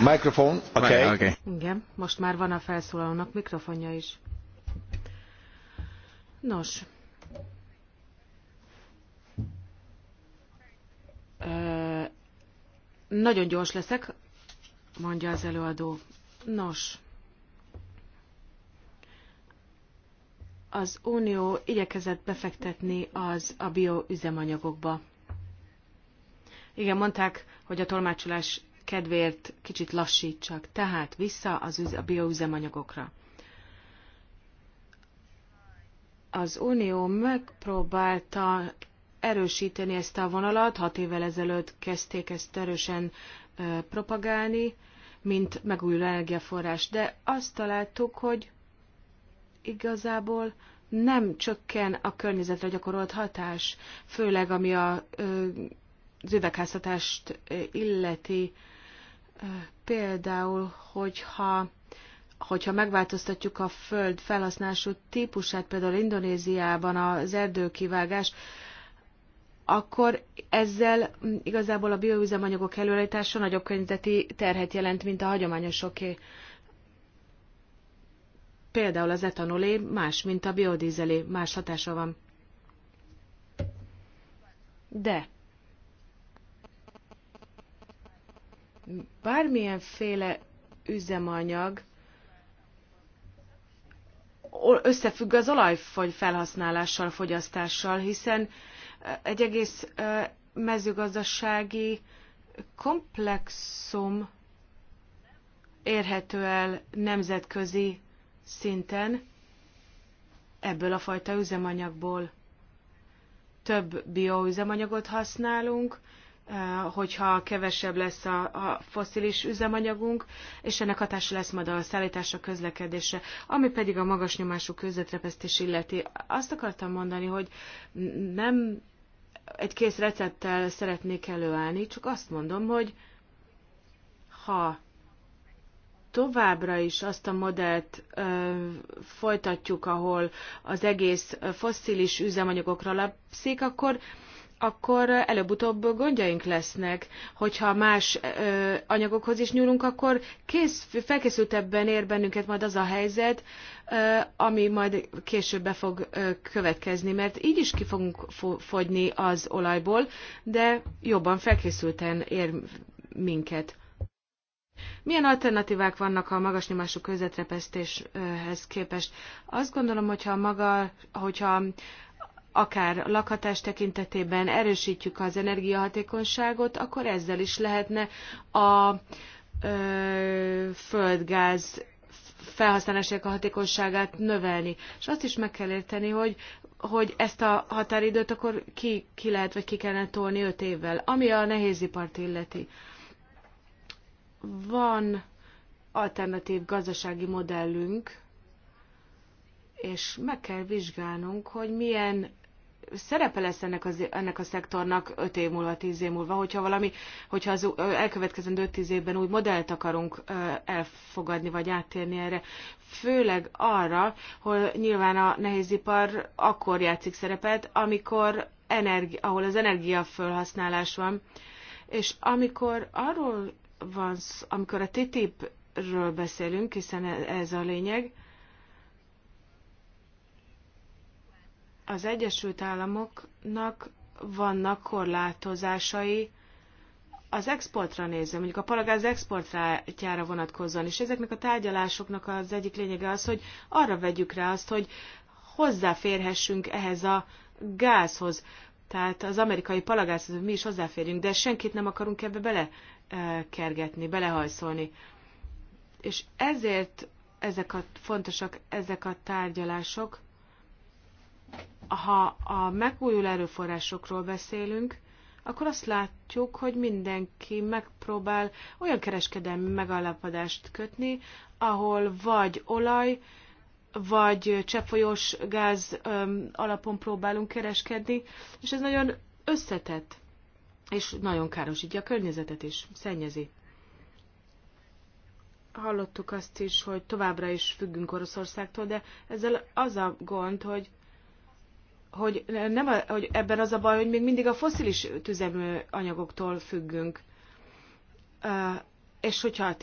Mikrofon, oké. Okay. Okay. Igen, most már van a felszólalónak mikrofonja is. Nos, nagyon gyors leszek, mondja az előadó. Nos, az Unió igyekezett befektetni az a bioüzemanyagokba. Igen, mondták, hogy a tolmácsolás kedvéért kicsit lassítsak. Tehát vissza az a bioüzemanyagokra. az Unió megpróbálta erősíteni ezt a vonalat, hat évvel ezelőtt kezdték ezt erősen propagálni, mint megújuló energiaforrás. De azt találtuk, hogy igazából nem csökken a környezetre gyakorolt hatás, főleg ami a, az üvegházhatást illeti. Például, hogyha hogyha megváltoztatjuk a föld felhasználású típusát, például Indonéziában az erdőkivágás, akkor ezzel igazából a bioüzemanyagok előállítása nagyobb környezeti terhet jelent, mint a hagyományosoké. Például az etanolé más, mint a biodízelé, más hatása van. De bármilyenféle üzemanyag összefügg az olajfogy felhasználással, fogyasztással, hiszen eh, egy egész eh, mezőgazdasági komplexum érhető el nemzetközi szinten ebből a fajta üzemanyagból. Több bioüzemanyagot használunk, Eh, hogyha kevesebb lesz a, a foszilis üzemanyagunk, és ennek hatása lesz majd a szállítása közlekedésre. Ami pedig a magas nyomású közvetrepesztés illeti, azt akartam mondani, hogy nem egy kész recepttel szeretnék előállni, csak azt mondom, hogy ha továbbra is azt a modellt ö, folytatjuk, ahol az egész fosszilis üzemanyagokra lapszik, akkor ö, akkor előbb-utóbb gondjaink lesznek. Hogyha más ö, anyagokhoz is nyúlunk, akkor kész, felkészültebben ér bennünket majd az a helyzet, ö, ami majd később be fog ö, következni, mert így is ki fogunk fogyni az olajból, de jobban felkészülten ér minket. Milyen alternatívák vannak a magas nyomású közvetrepesztéshez képest? Azt gondolom, hogyha, maga, hogyha akár lakhatás tekintetében erősítjük az energiahatékonyságot, akkor ezzel is lehetne a ö, földgáz felhasználásának a hatékonyságát növelni. És azt is meg kell érteni, hogy hogy ezt a határidőt akkor ki, ki lehet, vagy ki kellene tolni öt évvel, ami a nehézipart illeti. Van alternatív gazdasági modellünk, és meg kell vizsgálnunk, hogy milyen szerepe lesz ennek, az, ennek a szektornak 5 év múlva, 10 év múlva, hogyha valami, hogyha az elkövetkezendő 5-10 évben új modellt akarunk elfogadni, vagy áttérni erre, főleg arra, hogy nyilván a nehézipar akkor játszik szerepet, amikor energi, ahol az energiafölhasználás van, és amikor arról van amikor a TTIP-ről beszélünk, hiszen e- ez a lényeg, az Egyesült Államoknak vannak korlátozásai az exportra nézve, mondjuk a palagáz exportjára vonatkozóan, és ezeknek a tárgyalásoknak az egyik lényege az, hogy arra vegyük rá azt, hogy hozzáférhessünk ehhez a gázhoz. Tehát az amerikai palagázhoz mi is hozzáférjünk, de senkit nem akarunk ebbe belekergetni, belehajszolni. És ezért ezek a fontosak ezek a tárgyalások, ha a megújuló erőforrásokról beszélünk, akkor azt látjuk, hogy mindenki megpróbál olyan kereskedelmi megállapodást kötni, ahol vagy olaj, vagy cseppfolyós gáz öm, alapon próbálunk kereskedni, és ez nagyon összetett, és nagyon károsítja a környezetet is, szennyezi. Hallottuk azt is, hogy továbbra is függünk Oroszországtól, de ezzel az a gond, hogy hogy, nem, hogy ebben az a baj, hogy még mindig a foszilis tüzemű anyagoktól függünk. És hogyha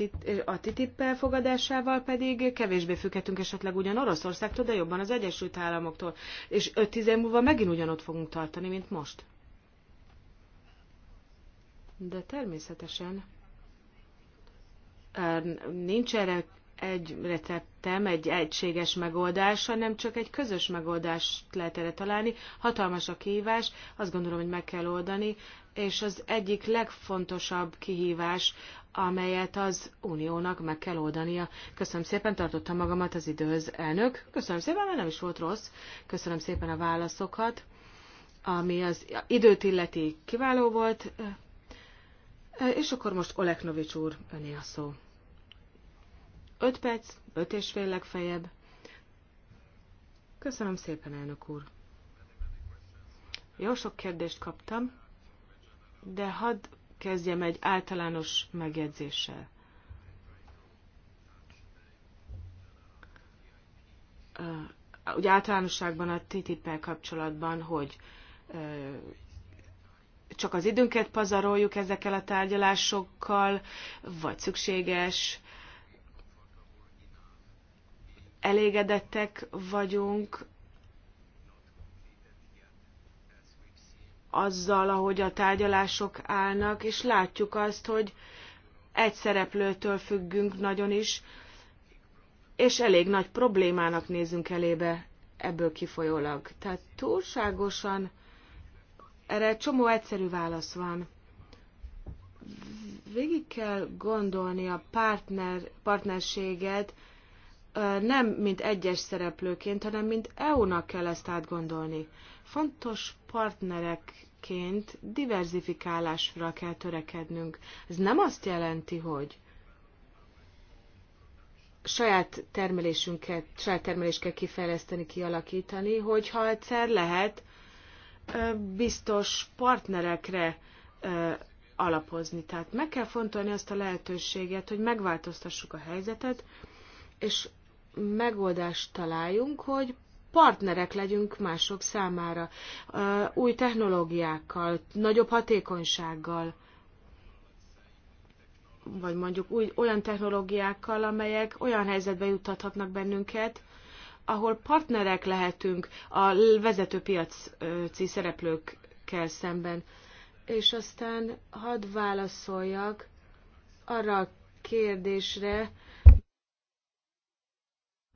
a TTIP elfogadásával pedig kevésbé függhetünk esetleg ugyan Oroszországtól, de jobban az Egyesült Államoktól. És 5-10 év múlva megint ugyanott fogunk tartani, mint most. De természetesen nincs erre egy recept, szerintem egy egységes megoldás, hanem csak egy közös megoldást lehet erre találni. Hatalmas a kihívás, azt gondolom, hogy meg kell oldani, és az egyik legfontosabb kihívás, amelyet az uniónak meg kell oldania. Köszönöm szépen, tartottam magamat az időhöz, elnök. Köszönöm szépen, mert nem is volt rossz. Köszönöm szépen a válaszokat, ami az időt illeti kiváló volt. És akkor most Oleknovics úr, öné a szó öt perc, öt és fél legfeljebb. Köszönöm szépen, elnök úr. Jó sok kérdést kaptam, de hadd kezdjem egy általános megjegyzéssel. Ugye általánosságban a TTIP-el kapcsolatban, hogy csak az időnket pazaroljuk ezekkel a tárgyalásokkal, vagy szükséges, elégedettek vagyunk azzal, ahogy a tárgyalások állnak, és látjuk azt, hogy egy szereplőtől függünk nagyon is, és elég nagy problémának nézünk elébe ebből kifolyólag. Tehát túlságosan erre egy csomó egyszerű válasz van. Végig kell gondolni a partner, partnerséget, nem mint egyes szereplőként, hanem mint EU-nak kell ezt átgondolni. Fontos partnerekként diverzifikálásra kell törekednünk. Ez nem azt jelenti, hogy saját termelésünket, saját termelést kell kifejleszteni, kialakítani, hogyha egyszer lehet biztos partnerekre alapozni. Tehát meg kell fontolni azt a lehetőséget, hogy megváltoztassuk a helyzetet, és megoldást találjunk, hogy partnerek legyünk mások számára, új technológiákkal, nagyobb hatékonysággal, vagy mondjuk új, olyan technológiákkal, amelyek olyan helyzetbe juttathatnak bennünket, ahol partnerek lehetünk a vezető piaci szereplőkkel szemben. És aztán hadd válaszoljak arra a kérdésre,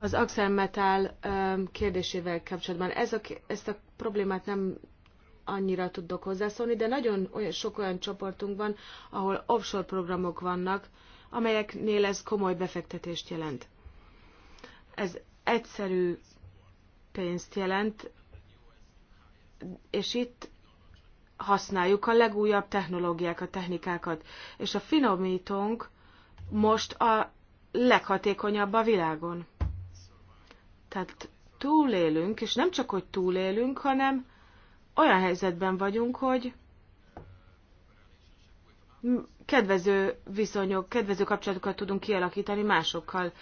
az Axel Metal kérdésével kapcsolatban ez a, ezt a problémát nem annyira tudok hozzászólni, de nagyon olyan, sok olyan csoportunk van, ahol offshore programok vannak, amelyeknél ez komoly befektetést jelent. Ez egyszerű pénzt jelent, és itt használjuk a legújabb technológiákat, technikákat. És a finomítónk most a leghatékonyabb a világon. Tehát túlélünk, és nem csak, hogy túlélünk, hanem olyan helyzetben vagyunk, hogy kedvező viszonyok, kedvező kapcsolatokat tudunk kialakítani másokkal.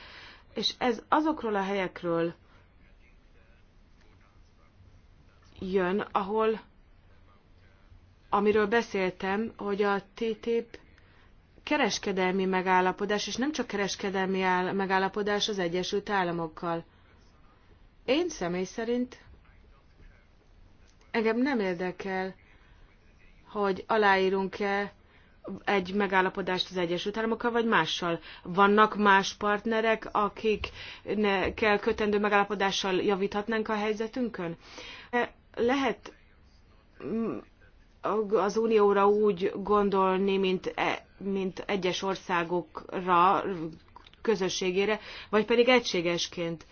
És ez azokról a helyekről jön, ahol, amiről beszéltem, hogy a TTIP kereskedelmi megállapodás, és nem csak kereskedelmi megállapodás az Egyesült Államokkal. Én személy szerint engem nem érdekel, hogy aláírunk-e egy megállapodást az Egyesült Államokkal, vagy mással. Vannak más partnerek, akikkel kötendő megállapodással javíthatnánk a helyzetünkön? E, lehet az Unióra úgy gondolni, mint, e- mint egyes országokra, közösségére, vagy pedig egységesként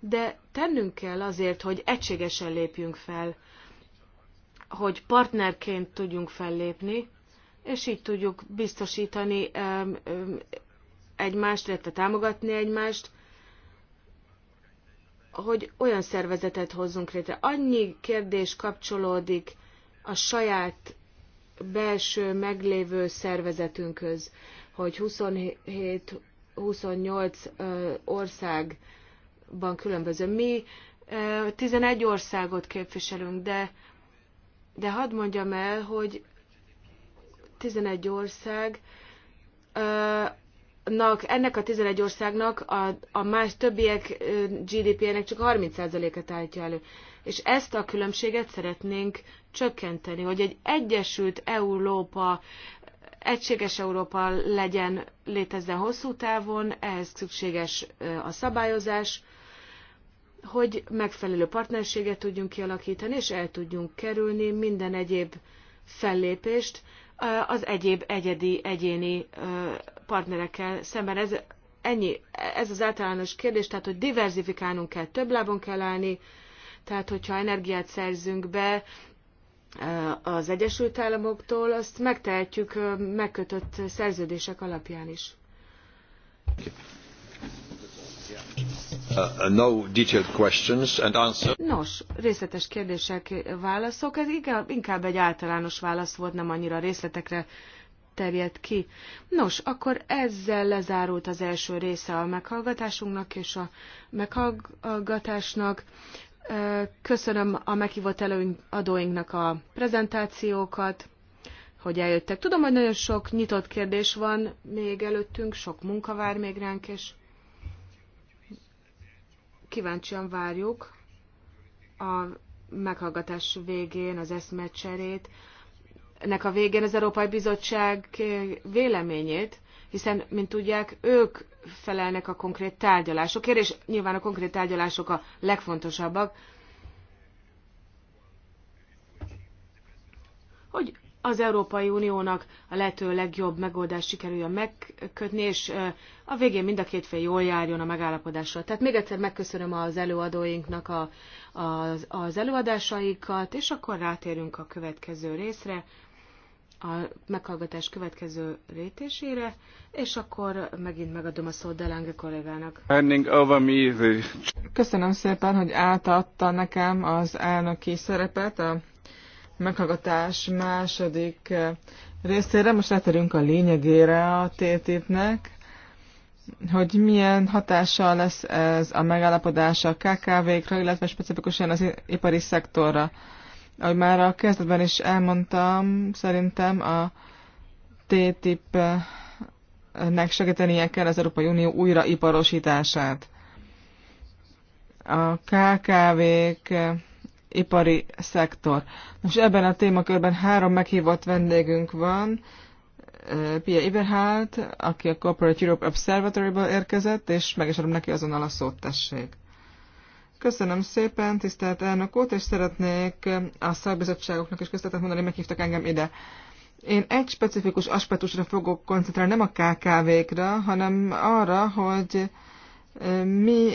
de tennünk kell azért, hogy egységesen lépjünk fel, hogy partnerként tudjunk fellépni, és így tudjuk biztosítani egymást, illetve támogatni egymást, hogy olyan szervezetet hozzunk létre. Annyi kérdés kapcsolódik a saját belső meglévő szervezetünkhöz, hogy 27-28 ország ban különböző. Mi 11 országot képviselünk, de, de hadd mondjam el, hogy 11 ország ennek a 11 országnak a, a más többiek GDP-nek csak 30%-et állítja elő. És ezt a különbséget szeretnénk csökkenteni, hogy egy Egyesült Európa egységes Európa legyen, létezzen hosszú távon, ehhez szükséges a szabályozás, hogy megfelelő partnerséget tudjunk kialakítani, és el tudjunk kerülni minden egyéb fellépést az egyéb egyedi, egyéni partnerekkel szemben. Ez, ennyi, ez az általános kérdés, tehát hogy diverzifikálnunk kell, több lábon kell állni, tehát hogyha energiát szerzünk be az Egyesült Államoktól, azt megtehetjük megkötött szerződések alapján is. Uh, uh no detailed questions and answers. Nos, részletes kérdések, válaszok. Ez inkább egy általános válasz volt, nem annyira részletekre terjedt ki. Nos, akkor ezzel lezárult az első része a meghallgatásunknak és a meghallgatásnak. Köszönöm a meghívott előadóinknak a prezentációkat, hogy eljöttek. Tudom, hogy nagyon sok nyitott kérdés van még előttünk, sok munka vár még ránk, és kíváncsian várjuk a meghallgatás végén az eszmecserét, ennek a végén az Európai Bizottság véleményét, hiszen, mint tudják, ők felelnek a konkrét tárgyalásokért, és nyilván a konkrét tárgyalások a legfontosabbak, hogy az Európai Uniónak a lehető legjobb megoldást sikerüljön megkötni, és a végén mind a két fél jól járjon a megállapodásra. Tehát még egyszer megköszönöm az előadóinknak a, az, az előadásaikat, és akkor rátérünk a következő részre a meghallgatás következő rétésére, és akkor megint megadom a szót Delange kollégának. Köszönöm szépen, hogy átadta nekem az elnöki szerepet a meghallgatás második eh, részére. Most leterünk a lényegére a TTIP-nek, hogy milyen hatással lesz ez a megállapodás a KKV-kra, illetve specifikusan az ipari szektorra ahogy már a kezdetben is elmondtam, szerintem a TTIP-nek segítenie kell az Európai Unió újraiparosítását. A KKV-k ipari szektor. Most ebben a témakörben három meghívott vendégünk van. Pia Iverhált, aki a Corporate Europe Observatory-ból érkezett, és meg is adom neki azonnal a szót, tessék. Köszönöm szépen, tisztelt elnök úr, és szeretnék a szakbizottságoknak is köszönetet mondani, meghívtak engem ide. Én egy specifikus aspektusra fogok koncentrálni, nem a KKV-kra, hanem arra, hogy mi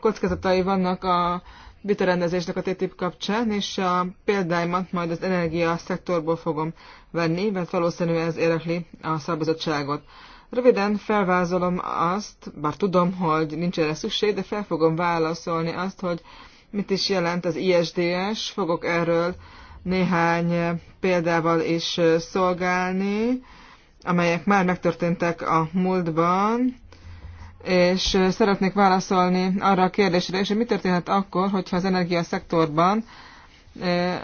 kockázatai vannak a vitarendezésnek a TTIP kapcsán, és a példáimat majd az energia szektorból fogom venni, mert valószínűleg ez érekli a szakbizottságot. Röviden felvázolom azt, bár tudom, hogy nincs erre szükség, de fel fogom válaszolni azt, hogy mit is jelent az ISDS, fogok erről néhány példával is szolgálni, amelyek már megtörténtek a múltban, és szeretnék válaszolni arra a kérdésre és hogy mi történhet akkor, hogyha az energiaszektorban, eh,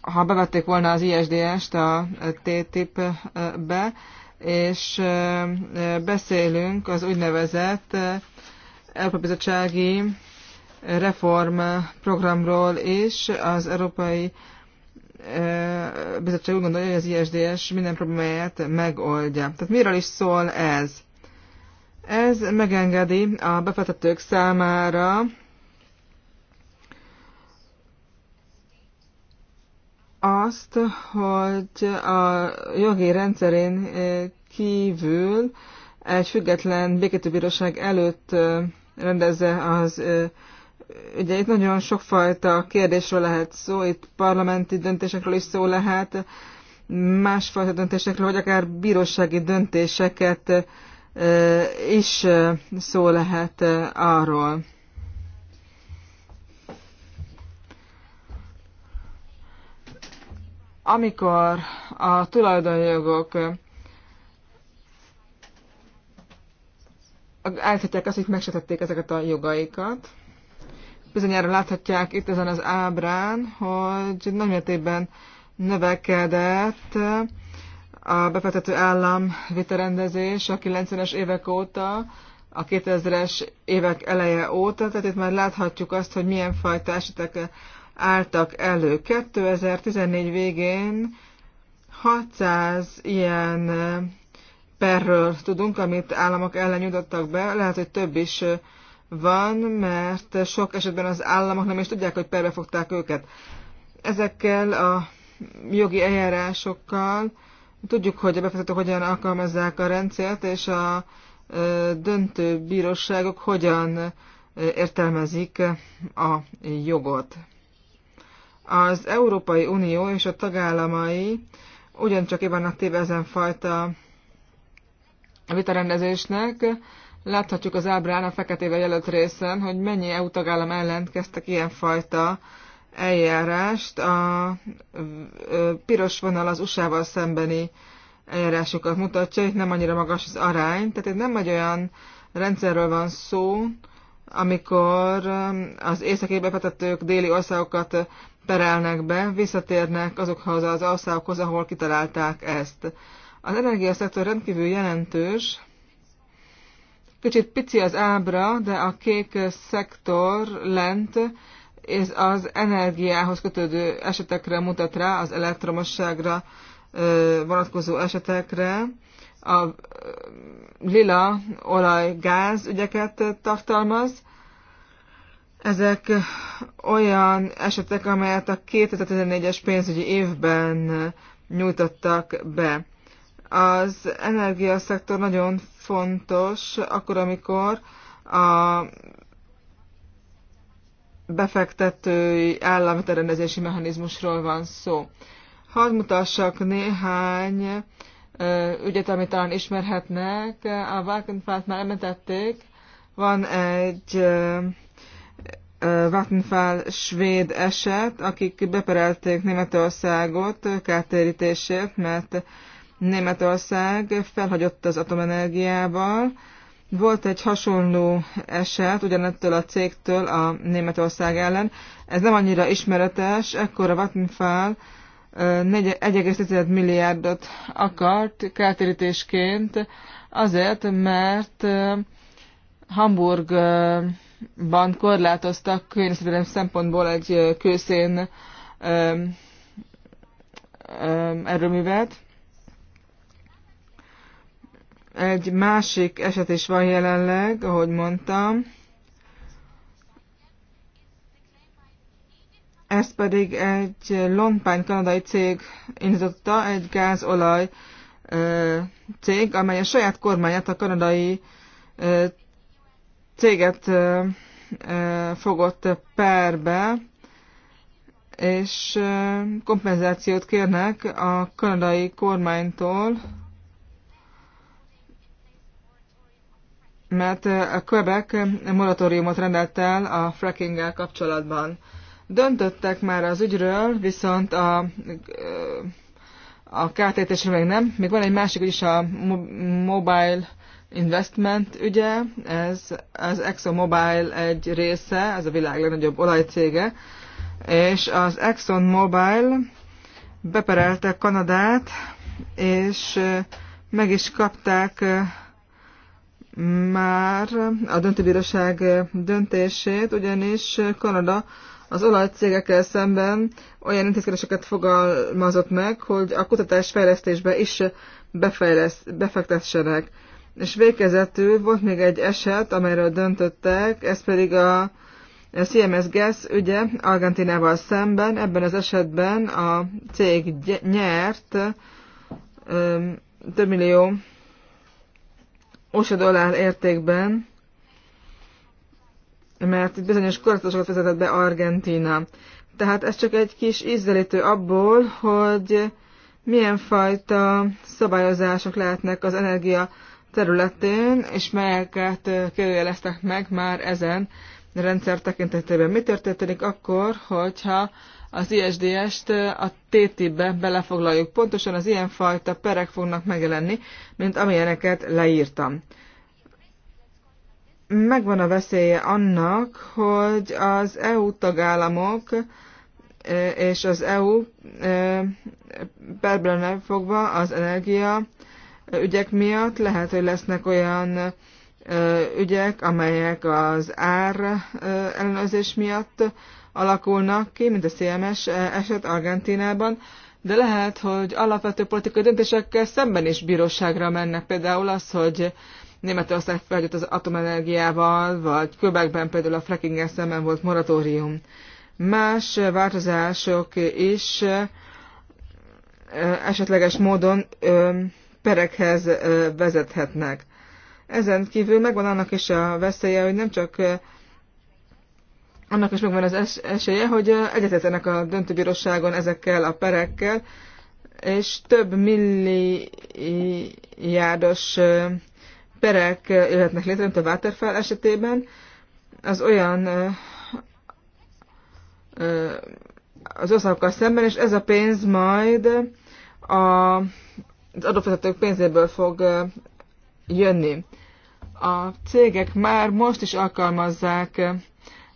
ha bevették volna az ISDS-t a TTIP-be, és beszélünk az úgynevezett Európai Bizottsági Reform programról is. Az Európai Bizottság úgy gondolja, hogy az ISDS minden problémáját megoldja. Tehát miről is szól ez? Ez megengedi a befektetők számára, azt, hogy a jogi rendszerén eh, kívül egy független békétőbíróság előtt eh, rendezze az eh, ugye itt nagyon sokfajta kérdésről lehet szó, itt parlamenti döntésekről is szó lehet, másfajta döntésekről, vagy akár bírósági döntéseket is szó lehet arról. Amikor a tulajdonjogok elhetják azt, hogy megsetették ezeket a jogaikat, bizonyára láthatják itt ezen az ábrán, hogy mértékben növekedett a befektető állam viterendezés a 90-es évek óta, a 2000-es évek eleje óta, tehát itt már láthatjuk azt, hogy milyen fajta esetek álltak elő. 2014 végén 600 ilyen perről tudunk, amit államok ellen nyújtottak be, lehet, hogy több is van, mert sok esetben az államok nem is tudják, hogy perbe fogták őket. Ezekkel a jogi eljárásokkal tudjuk, hogy a befektetők hogyan alkalmazzák a rendszert, és a döntő bíróságok hogyan értelmezik a jogot. Az Európai Unió és a tagállamai ugyancsak vannak téve ezen fajta vitarendezésnek. Láthatjuk az ábrán a feketével jelölt részen, hogy mennyi EU tagállam ellen kezdtek ilyenfajta eljárást. A piros vonal az USA-val szembeni eljárásokat mutatja, itt nem annyira magas az arány, tehát itt nem egy olyan rendszerről van szó, amikor az északébe befektetők déli országokat perelnek be, visszatérnek azokhoz az országokhoz, ahol kitalálták ezt. Az energiaszektor rendkívül jelentős, kicsit pici az ábra, de a kék szektor lent és az energiához kötődő esetekre mutat rá, az elektromosságra vonatkozó esetekre. A lila olaj-gáz ügyeket tartalmaz, ezek olyan esetek, amelyet a 2014-es pénzügyi évben nyújtottak be. Az energiaszektor nagyon fontos, akkor, amikor a befektetői állami terendezési mechanizmusról van szó. Hadd mutassak néhány ügyet, amit talán ismerhetnek. A Valkenfát már említették. Van egy Vattenfall svéd eset, akik beperelték Németországot kártérítésért, mert Németország felhagyott az atomenergiával. Volt egy hasonló eset ugyanettől a cégtől a Németország ellen. Ez nem annyira ismeretes, ekkor a Vattenfall 1,1 milliárdot akart kártérítésként azért, mert Hamburg ban korlátoztak környezetvédelem szempontból egy kőszén erőművet. Egy másik eset is van jelenleg, ahogy mondtam. Ez pedig egy Londpány kanadai cég indította, egy gázolaj cég, amely a saját kormányát, a kanadai céget fogott perbe, és kompenzációt kérnek a kanadai kormánytól, mert a Quebec moratóriumot rendelt el a frackinggel kapcsolatban. Döntöttek már az ügyről, viszont a, a kártétésre még nem. Még van egy másik is a mobile investment ügye, ez az ExxonMobil egy része, ez a világ legnagyobb olajcége, és az ExxonMobil beperelte Kanadát, és meg is kapták már a döntőbíróság döntését, ugyanis Kanada az olajcégekkel szemben olyan intézkedéseket fogalmazott meg, hogy a kutatás fejlesztésbe is befektessenek. És végezetül volt még egy eset, amelyről döntöttek, ez pedig a, CMS Gas ügye Argentinával szemben. Ebben az esetben a cég nyert több millió USA dollár értékben, mert itt bizonyos korlátozásokat vezetett be Argentina. Tehát ez csak egy kis ízdelítő abból, hogy milyen fajta szabályozások lehetnek az energia területén, és melyeket kérdőjeleztek meg már ezen rendszer tekintetében. Mi történik akkor, hogyha az ISDS-t a TTIP-be belefoglaljuk? Pontosan az ilyenfajta perek fognak megjelenni, mint amilyeneket leírtam. Megvan a veszélye annak, hogy az EU tagállamok és az EU perbelene fogva az energia ügyek miatt. Lehet, hogy lesznek olyan ügyek, amelyek az ár ellenőrzés miatt alakulnak ki, mint a CMS eset Argentinában, de lehet, hogy alapvető politikai döntésekkel szemben is bíróságra mennek. Például az, hogy Németország felgyött az atomenergiával, vagy Köbekben például a fracking szemben volt moratórium. Más változások is esetleges módon perekhez vezethetnek. Ezen kívül megvan annak is a veszélye, hogy nem csak annak is megvan az es- esélye, hogy egyetetenek a döntőbíróságon ezekkel a perekkel, és több milliárdos perek jöhetnek létre, mint a Waterfall esetében. Az olyan az országokkal szemben, és ez a pénz majd a az adófizetők pénzéből fog jönni. A cégek már most is alkalmazzák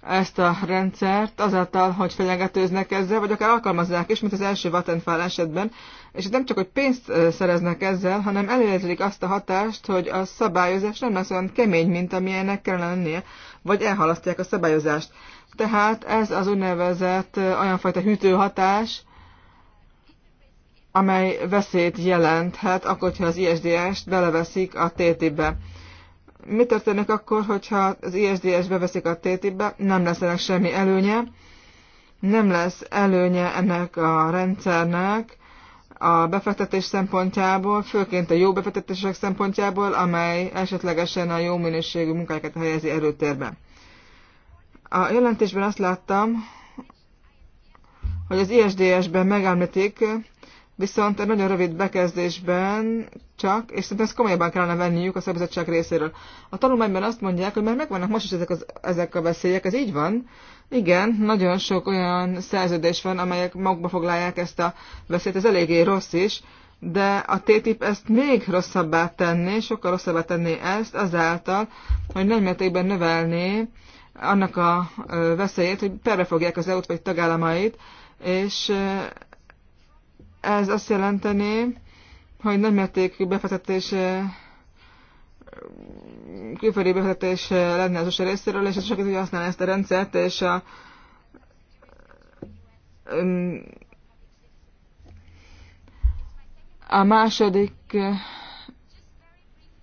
ezt a rendszert azáltal, hogy fenyegetőznek ezzel, vagy akár alkalmazzák is, mint az első Vattenfall esetben, és nem csak, hogy pénzt szereznek ezzel, hanem elérzik azt a hatást, hogy a szabályozás nem lesz olyan kemény, mint amilyennek kellene lennie, vagy elhalasztják a szabályozást. Tehát ez az úgynevezett olyanfajta hűtőhatás, amely veszélyt jelenthet, akkor, hogyha az ISDS-t beleveszik a TTIP-be. Mi történik akkor, hogyha az ISDS beveszik a TTIP-be? Nem lesz ennek semmi előnye. Nem lesz előnye ennek a rendszernek a befektetés szempontjából, főként a jó befektetések szempontjából, amely esetlegesen a jó minőségű munkákat helyezi előtérbe. A jelentésben azt láttam, hogy az ISDS-ben megemlítik viszont egy nagyon rövid bekezdésben csak, és szerintem ezt komolyabban kellene venniük a szervezettség részéről. A tanulmányban azt mondják, hogy már megvannak most is ezek, az, ezek a veszélyek, ez így van. Igen, nagyon sok olyan szerződés van, amelyek magukba foglalják ezt a veszélyt, ez eléggé rossz is, de a TTIP ezt még rosszabbá tenné, sokkal rosszabbá tenné ezt azáltal, hogy nagy mértékben növelné annak a veszélyét, hogy perbe fogják az EU-t vagy tagállamait, és ez azt jelenteni, hogy nem nagymértékű befektetés külföldi befektetés lenne az USA részéről, és csak tudja használni ezt a rendszert, és a a második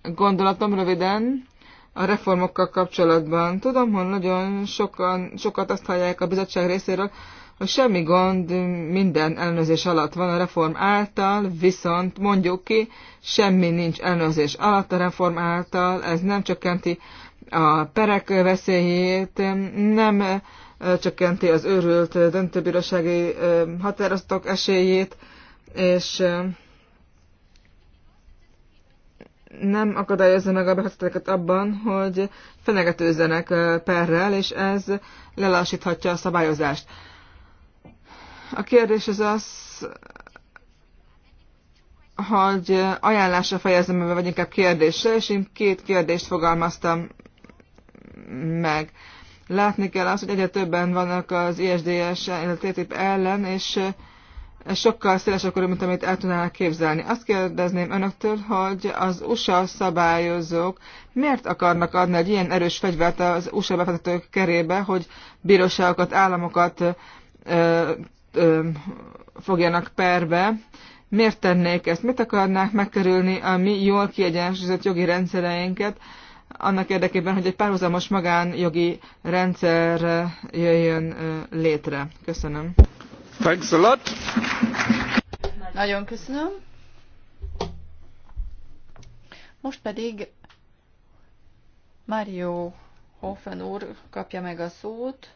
gondolatom röviden a reformokkal kapcsolatban. Tudom, hogy nagyon sokan, sokat azt hallják a bizottság részéről, hogy semmi gond minden ellenőrzés alatt van a reform által, viszont mondjuk ki, semmi nincs ellenőrzés alatt a reform által, ez nem csökkenti a perek veszélyét, nem csökkenti az őrült döntőbírósági határozatok esélyét, és nem akadályozza meg a befektetőket abban, hogy fenyegetőzzenek perrel, és ez lelassíthatja a szabályozást. A kérdés az az, hogy ajánlásra fejezem be, vagy inkább kérdésre, és én két kérdést fogalmaztam meg. Látni kell azt, hogy egyre többen vannak az ISDS, illetve TTIP ellen, és ez sokkal szélesebb körül, mint amit el tudnának képzelni. Azt kérdezném önöktől, hogy az USA szabályozók miért akarnak adni egy ilyen erős fegyvert az USA befektetők kerébe, hogy bíróságokat, államokat fogjanak perbe. Miért tennék ezt? Mit akarnák megkerülni a mi jól kiegyensúlyozott jogi rendszereinket, annak érdekében, hogy egy párhuzamos magánjogi rendszer jöjjön létre? Köszönöm. Thanks a lot. Nagyon köszönöm. Most pedig Mario Hoffen úr kapja meg a szót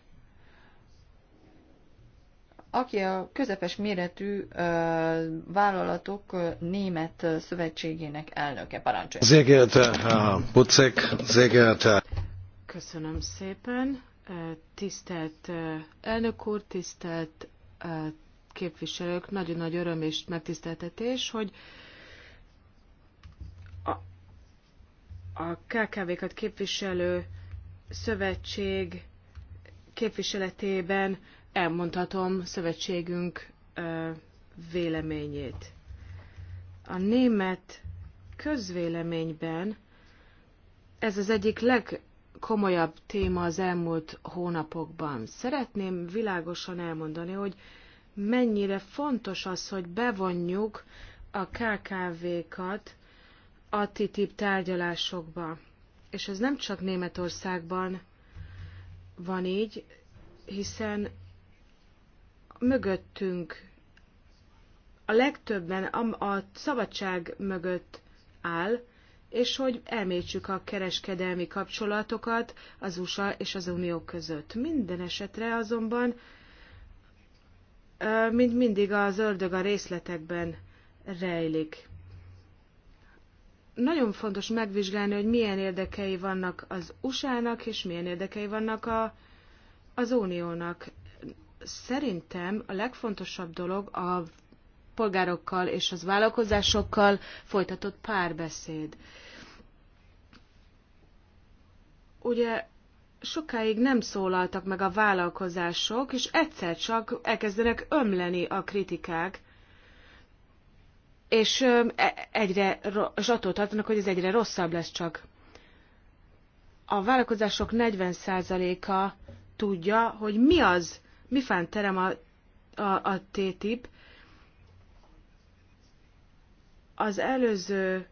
aki a közepes méretű vállalatok német szövetségének elnöke parancsolja. Zegelte, Pucek, zegelte. Köszönöm szépen. Tisztelt elnök úr, tisztelt képviselők, nagyon nagy öröm és megtiszteltetés, hogy a, a KKV-kat képviselő szövetség képviseletében elmondhatom szövetségünk véleményét. A német közvéleményben ez az egyik legkomolyabb téma az elmúlt hónapokban. Szeretném világosan elmondani, hogy mennyire fontos az, hogy bevonjuk a KKV-kat a TTIP tárgyalásokba. És ez nem csak Németországban van így, hiszen mögöttünk, a legtöbben a, a szabadság mögött áll, és hogy elmétsük a kereskedelmi kapcsolatokat az USA és az Unió között. Minden esetre azonban, mint mindig az ördög a részletekben rejlik. Nagyon fontos megvizsgálni, hogy milyen érdekei vannak az USA-nak, és milyen érdekei vannak a, az Uniónak szerintem a legfontosabb dolog a polgárokkal és az vállalkozásokkal folytatott párbeszéd. Ugye sokáig nem szólaltak meg a vállalkozások, és egyszer csak elkezdenek ömleni a kritikák, és e, egyre, és attól tartanak, hogy ez egyre rosszabb lesz csak. A vállalkozások 40%-a tudja, hogy mi az, fán terem a, a, a TTIP, az előző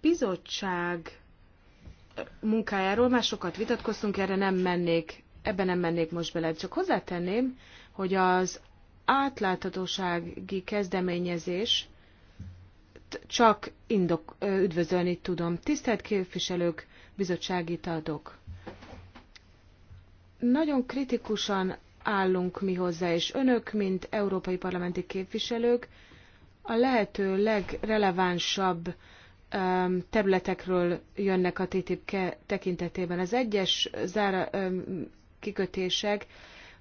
bizottság munkájáról már sokat vitatkoztunk, erre nem mennék, ebben nem mennék most bele. Csak hozzátenném, hogy az átláthatósági kezdeményezés csak indok, üdvözölni tudom. Tisztelt képviselők, bizottsági tagok! Nagyon kritikusan állunk mi hozzá, és önök, mint európai parlamenti képviselők, a lehető legrelevánsabb um, területekről jönnek a TTIP tekintetében. Az egyes zára, um, kikötések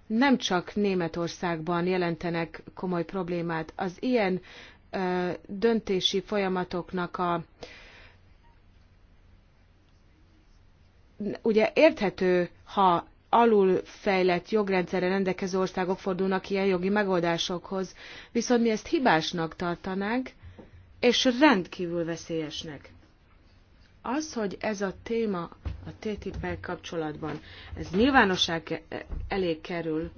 nem csak Németországban jelentenek komoly problémát. Az ilyen uh, döntési folyamatoknak a ugye érthető, ha alulfejlett jogrendszerre rendelkező országok fordulnak ilyen jogi megoldásokhoz. Viszont mi ezt hibásnak tartanánk, és rendkívül veszélyesnek. Az, hogy ez a téma a ttip kapcsolatban, ez nyilvánosság elé kerül,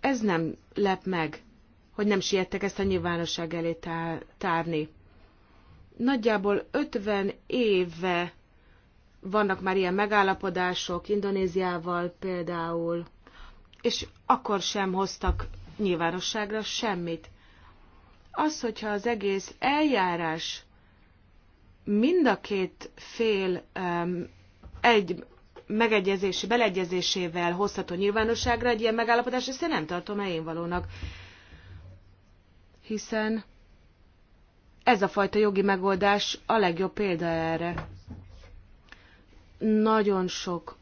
ez nem lep meg, hogy nem siettek ezt a nyilvánosság elé tárni. Nagyjából 50 éve vannak már ilyen megállapodások Indonéziával például, és akkor sem hoztak nyilvánosságra semmit. Az, hogyha az egész eljárás mind a két fél um, egy megegyezési, beleegyezésével hozható nyilvánosságra egy ilyen megállapodás, ezt én nem tartom én valónak. Hiszen ez a fajta jogi megoldás a legjobb példa erre nagyon sok,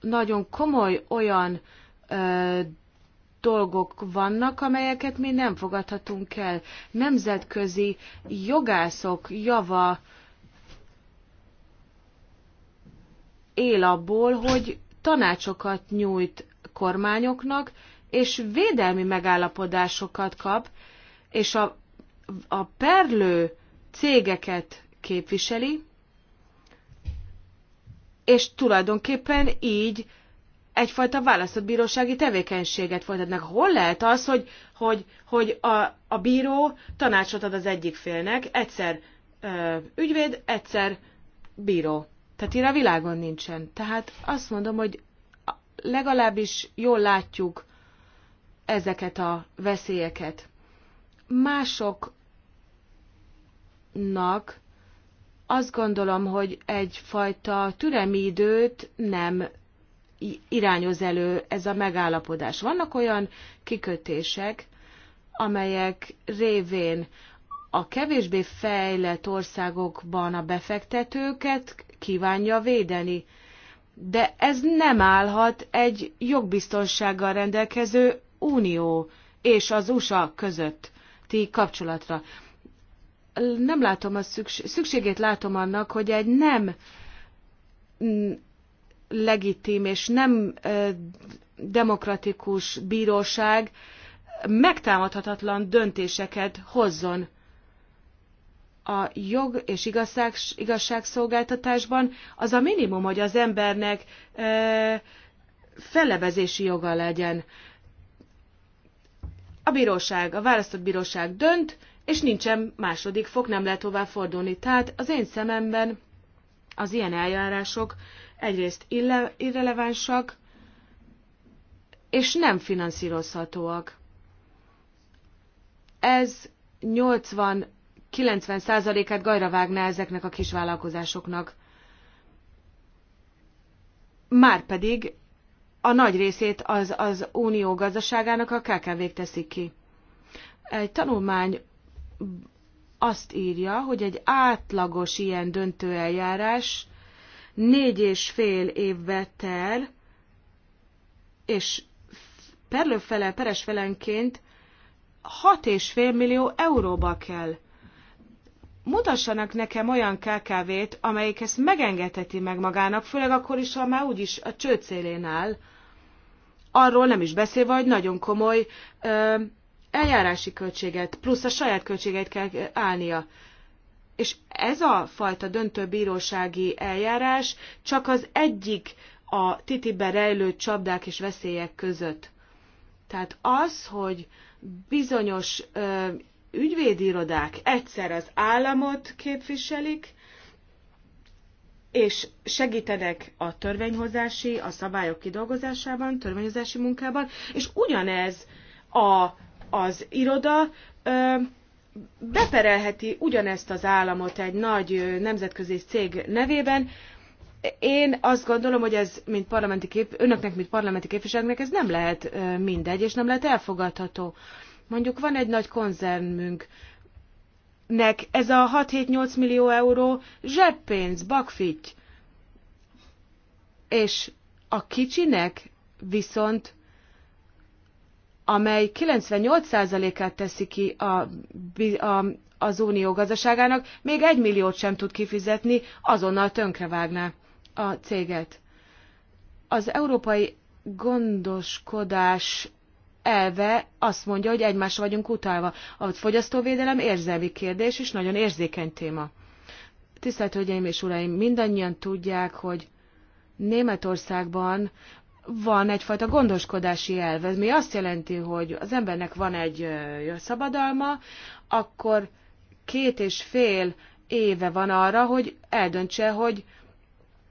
nagyon komoly olyan ö, dolgok vannak, amelyeket mi nem fogadhatunk el. Nemzetközi jogászok java él abból, hogy tanácsokat nyújt kormányoknak, és védelmi megállapodásokat kap, és a, a perlő cégeket képviseli, és tulajdonképpen így egyfajta bírósági tevékenységet folytatnak. Hol lehet az, hogy, hogy, hogy a, a bíró tanácsot ad az egyik félnek, egyszer ö, ügyvéd, egyszer bíró. Tehát ilyen a világon nincsen. Tehát azt mondom, hogy legalábbis jól látjuk ezeket a veszélyeket. Másoknak azt gondolom, hogy egyfajta türemi időt nem irányoz elő ez a megállapodás. Vannak olyan kikötések, amelyek révén a kevésbé fejlett országokban a befektetőket kívánja védeni. De ez nem állhat egy jogbiztonsággal rendelkező unió és az USA közötti kapcsolatra nem látom a szükség, szükségét látom annak, hogy egy nem mm, legitim és nem demokratikus bíróság megtámadhatatlan döntéseket hozzon a jog és igazság, igazságszolgáltatásban az a minimum, hogy az embernek e, fellebezési joga legyen. A bíróság, a választott bíróság dönt, és nincsen második fok, nem lehet tovább fordulni. Tehát az én szememben az ilyen eljárások egyrészt ille- irrelevánsak, és nem finanszírozhatóak. Ez 80-90 százalékát gajra vágná ezeknek a kisvállalkozásoknak. Márpedig a nagy részét az, az unió gazdaságának a KKV-k teszik ki. Egy tanulmány azt írja, hogy egy átlagos ilyen döntőeljárás négy és fél évbe tel, és perlőfele, peresfelenként 6,5 millió euróba kell. Mutassanak nekem olyan KKV-t, amelyik ezt megengedheti meg magának, főleg akkor is, ha már úgyis a csőcélén áll. Arról nem is beszélve, hogy nagyon komoly ö, eljárási költséget, plusz a saját költségeit kell állnia. És ez a fajta döntőbírósági eljárás csak az egyik a titibe rejlő csapdák és veszélyek között. Tehát az, hogy bizonyos ö, ügyvédirodák egyszer az államot képviselik, és segítenek a törvényhozási, a szabályok kidolgozásában, törvényhozási munkában, és ugyanez a az iroda beperelheti ugyanezt az államot egy nagy nemzetközi cég nevében. Én azt gondolom, hogy ez, mint parlamenti kép, önöknek, mint parlamenti képviselőnek, ez nem lehet mindegy, és nem lehet elfogadható. Mondjuk van egy nagy konzernünk, nek ez a 6-7-8 millió euró zseppénz, bakfitty. És a kicsinek viszont amely 98%-át teszi ki a, a, az unió gazdaságának, még egy milliót sem tud kifizetni, azonnal tönkrevágná a céget. Az európai gondoskodás elve azt mondja, hogy egymásra vagyunk utálva. A fogyasztóvédelem érzelmi kérdés és nagyon érzékeny téma. Tisztelt Hölgyeim és Uraim, mindannyian tudják, hogy Németországban van egyfajta gondoskodási elv. Ez mi azt jelenti, hogy az embernek van egy szabadalma, akkor két és fél éve van arra, hogy eldöntse, hogy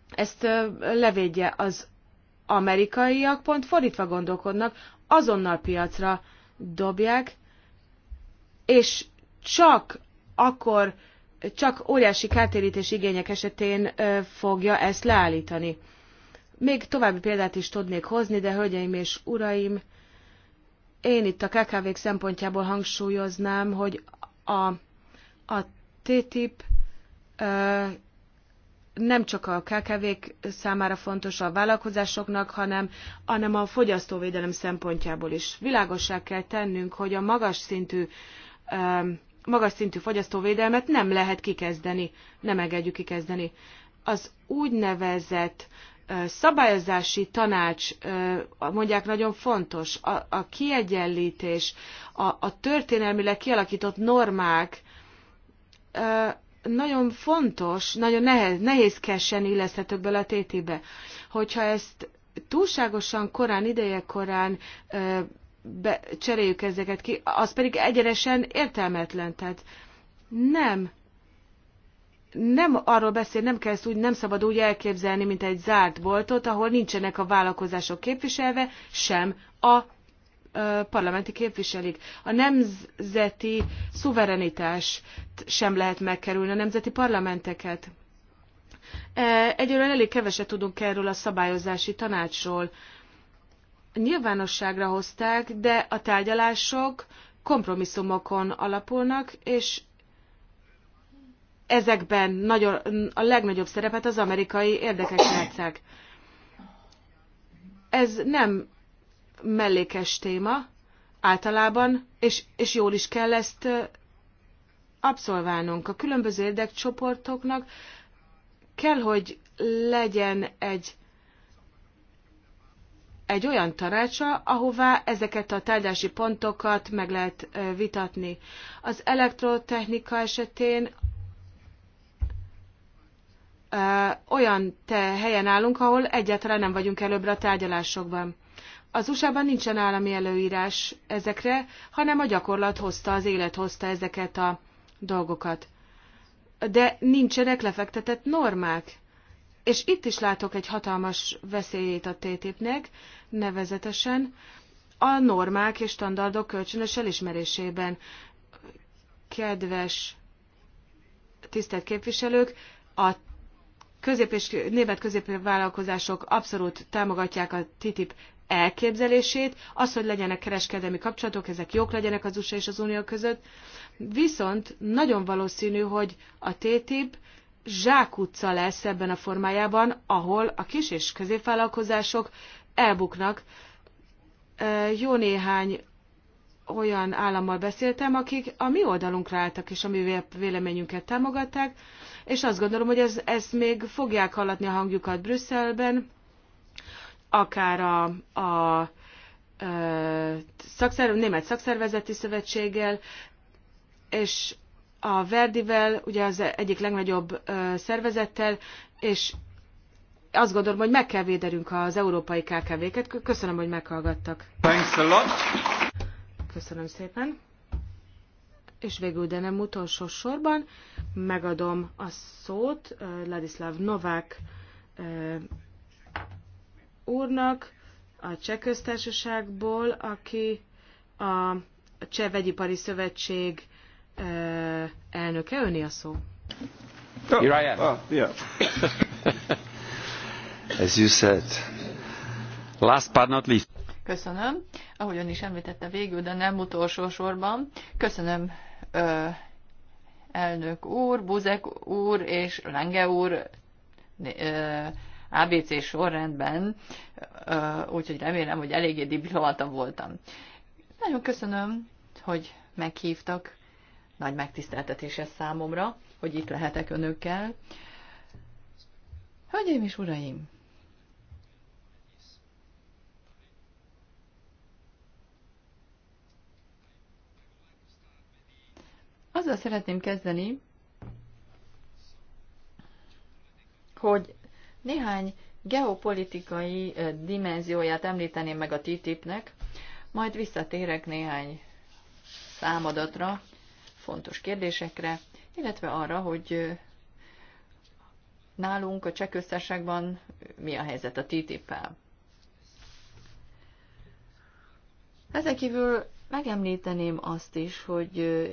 ezt levédje az amerikaiak, pont fordítva gondolkodnak, azonnal piacra dobják, és csak akkor, csak óriási kártérítés igények esetén fogja ezt leállítani. Még további példát is tudnék hozni, de hölgyeim és uraim, én itt a kkv szempontjából hangsúlyoznám, hogy a, a TTIP ö, nem csak a kkv számára fontos a vállalkozásoknak, hanem, hanem a fogyasztóvédelem szempontjából is. Világossá kell tennünk, hogy a magas szintű ö, magas szintű fogyasztóvédelmet nem lehet kikezdeni, nem engedjük kikezdeni. Az úgynevezett szabályozási tanács, mondják, nagyon fontos, a, a kiegyenlítés, a, a történelmileg kialakított normák nagyon fontos, nagyon nehez, nehézkesen illeszthetők bele a tétibe. Hogyha ezt túlságosan korán, ideje korán be, cseréljük ezeket ki, az pedig egyenesen értelmetlen. Tehát nem nem arról beszél, nem kell ezt úgy, nem szabad úgy elképzelni, mint egy zárt boltot, ahol nincsenek a vállalkozások képviselve, sem a parlamenti képviselik. A nemzeti szuverenitás sem lehet megkerülni, a nemzeti parlamenteket. E, Egyről elég keveset tudunk erről a szabályozási tanácsról. Nyilvánosságra hozták, de a tárgyalások kompromisszumokon alapulnak, és ezekben nagyon, a legnagyobb szerepet az amerikai érdekek játszák. Ez nem mellékes téma általában, és, és jól is kell ezt abszolválnunk. A különböző érdekcsoportoknak kell, hogy legyen egy, egy olyan tanácsa, ahová ezeket a tárgyási pontokat meg lehet vitatni. Az elektrotechnika esetén olyan te helyen állunk, ahol egyáltalán nem vagyunk előbbre a tárgyalásokban. Az USA-ban nincsen állami előírás ezekre, hanem a gyakorlat hozta, az élet hozta ezeket a dolgokat. De nincsenek lefektetett normák. És itt is látok egy hatalmas veszélyét a TTIP-nek, nevezetesen a normák és standardok kölcsönös elismerésében. Kedves tisztelt képviselők, a közép és német vállalkozások abszolút támogatják a TTIP elképzelését, az, hogy legyenek kereskedelmi kapcsolatok, ezek jók legyenek az USA és az Unió között, viszont nagyon valószínű, hogy a TTIP zsákutca lesz ebben a formájában, ahol a kis és középvállalkozások elbuknak. Jó néhány olyan állammal beszéltem, akik a mi oldalunkra álltak és a mi véleményünket támogatták, és azt gondolom, hogy ez, még fogják hallatni a hangjukat Brüsszelben, akár a, a, a szakszerv, német szakszervezeti szövetséggel, és a Verdivel, ugye az egyik legnagyobb ö, szervezettel, és azt gondolom, hogy meg kell védenünk az európai KKV-ket. Köszönöm, hogy meghallgattak. Thanks a lot. Köszönöm szépen. És végül, de nem utolsó sorban, megadom a szót Ladislav Novák úrnak a Cseh Köztársaságból, aki a Cseh Vegyipari Szövetség elnöke. Öni a szó. Oh, Here I am. Oh, yeah. As you said. Last but not least. Köszönöm. Ahogy ön is említette végül, de nem utolsó sorban. Köszönöm ö, elnök úr, Buzek úr és Lenge úr ö, ABC sorrendben, úgyhogy remélem, hogy eléggé diplomata voltam. Nagyon köszönöm, hogy meghívtak. Nagy megtiszteltetés ez számomra, hogy itt lehetek önökkel. Hölgyeim és uraim! Azzal szeretném kezdeni, hogy néhány geopolitikai dimenzióját említeném meg a TTIP-nek, majd visszatérek néhány számadatra, fontos kérdésekre, illetve arra, hogy nálunk a csekköztárságban mi a helyzet a TTIP-el. Ezen kívül megemlíteném azt is, hogy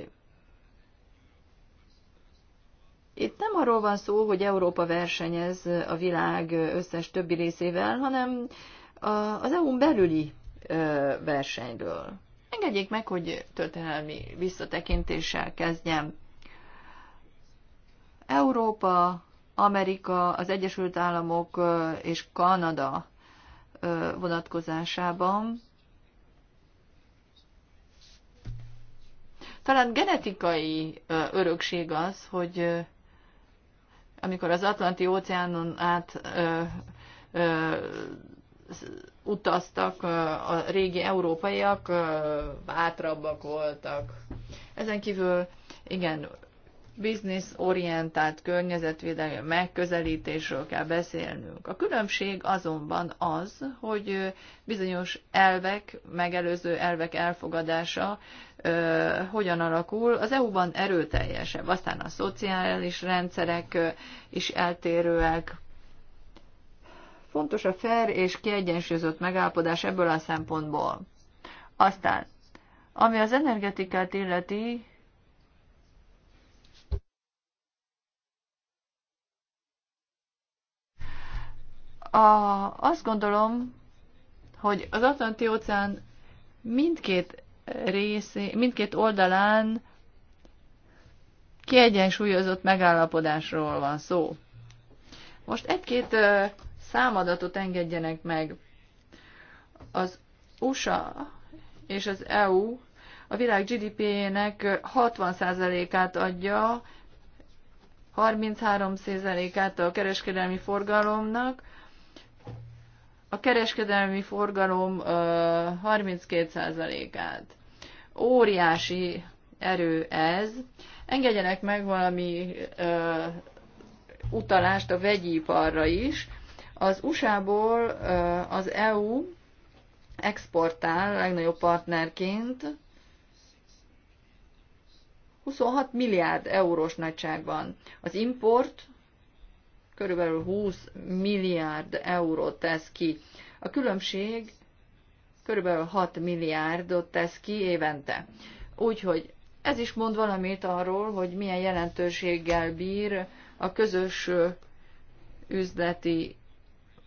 itt nem arról van szó, hogy Európa versenyez a világ összes többi részével, hanem az EU-n belüli versenyről. Engedjék meg, hogy történelmi visszatekintéssel kezdjem. Európa, Amerika, az Egyesült Államok és Kanada vonatkozásában talán genetikai örökség az, hogy amikor az Atlanti óceánon át ö, ö, utaztak a régi európaiak, bátrabbak voltak. Ezen kívül, igen, bizniszorientált környezetvédelmi megközelítésről kell beszélnünk. A különbség azonban az, hogy bizonyos elvek, megelőző elvek elfogadása hogyan alakul. Az EU-ban erőteljesebb, aztán a szociális rendszerek is eltérőek. Fontos a fair és kiegyensúlyozott megállapodás ebből a szempontból. Aztán, ami az energetikát illeti, A, azt gondolom, hogy az Atlanti óceán mindkét részé, mindkét oldalán kiegyensúlyozott megállapodásról van szó. Most egy-két számadatot engedjenek meg. Az USA és az EU a világ GDP-jének 60%-át adja, 33%-át a kereskedelmi forgalomnak, a kereskedelmi forgalom 32%-át. Óriási erő ez. Engedjenek meg valami utalást a vegyiparra is. Az USA-ból az EU exportál legnagyobb partnerként 26 milliárd eurós nagyságban. Az import körülbelül 20 milliárd eurót tesz ki. A különbség körülbelül 6 milliárdot tesz ki évente. Úgyhogy ez is mond valamit arról, hogy milyen jelentőséggel bír a közös üzleti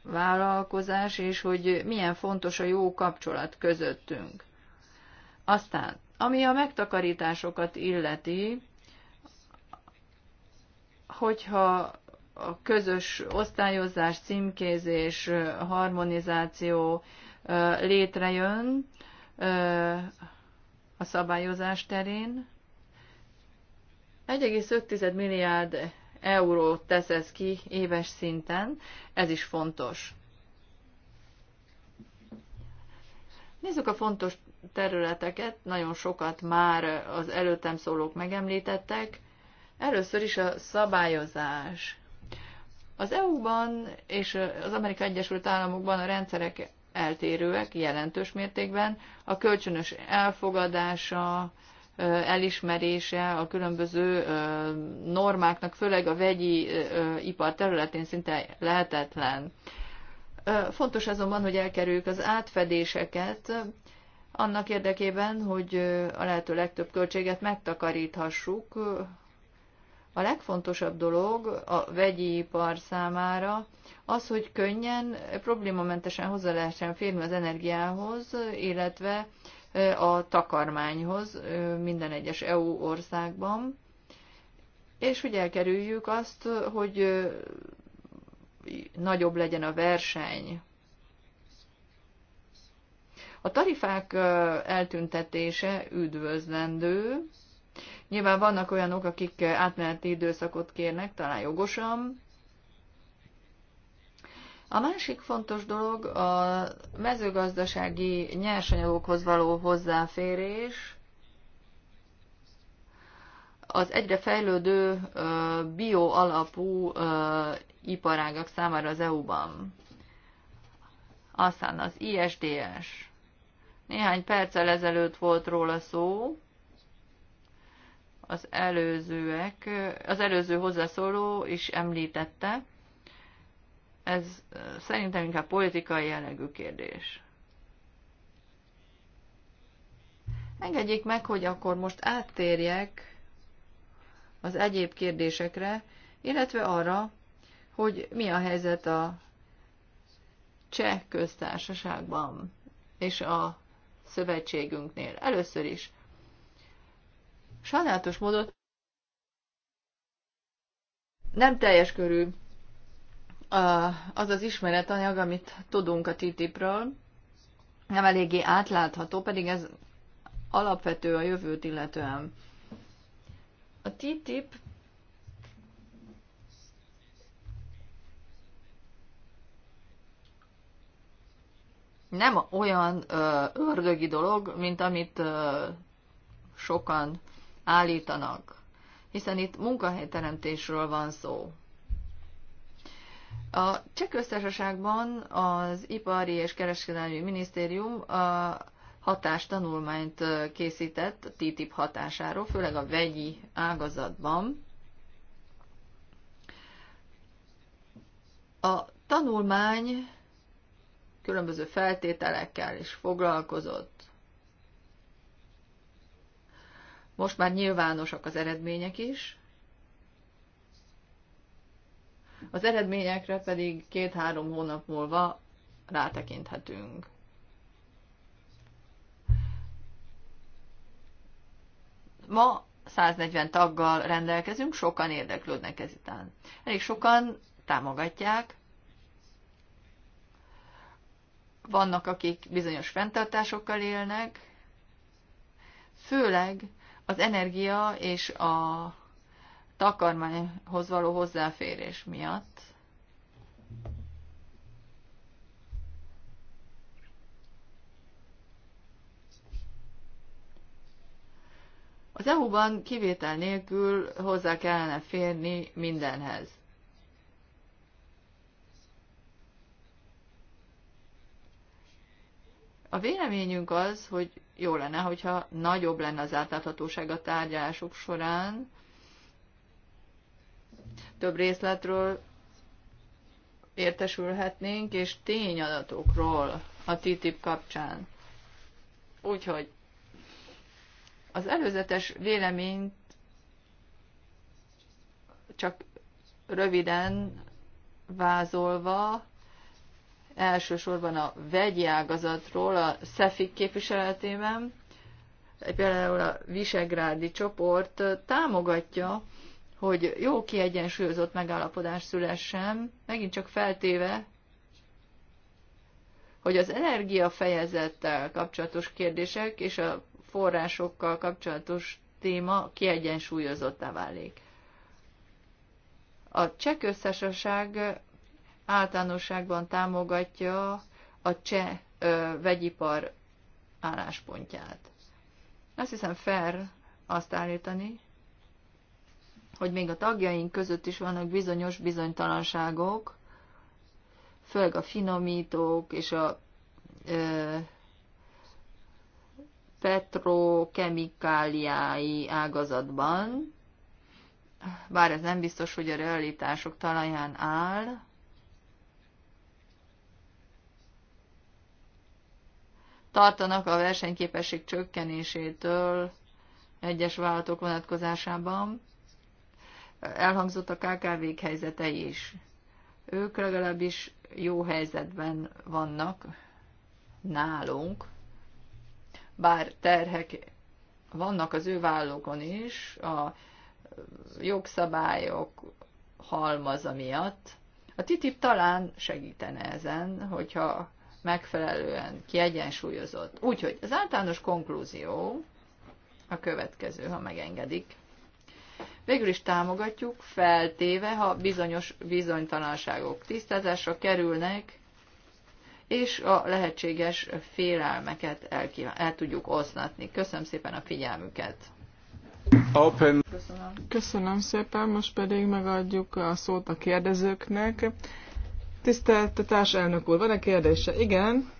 vállalkozás, és hogy milyen fontos a jó kapcsolat közöttünk. Aztán, ami a megtakarításokat illeti, hogyha a közös osztályozás, címkézés, harmonizáció létrejön a szabályozás terén. 1,5 milliárd eurót tesz ez ki éves szinten, ez is fontos. Nézzük a fontos területeket, nagyon sokat már az előttem szólók megemlítettek. Először is a szabályozás. Az EU-ban és az Amerikai Egyesült Államokban a rendszerek eltérőek jelentős mértékben. A kölcsönös elfogadása, elismerése a különböző normáknak, főleg a vegyi ipar területén szinte lehetetlen. Fontos azonban, hogy elkerüljük az átfedéseket, annak érdekében, hogy a lehető legtöbb költséget megtakaríthassuk a legfontosabb dolog a vegyi ipar számára az, hogy könnyen, problémamentesen hozzá lehessen férni az energiához, illetve a takarmányhoz minden egyes EU országban, és hogy elkerüljük azt, hogy nagyobb legyen a verseny. A tarifák eltüntetése üdvözlendő, Nyilván vannak olyanok, akik átmeneti időszakot kérnek, talán jogosan. A másik fontos dolog a mezőgazdasági nyersanyagokhoz való hozzáférés, az egyre fejlődő bio alapú iparágak számára az EU-ban. Aztán az ISDS. Néhány perccel ezelőtt volt róla szó az előzőek, az előző hozzászóló is említette, ez szerintem inkább politikai jellegű kérdés. Engedjék meg, hogy akkor most áttérjek az egyéb kérdésekre, illetve arra, hogy mi a helyzet a cseh köztársaságban és a szövetségünknél. Először is sajnálatos módon nem teljes körű az az ismeretanyag, amit tudunk a TTIP-ről, nem eléggé átlátható, pedig ez alapvető a jövőt illetően. A TTIP nem olyan ö, ördögi dolog, mint amit ö, sokan állítanak, hiszen itt munkahelyteremtésről van szó. A Cseh az Ipari és Kereskedelmi Minisztérium a hatástanulmányt készített a TTIP hatásáról, főleg a vegyi ágazatban. A tanulmány különböző feltételekkel is foglalkozott. Most már nyilvánosak az eredmények is. Az eredményekre pedig két-három hónap múlva rátekinthetünk. Ma 140 taggal rendelkezünk, sokan érdeklődnek ezután. Elég sokan támogatják, vannak, akik bizonyos fenntartásokkal élnek, főleg az energia és a takarmányhoz való hozzáférés miatt. Az EU-ban kivétel nélkül hozzá kellene férni mindenhez. A véleményünk az, hogy jó lenne, hogyha nagyobb lenne az átláthatóság a tárgyalások során. Több részletről értesülhetnénk, és tényadatokról a TTIP kapcsán. Úgyhogy az előzetes véleményt csak röviden vázolva elsősorban a vegyi ágazatról a SZEFIK képviseletében, például a Visegrádi csoport támogatja, hogy jó kiegyensúlyozott megállapodás szülessen, megint csak feltéve, hogy az energiafejezettel kapcsolatos kérdések és a forrásokkal kapcsolatos téma kiegyensúlyozottá válik. A cseh köztársaság általánosságban támogatja a cseh ö, vegyipar álláspontját. Azt hiszem fair azt állítani, hogy még a tagjaink között is vannak bizonyos bizonytalanságok, főleg a finomítók és a ö, petrokemikáliái ágazatban, bár ez nem biztos, hogy a realitások talaján áll, tartanak a versenyképesség csökkenésétől egyes vállalatok vonatkozásában. Elhangzott a KKV-k helyzete is. Ők legalábbis jó helyzetben vannak nálunk, bár terhek vannak az ő vállókon is, a jogszabályok halmaza miatt. A TTIP talán segítene ezen, hogyha megfelelően kiegyensúlyozott. Úgyhogy az általános konklúzió a következő, ha megengedik. Végül is támogatjuk, feltéve, ha bizonyos bizonytalanságok tisztázásra kerülnek, és a lehetséges félelmeket el, el tudjuk osznatni. Köszönöm szépen a figyelmüket! Open. Köszönöm. Köszönöm szépen, most pedig megadjuk a szót a kérdezőknek. Tisztelt társelnök úr, van-e kérdése? Igen.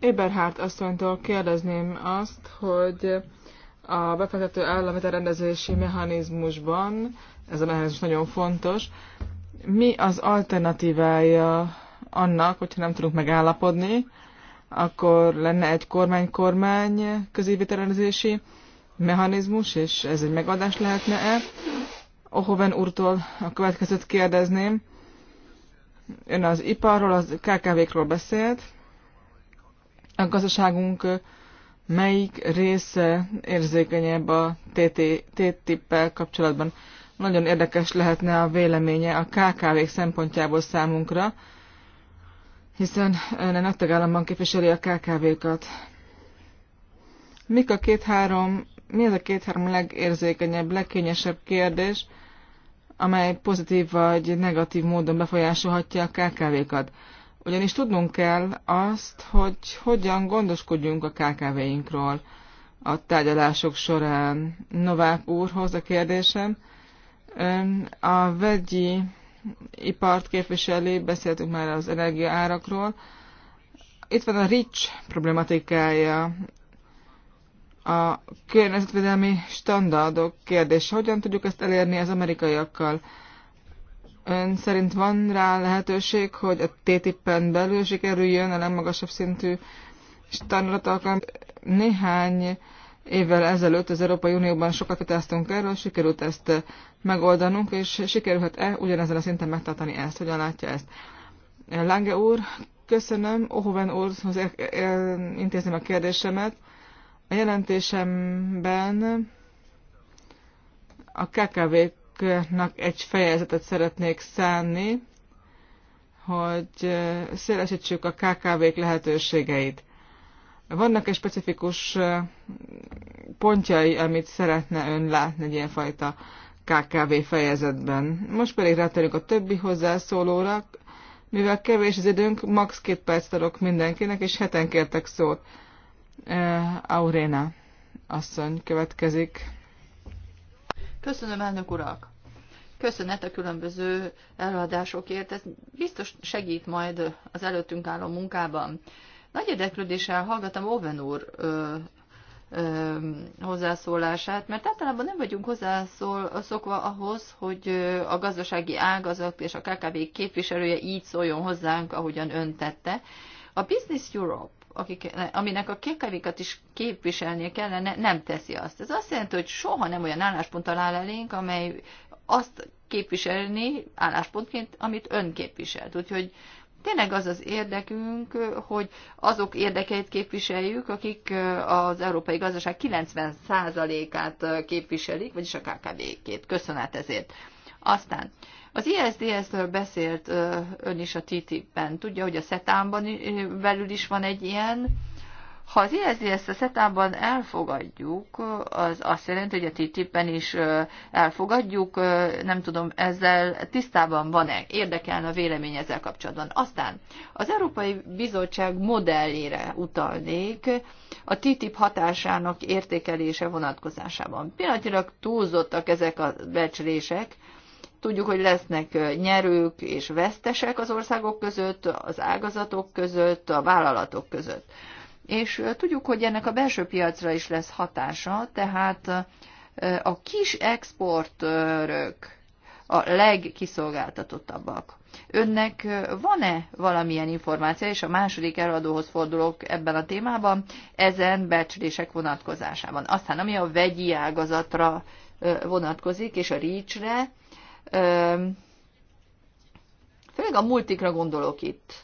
Eberhardt asszonytól kérdezném azt, hogy a befektető állami rendezési mechanizmusban, ez a mechanizmus nagyon fontos, mi az alternatívája annak, hogyha nem tudunk megállapodni, akkor lenne egy kormány-kormány közévételezési mechanizmus, és ez egy megadás lehetne-e? Ohoven úrtól a következőt kérdezném. Ön az iparról, az KKV-król beszélt. A gazdaságunk melyik része érzékenyebb a TTIP-pel kapcsolatban? Nagyon érdekes lehetne a véleménye a KKV-k szempontjából számunkra, hiszen ön a nagy tagállamban képviseli a KKV-kat. Mik a két-három, mi az a két-három legérzékenyebb, legkényesebb kérdés, amely pozitív vagy negatív módon befolyásolhatja a KKV-kat. Ugyanis tudnunk kell azt, hogy hogyan gondoskodjunk a KKV-inkról a tárgyalások során. Novák úrhoz a kérdésem. A vegyi ipart képviseli, beszéltünk már az energiaárakról. Itt van a RICS problematikája a környezetvédelmi standardok kérdése, hogyan tudjuk ezt elérni az amerikaiakkal? Ön szerint van rá lehetőség, hogy a TTIP-en belül sikerüljön a legmagasabb szintű standardot Néhány évvel ezelőtt az Európai Unióban sokat vitáztunk erről, sikerült ezt megoldanunk, és sikerülhet-e ugyanezen a szinten megtartani ezt? Hogyan látja ezt? Lange úr, köszönöm. Ohoven úrhoz intézem a kérdésemet. A jelentésemben a KKV-knak egy fejezetet szeretnék szánni, hogy szélesítsük a KKV-k lehetőségeit. Vannak-e specifikus pontjai, amit szeretne ön látni egy ilyenfajta KKV fejezetben? Most pedig rátérünk a többi hozzászólóra. Mivel kevés az időnk, max. két perc adok mindenkinek, és heten kértek szót. Auréna asszony következik. Köszönöm, elnök urak! Köszönet a különböző előadásokért, ez biztos segít majd az előttünk álló munkában. Nagy érdeklődéssel hallgatom Oven úr ö, ö, hozzászólását, mert általában nem vagyunk hozzászól ahhoz, hogy a gazdasági ágazat és a KKV képviselője így szóljon hozzánk, ahogyan ön tette. A Business Europe akik, aminek a kékevikat is képviselnie kellene, nem teszi azt. Ez azt jelenti, hogy soha nem olyan álláspont talál elénk, amely azt képviselni álláspontként, amit ön képviselt. Úgyhogy tényleg az az érdekünk, hogy azok érdekeit képviseljük, akik az európai gazdaság 90%-át képviselik, vagyis a KKV-két. Köszönet ezért. Aztán az ISDS-ről beszélt ön is a TTIP-ben. Tudja, hogy a SETÁN-ban belül is van egy ilyen. Ha az ISDS-t a SETÁN-ban elfogadjuk, az azt jelenti, hogy a TTIP-ben is elfogadjuk. Nem tudom, ezzel tisztában van-e? Érdekelne a vélemény ezzel kapcsolatban. Aztán az Európai Bizottság modellére utalnék a TTIP hatásának értékelése vonatkozásában. Pillanatilag túlzottak ezek a becslések, Tudjuk, hogy lesznek nyerők és vesztesek az országok között, az ágazatok között, a vállalatok között. És tudjuk, hogy ennek a belső piacra is lesz hatása, tehát a kis exportőrök a legkiszolgáltatottabbak. Önnek van-e valamilyen információ, és a második eladóhoz fordulok ebben a témában, ezen becslések vonatkozásában? Aztán, ami a vegyi ágazatra vonatkozik, és a rícsre, Főleg a multikra gondolok itt.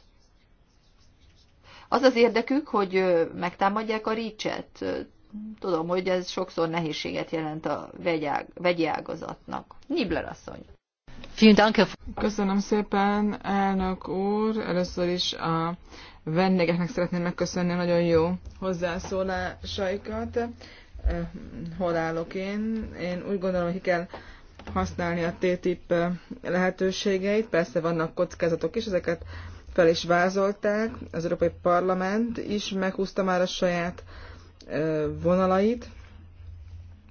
Az az érdekük, hogy megtámadják a ricset. Tudom, hogy ez sokszor nehézséget jelent a vegyi ágazatnak. Nibler asszony. Köszönöm szépen, elnök úr. Először is a vendégeknek szeretném megköszönni a nagyon jó hozzászólásaikat. Hol állok én? Én úgy gondolom, hogy ki kell használni a TTIP lehetőségeit. Persze vannak kockázatok is, ezeket fel is vázolták. Az Európai Parlament is meghúzta már a saját vonalait,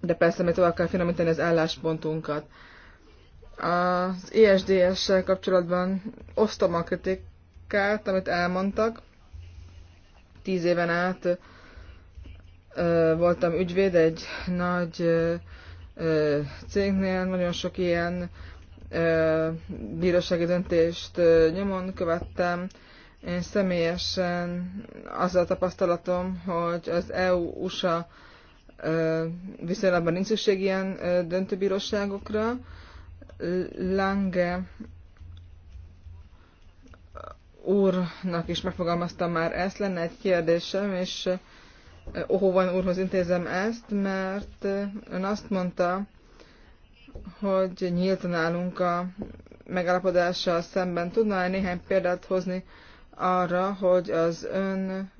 de persze még tovább kell finomítani az álláspontunkat. Az ESDS-sel kapcsolatban osztom a kritikát, amit elmondtak. Tíz éven át voltam ügyvéd egy nagy cégnél nagyon sok ilyen bírósági döntést nyomon követtem. Én személyesen az a tapasztalatom, hogy az EU-USA viszonylatban nincs szükség ilyen döntőbíróságokra. Lange úrnak is megfogalmaztam már ezt, lenne egy kérdésem, és Ohóvan úrhoz intézem ezt, mert ön azt mondta, hogy nyíltan állunk a megállapodással szemben. Tudna -e néhány példát hozni arra, hogy az ön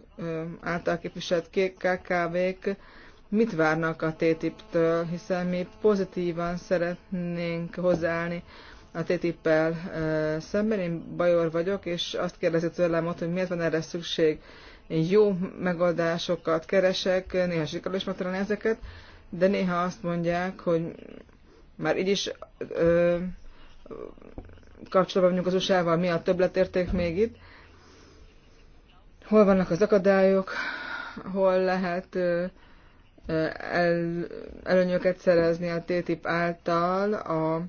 által képviselt kék KKV-k mit várnak a TTIP-től, hiszen mi pozitívan szeretnénk hozzáállni a TTIP-el szemben. Én Bajor vagyok, és azt kérdezi tőlem ott, hogy miért van erre szükség jó megoldásokat keresek, néha sikerül is megtalálni ezeket, de néha azt mondják, hogy már így is ö, kapcsolatban vagyunk az USA-val, mi a többletérték még itt, hol vannak az akadályok, hol lehet ö, el, előnyöket szerezni a TTIP által a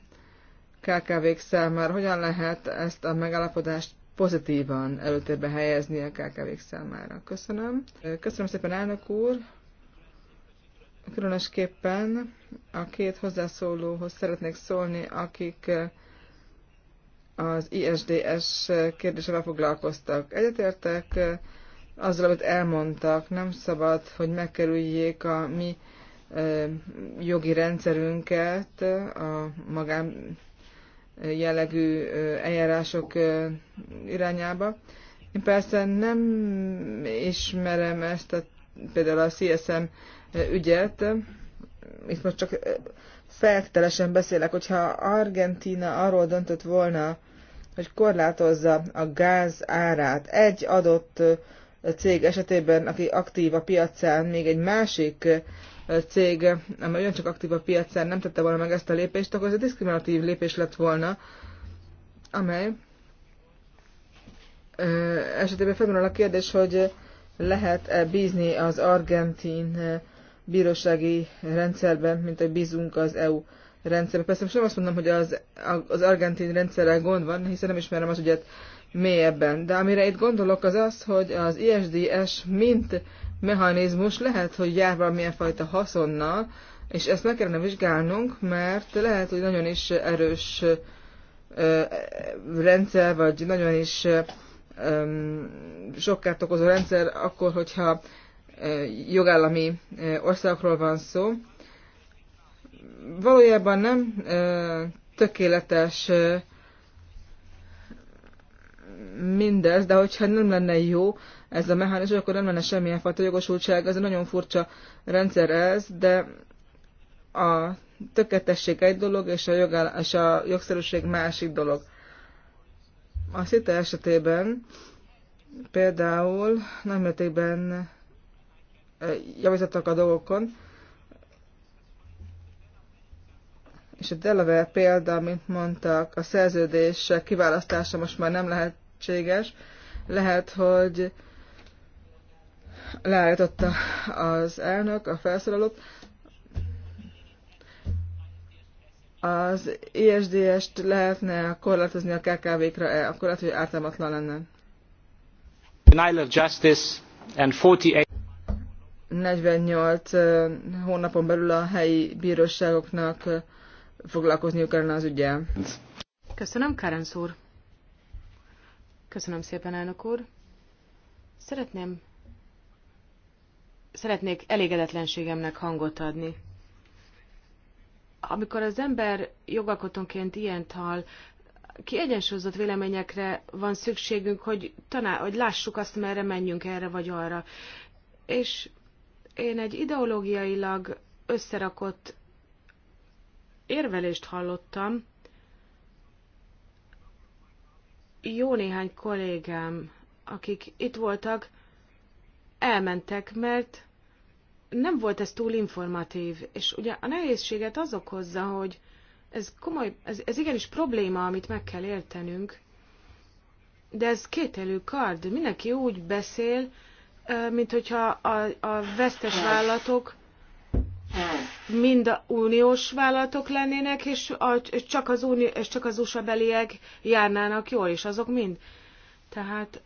KKV-k számára, hogyan lehet ezt a megállapodást pozitívan előtérbe helyezni a kkv számára. Köszönöm. Köszönöm szépen, elnök úr. Különösképpen a két hozzászólóhoz szeretnék szólni, akik az ISDS kérdésével foglalkoztak. Egyetértek azzal, amit elmondtak, nem szabad, hogy megkerüljék a mi jogi rendszerünket a magán jellegű eljárások irányába. Én persze nem ismerem ezt a, például a CSM ügyet, itt most csak feltételesen beszélek, hogyha Argentina arról döntött volna, hogy korlátozza a gáz árát egy adott cég esetében, aki aktív a piacán, még egy másik cég, amely olyan csak aktív a piacán, nem tette volna meg ezt a lépést, akkor ez egy diszkriminatív lépés lett volna, amely esetében felmerül a kérdés, hogy lehet-e bízni az argentin bírósági rendszerben, mint hogy bízunk az EU rendszerben. Persze most nem azt mondom, hogy az, az argentin rendszerrel gond van, hiszen nem ismerem az ügyet mélyebben. De amire itt gondolok az az, hogy az ISDS mint mechanizmus lehet, hogy jár valamilyen fajta haszonnal, és ezt meg kellene vizsgálnunk, mert lehet, hogy nagyon is erős rendszer, vagy nagyon is sok kárt okozó rendszer, akkor, hogyha jogállami országokról van szó. Valójában nem tökéletes mindez, de hogyha nem lenne jó ez a mechanizmus, akkor nem lenne semmilyen fajta jogosultság. Ez egy nagyon furcsa rendszer ez, de a tökéletesség egy dolog, és a, jogáll- és a jogszerűség másik dolog. A szita esetében például nagymértékben javítottak a dolgokon, és a Delaware példa, mint mondtak, a szerződés kiválasztása most már nem lehetséges. Lehet, hogy leállította az elnök, a felszólalót. Az ISDS-t lehetne korlátozni a KKV-kra, -e, akkor lehet, hogy ártalmatlan lenne. 48... Eh, hónapon belül a helyi bíróságoknak eh, foglalkozniuk kellene az ügyel. Köszönöm, Karen úr. Köszönöm szépen, elnök úr. Szeretném szeretnék elégedetlenségemnek hangot adni. Amikor az ember jogalkotónként ilyen hall, kiegyensúlyozott véleményekre van szükségünk, hogy, taná, hogy lássuk azt, merre menjünk erre vagy arra. És én egy ideológiailag összerakott érvelést hallottam jó néhány kollégám, akik itt voltak, elmentek, mert nem volt ez túl informatív. És ugye a nehézséget az okozza, hogy ez komoly, ez, ez igenis probléma, amit meg kell értenünk, de ez kételű kard. Mindenki úgy beszél, mint hogyha a, a vesztes vállalatok mind a uniós vállalatok lennének, és, a, és, csak az uni, és csak az USA beliek járnának jól, és azok mind. Tehát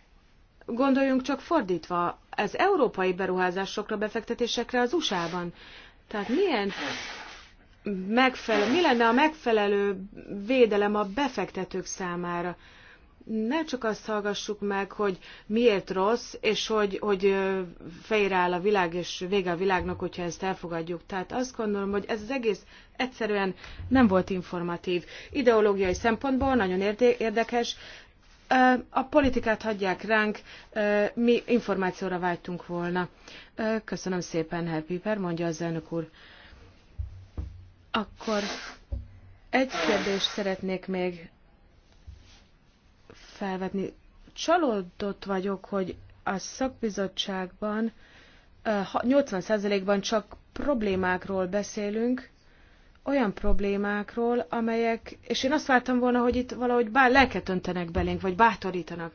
gondoljunk csak fordítva, az európai beruházásokra, befektetésekre az USA-ban. Tehát milyen megfelelő, mi lenne a megfelelő védelem a befektetők számára? Ne csak azt hallgassuk meg, hogy miért rossz, és hogy, hogy fejér áll a világ, és vége a világnak, hogyha ezt elfogadjuk. Tehát azt gondolom, hogy ez az egész egyszerűen nem volt informatív. Ideológiai szempontból nagyon érdekes, a politikát hagyják ránk, mi információra vágytunk volna. Köszönöm szépen, Herr Piper, mondja az elnök úr. Akkor egy kérdést szeretnék még felvetni. Csalódott vagyok, hogy a szakbizottságban 80%-ban csak problémákról beszélünk, olyan problémákról, amelyek, és én azt vártam volna, hogy itt valahogy bár lelket öntenek belénk, vagy bátorítanak.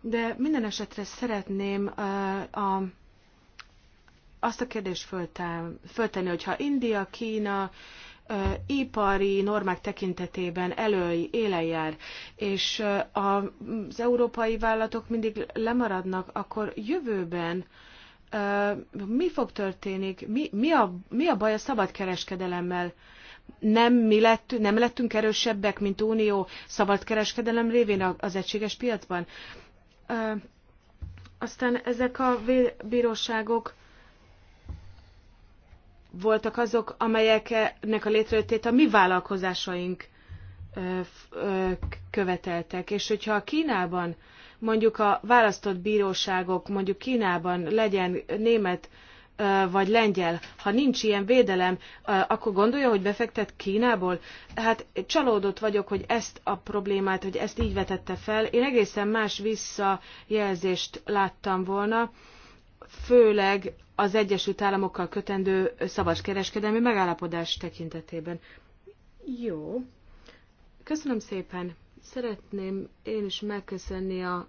De minden esetre szeretném a, eh, a, azt a kérdést föltenni, hogyha India, Kína, eh, ipari normák tekintetében elői élen és eh, az európai vállalatok mindig lemaradnak, akkor jövőben mi fog történni, mi, mi, a, mi a baj a kereskedelemmel? Nem, mi lett, nem lettünk erősebbek, mint Unió kereskedelem révén az egységes piacban? Aztán ezek a bíróságok voltak azok, amelyeknek a létrejöttét a mi vállalkozásaink követeltek. És hogyha Kínában mondjuk a választott bíróságok, mondjuk Kínában legyen német vagy lengyel, ha nincs ilyen védelem, akkor gondolja, hogy befektet Kínából? Hát csalódott vagyok, hogy ezt a problémát, hogy ezt így vetette fel. Én egészen más visszajelzést láttam volna, főleg az Egyesült Államokkal kötendő szabadkereskedelmi megállapodás tekintetében. Jó. Köszönöm szépen. Szeretném én is megköszönni a,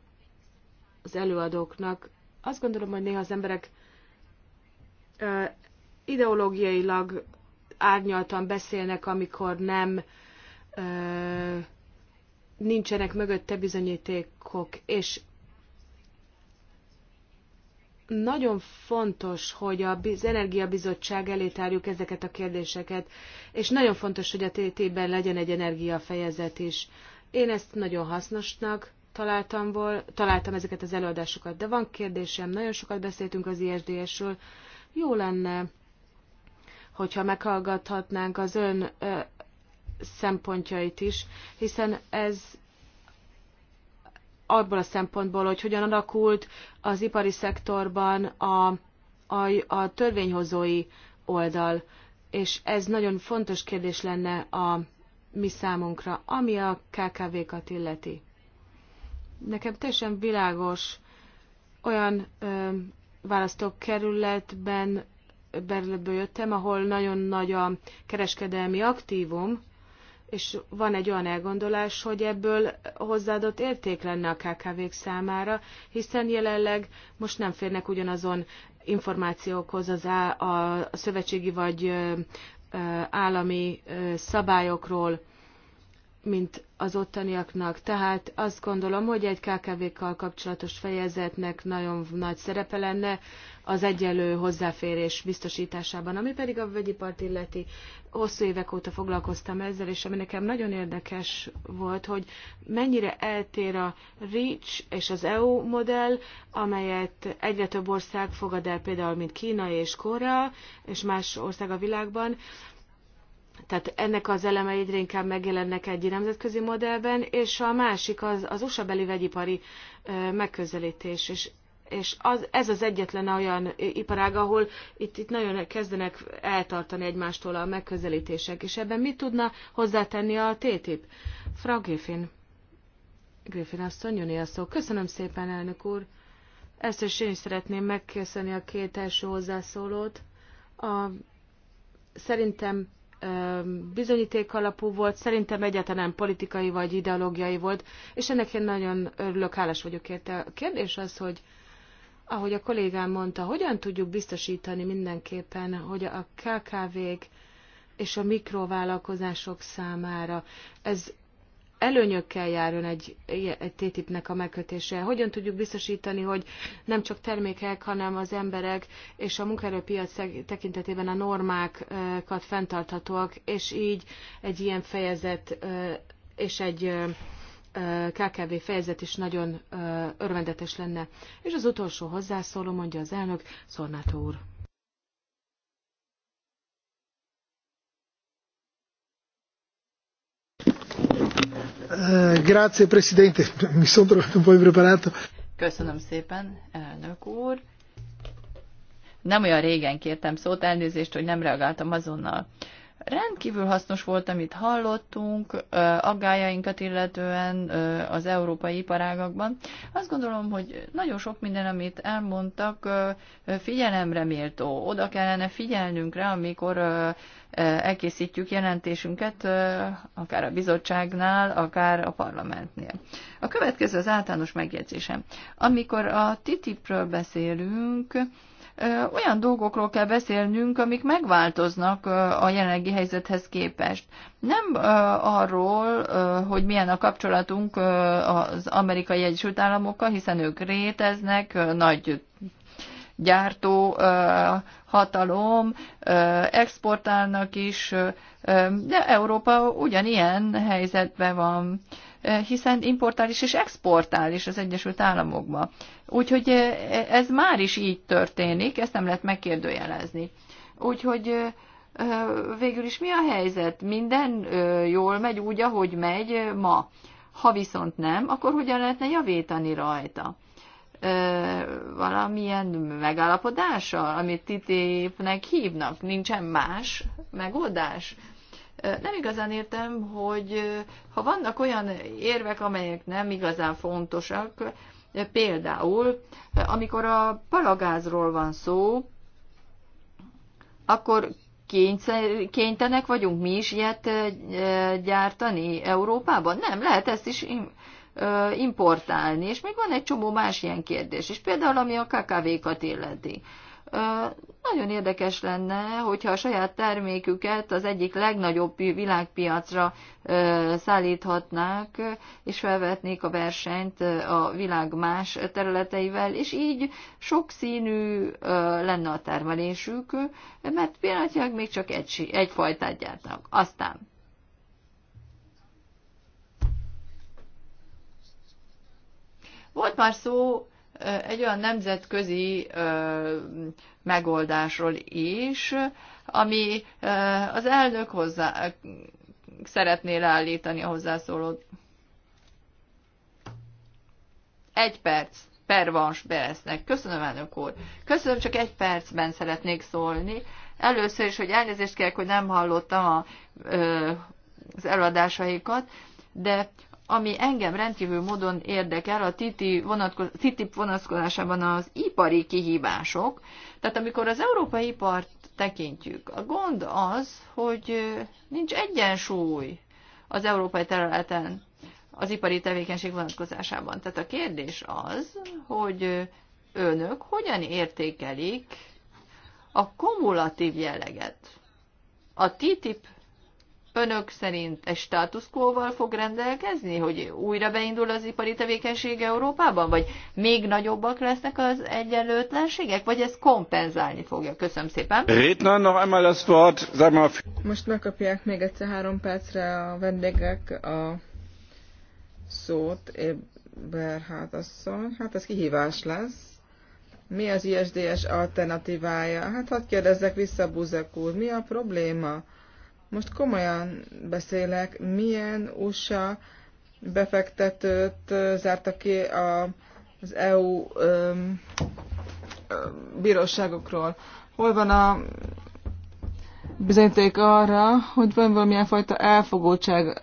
az előadóknak. Azt gondolom, hogy néha az emberek ö, ideológiailag árnyaltan beszélnek, amikor nem ö, nincsenek mögötte bizonyítékok, és nagyon fontos, hogy az Energiabizottság elé tárjuk ezeket a kérdéseket, és nagyon fontos, hogy a TT-ben legyen egy energiafejezet is. Én ezt nagyon hasznosnak találtam, vol, találtam ezeket az előadásokat, de van kérdésem, nagyon sokat beszéltünk az ISDS-ről. Jó lenne, hogyha meghallgathatnánk az ön ö, szempontjait is, hiszen ez abból a szempontból, hogy hogyan alakult az ipari szektorban a, a, a törvényhozói oldal, és ez nagyon fontos kérdés lenne a mi számunkra, ami a KKV-kat illeti. Nekem teljesen világos olyan ö, választókerületben Berlinből jöttem, ahol nagyon nagy a kereskedelmi aktívum, és van egy olyan elgondolás, hogy ebből hozzáadott érték lenne a KKV-k számára, hiszen jelenleg most nem férnek ugyanazon információkhoz az a, a szövetségi vagy állami szabályokról, mint az ottaniaknak. Tehát azt gondolom, hogy egy KKV-kkal kapcsolatos fejezetnek nagyon nagy szerepe lenne, az egyenlő hozzáférés biztosításában, ami pedig a vegyipart illeti. Hosszú évek óta foglalkoztam ezzel, és ami nekem nagyon érdekes volt, hogy mennyire eltér a REACH és az EU modell, amelyet egyre több ország fogad el, például mint Kína és Korea, és más ország a világban, tehát ennek az eleme egyre inkább megjelennek egy nemzetközi modellben, és a másik az, az USA-beli vegyipari megközelítés. És és az, ez az egyetlen olyan iparág, ahol itt, itt nagyon kezdenek eltartani egymástól a megközelítések, és ebben mit tudna hozzátenni a TTIP? Frau Griffin. Griffin asszony, jönni a szó. Köszönöm szépen, elnök úr. Ezt is én is szeretném megköszönni a két első hozzászólót. A, szerintem bizonyíték alapú volt, szerintem egyáltalán nem politikai vagy ideológiai volt, és ennek én nagyon örülök, hálás vagyok érte. A kérdés az, hogy ahogy a kollégám mondta, hogyan tudjuk biztosítani mindenképpen, hogy a KKV-k és a mikrovállalkozások számára ez előnyökkel járjon egy, egy TTIP-nek a megkötése? Hogyan tudjuk biztosítani, hogy nem csak termékek, hanem az emberek és a munkaerőpiac tekintetében a normákat fenntarthatóak, és így egy ilyen fejezet és egy KKV fejezet is nagyon örvendetes lenne. És az utolsó hozzászóló, mondja az elnök, Szornátó úr. Grazie, Presidente. Mi sono trovato un po' impreparato. Köszönöm szépen, elnök úr. Nem olyan régen kértem szót, elnézést, hogy nem reagáltam azonnal. Uh, Rendkívül hasznos volt, amit hallottunk, aggájainkat illetően az európai iparágakban. Azt gondolom, hogy nagyon sok minden, amit elmondtak, figyelemre méltó. Oda kellene figyelnünk rá, amikor elkészítjük jelentésünket, akár a bizottságnál, akár a parlamentnél. A következő az általános megjegyzésem. Amikor a TTIP-ről beszélünk, olyan dolgokról kell beszélnünk, amik megváltoznak a jelenlegi helyzethez képest. Nem arról, hogy milyen a kapcsolatunk az amerikai Egyesült Államokkal, hiszen ők réteznek, nagy gyártó hatalom, exportálnak is, de Európa ugyanilyen helyzetben van. Eh, hiszen importál is és exportál is az Egyesült Államokba. Úgyhogy eh, ez már is így történik, ezt nem lehet megkérdőjelezni. Úgyhogy eh, végül is mi a helyzet? Minden jól megy úgy, ahogy megy ma. Ha viszont nem, akkor hogyan lehetne javítani rajta? valamilyen megállapodással, amit TTIP-nek hívnak? Nincsen más megoldás? nem igazán értem, hogy ha vannak olyan érvek, amelyek nem igazán fontosak, például, amikor a palagázról van szó, akkor kénytenek vagyunk mi is ilyet gyártani Európában? Nem, lehet ezt is importálni, és még van egy csomó más ilyen kérdés is, például ami a KKV-kat illeti nagyon érdekes lenne, hogyha a saját terméküket az egyik legnagyobb világpiacra szállíthatnák, és felvetnék a versenyt a világ más területeivel, és így sokszínű lenne a termelésük, mert pillanatilag még csak egy, egy fajtát gyártanak. Aztán volt már szó egy olyan nemzetközi megoldásról is, ami az elnök hozzá szeretné leállítani a hozzászólót. Egy perc. Pervans Beresznek. Köszönöm, elnök úr. Köszönöm, csak egy percben szeretnék szólni. Először is, hogy elnézést kérek, hogy nem hallottam a, az előadásaikat, de ami engem rendkívül módon érdekel, a TTIP vonatkozásában az ipari kihívások. Tehát amikor az európai ipart tekintjük, a gond az, hogy nincs egyensúly az európai területen az ipari tevékenység vonatkozásában. Tehát a kérdés az, hogy önök hogyan értékelik a kumulatív jelleget. A TTIP önök szerint egy státuszkóval fog rendelkezni, hogy újra beindul az ipari tevékenység Európában, vagy még nagyobbak lesznek az egyenlőtlenségek, vagy ez kompenzálni fogja? Köszönöm szépen. Redner noch einmal das Wort. Sag mal. Most megkapják még egyszer három percre a vendégek a szót, hát asszony. Hát ez kihívás lesz. Mi az ISDS alternatívája? Hát hadd kérdezzek vissza, Buzek úr, mi a probléma? Most komolyan beszélek, milyen USA befektetőt zárta ki a, az EU öm, öm, bíróságokról. Hol van a bizonyíték arra, hogy van valamilyen fajta elfogultság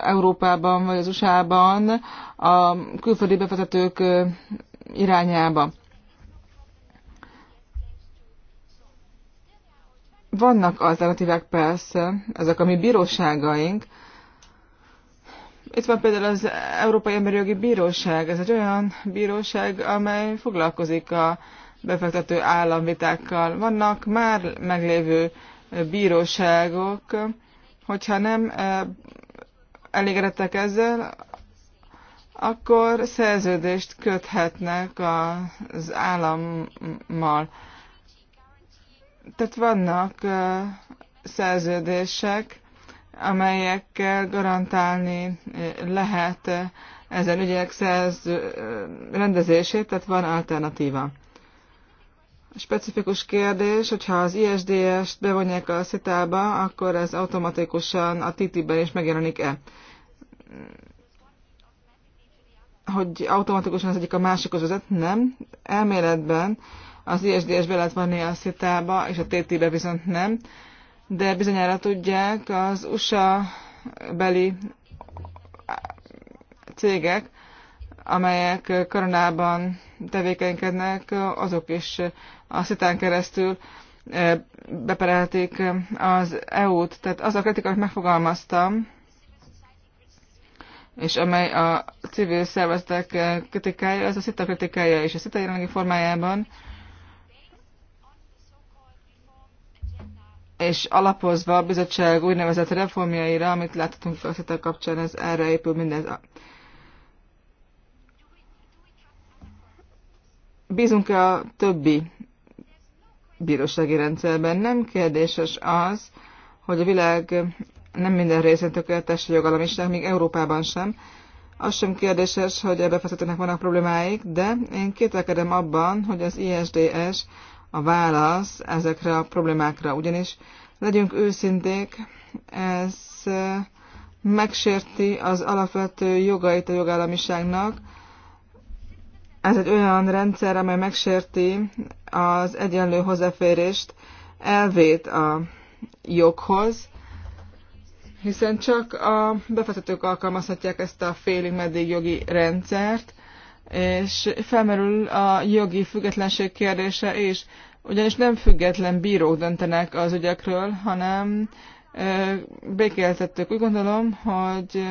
Európában vagy az USA-ban a külföldi befektetők irányába. Vannak alternatívák persze, ezek a mi bíróságaink. Itt van például az Európai Emberi Jogi Bíróság. Ez egy olyan bíróság, amely foglalkozik a befektető államvitákkal. Vannak már meglévő bíróságok, hogyha nem eh, elégedettek ezzel, akkor szerződést köthetnek az állammal. Tehát vannak szerződések, amelyekkel garantálni lehet ezen ügyek szerző, rendezését, tehát van alternatíva. Specifikus kérdés, hogyha az ISDS-t bevonják a szitába, akkor ez automatikusan a TTIP-ben is megjelenik-e? Hogy automatikusan az egyik a másikhoz vezet? Nem. Elméletben az ISDS-be lehet venni a szita és a TT-be viszont nem. De bizonyára tudják, az USA beli cégek, amelyek koronában tevékenykednek, azok is a szitán keresztül eh, beperelték eh, az EU-t. Tehát az a kritika, amit megfogalmaztam, és amely a civil szervezetek eh, kritikája, az a szita kritikája, és a szita jelenlegi formájában és alapozva a bizottság úgynevezett reformjaira, amit láthatunk a SZETE kapcsán, ez erre épül mindez. Bízunk-e a többi bírósági rendszerben? Nem kérdéses az, hogy a világ nem minden részén tökéletes a jogalamiság, még Európában sem. Az sem kérdéses, hogy ebbe befektetőnek vannak problémáik, de én kételkedem abban, hogy az ISDS a válasz ezekre a problémákra. Ugyanis legyünk őszinték, ez megsérti az alapvető jogait a jogállamiságnak. Ez egy olyan rendszer, amely megsérti az egyenlő hozzáférést elvét a joghoz, hiszen csak a befektetők alkalmazhatják ezt a félig meddig jogi rendszert, és felmerül a jogi függetlenség kérdése is, ugyanis nem független bírók döntenek az ügyekről, hanem békéltettük. Úgy gondolom, hogy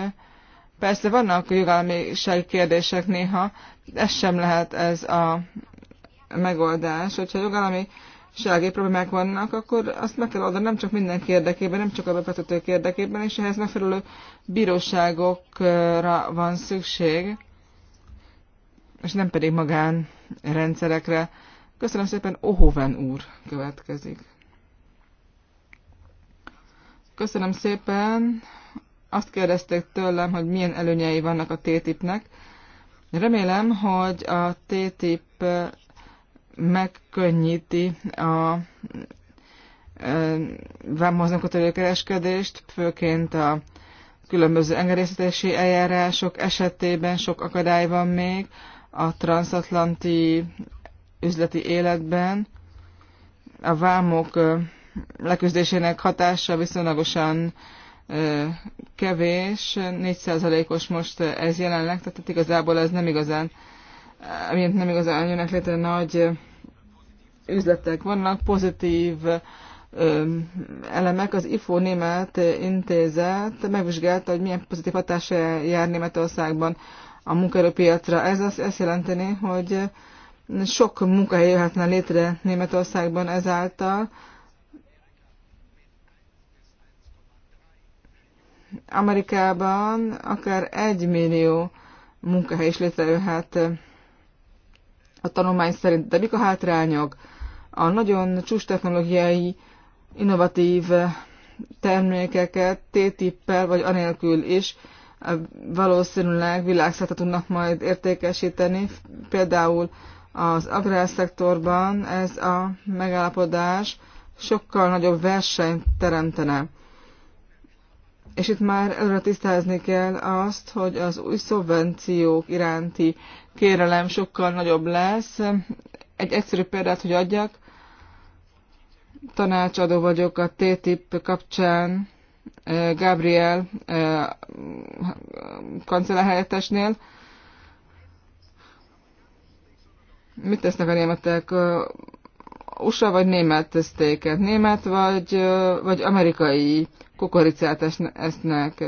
persze vannak jogállamisági kérdések néha, ez sem lehet ez a megoldás. Hogyha jogállamisági problémák vannak, akkor azt meg kell oldani nem csak mindenki érdekében, nem csak a befektetők érdekében, és ehhez megfelelő bíróságokra van szükség és nem pedig magán rendszerekre. Köszönöm szépen, Ohoven úr következik. Köszönöm szépen. Azt kérdezték tőlem, hogy milyen előnyei vannak a TTIP-nek. Remélem, hogy a TTIP megkönnyíti a e, vámhoznakotörő kereskedést, főként a különböző engedélyezési eljárások esetében sok akadály van még, a transatlanti üzleti életben. A vámok leküzdésének hatása viszonylagosan kevés, 4%-os most ez jelenleg, tehát igazából ez nem igazán, amint nem igazán jönnek létre nagy üzletek. Vannak pozitív elemek. Az IFO német intézet megvizsgálta, hogy milyen pozitív hatása jár Németországban a munkaerőpiacra. Ez azt, azt jelenteni, hogy sok munkahely jöhetne létre Németországban ezáltal, Amerikában akár egy millió munkahely is létrejöhet a tanulmány szerint. De mik a hátrányok? A nagyon csúcs technológiai, innovatív termékeket ttip vagy anélkül is valószínűleg világszerte tudnak majd értékesíteni, például az agrárszektorban ez a megállapodás sokkal nagyobb versenyt teremtene. És itt már előre tisztázni kell azt, hogy az új szubvenciók iránti kérelem sokkal nagyobb lesz. Egy egyszerű példát, hogy adjak, tanácsadó vagyok a TTIP kapcsán Gabriel kancellárhelyettesnél. Mit tesznek a németek? USA vagy német sztéket? Német vagy, vagy amerikai kukoricát esznek?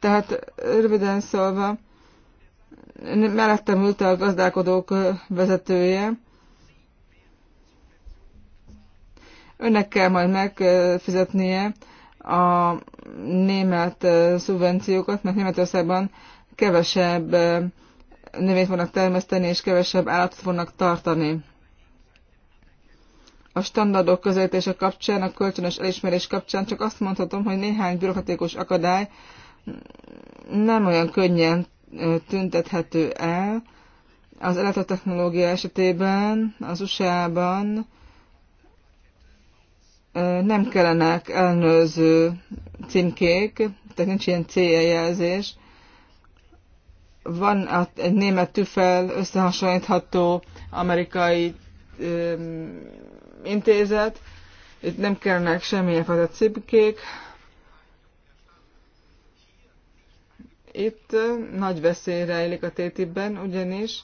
Tehát röviden szólva, mellettem ült a gazdálkodók vezetője, Önnek kell majd megfizetnie a német szubvenciókat, mert Németországban kevesebb növényt vannak termeszteni, és kevesebb állatot vannak tartani. A standardok közelítése kapcsán, a kölcsönös elismerés kapcsán csak azt mondhatom, hogy néhány bürokratikus akadály nem olyan könnyen tüntethető el. Az elektrotechnológia esetében az USA-ban nem kellenek elnőző címkék, tehát nincs ilyen céljelzés. Van egy német tüfel összehasonlítható amerikai intézet, itt nem kellenek semmilyen a címkék. Itt nagy veszély rejlik a TTIP-ben, ugyanis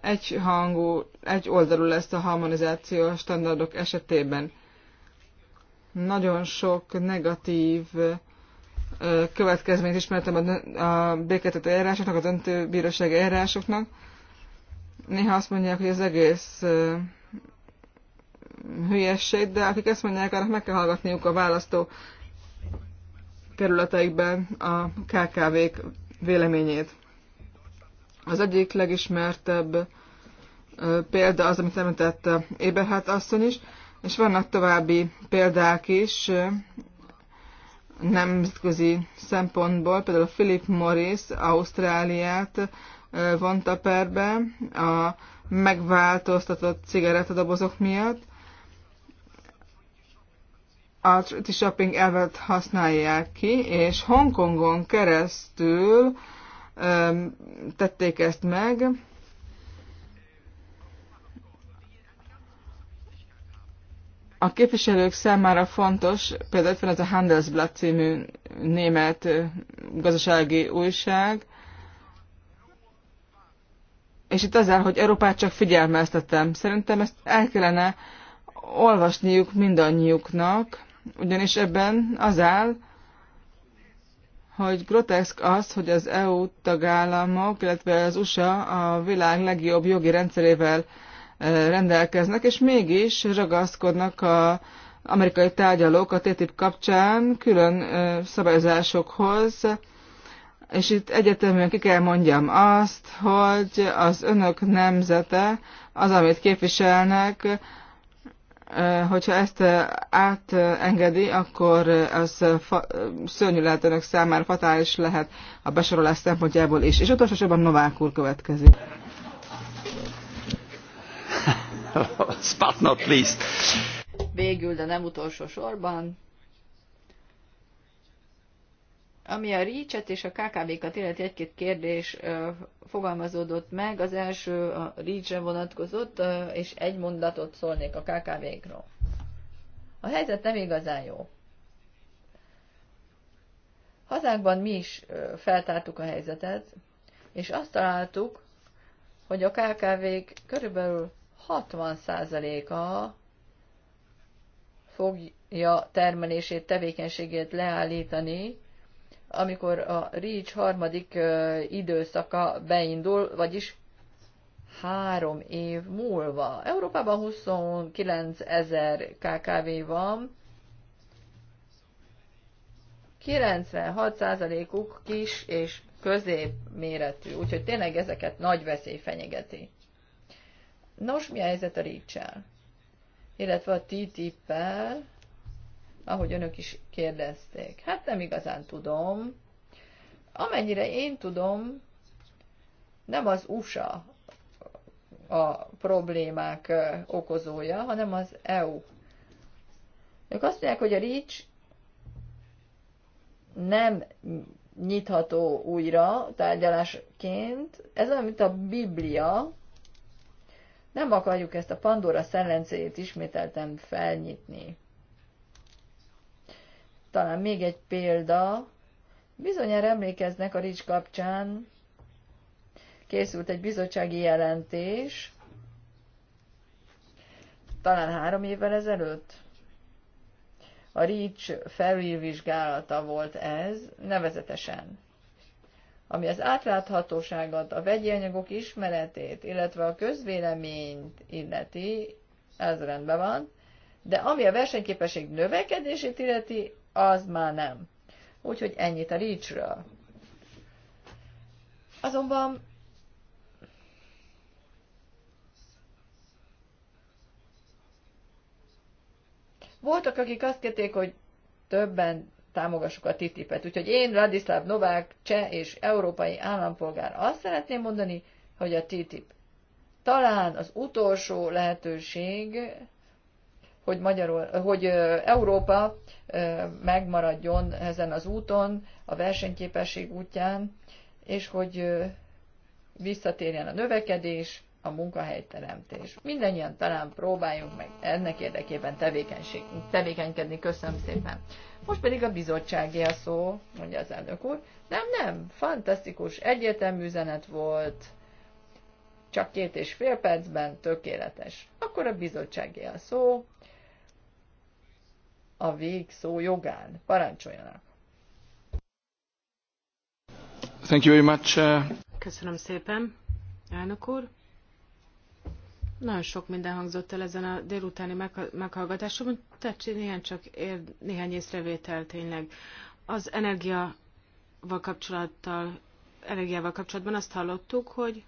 egy hangú, egy oldalú lesz a harmonizáció a standardok esetében nagyon sok negatív következményt ismertem a, a béketető eljárásoknak, az öntőbírósági eljárásoknak. Néha azt mondják, hogy az egész hülyesség, de akik ezt mondják, annak meg kell hallgatniuk a választó kerületeikben a KKV-k véleményét. Az egyik legismertebb példa az, amit említett Éberhát asszony is, és vannak további példák is nemzetközi szempontból, például Philip Morris Ausztráliát vonta perbe a megváltoztatott cigarettadobozok miatt. A treaty shopping elvet használják ki, és Hongkongon keresztül tették ezt meg, A képviselők számára fontos, például van ez a Handelsblatt című német gazdasági újság, és itt azzal, hogy Európát csak figyelmeztetem. Szerintem ezt el kellene olvasniuk mindannyiuknak, ugyanis ebben az áll, hogy groteszk az, hogy az EU tagállamok, illetve az USA a világ legjobb jogi rendszerével rendelkeznek, és mégis ragaszkodnak a amerikai tárgyalók a TTIP kapcsán külön szabályozásokhoz, és itt egyetemben ki kell mondjam azt, hogy az önök nemzete, az, amit képviselnek, hogyha ezt átengedi, akkor az szörnyű lehet önök számára, fatális lehet a besorolás szempontjából is. És utolsó sorban Novák úr következik last but not least. Végül, de nem utolsó sorban, ami a reach és a KKV-kat illeti egy-két kérdés fogalmazódott meg, az első a reach vonatkozott, és egy mondatot szólnék a KKV-król. A helyzet nem igazán jó. Hazánkban mi is feltártuk a helyzetet, és azt találtuk, hogy a KKV-k körülbelül 60%-a fogja termelését, tevékenységét leállítani, amikor a REACH harmadik időszaka beindul, vagyis három év múlva. Európában 29 ezer KKV van, 96%-uk kis és középméretű, úgyhogy tényleg ezeket nagy veszély fenyegeti. Nos, mi a helyzet a Rachel? Illetve a TTIP-el, ahogy önök is kérdezték. Hát nem igazán tudom. Amennyire én tudom, nem az USA a problémák okozója, hanem az EU. Ők azt mondják, hogy a REACH nem nyitható újra tárgyalásként. Ez olyan, mint a Biblia, nem akarjuk ezt a Pandora szellencéjét ismételten felnyitni. Talán még egy példa. Bizonyára emlékeznek a Rics kapcsán, készült egy bizottsági jelentés, talán három évvel ezelőtt. A Rics felülvizsgálata volt ez, nevezetesen ami az átláthatóságot, a vegyi anyagok ismeretét, illetve a közvéleményt illeti, ez rendben van, de ami a versenyképesség növekedését illeti, az már nem. Úgyhogy ennyit a reach Azonban voltak, akik azt kérték, hogy többen támogassuk a TTIP-et. Úgyhogy én, Radislav Novák, cseh és európai állampolgár azt szeretném mondani, hogy a TTIP talán az utolsó lehetőség, hogy, Magyarul, hogy Európa megmaradjon ezen az úton, a versenyképesség útján, és hogy visszatérjen a növekedés, a munkahelyteremtés. Mindennyian talán próbáljunk meg ennek érdekében tevékenység, tevékenykedni. Köszönöm szépen. Most pedig a bizottságé a szó, mondja az elnök úr. Nem, nem, fantasztikus, egyértelmű üzenet volt, csak két és fél percben tökéletes. Akkor a bizottságé a szó, a végszó jogán. Parancsoljanak. Thank you very much. Uh, Köszönöm szépen, elnök úr. Nagyon sok minden hangzott el ezen a délutáni meghallgatáson, tetszik néhány csak ér, néhány észrevétel tényleg. Az energiával kapcsolattal, energiával kapcsolatban azt hallottuk, hogy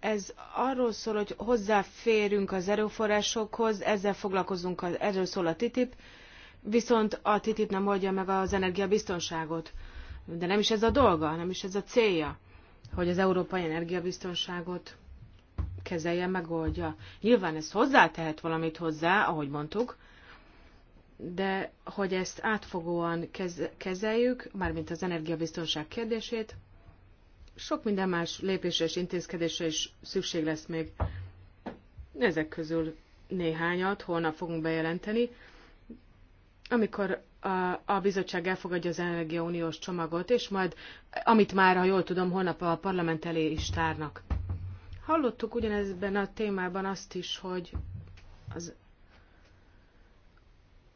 ez arról szól, hogy hozzáférünk az erőforrásokhoz, ezzel foglalkozunk, erről szól a TTIP, viszont a TTIP nem oldja meg az energiabiztonságot. De nem is ez a dolga, nem is ez a célja hogy az európai energiabiztonságot kezelje, megoldja. Nyilván ez hozzá tehet valamit hozzá, ahogy mondtuk, de hogy ezt átfogóan kezeljük, mármint az energiabiztonság kérdését, sok minden más lépésre és intézkedésre is szükség lesz még. Ezek közül néhányat holnap fogunk bejelenteni, amikor a bizottság elfogadja az energiauniós csomagot, és majd, amit már, ha jól tudom, holnap a parlament elé is tárnak. Hallottuk ugyanezben a témában azt is, hogy az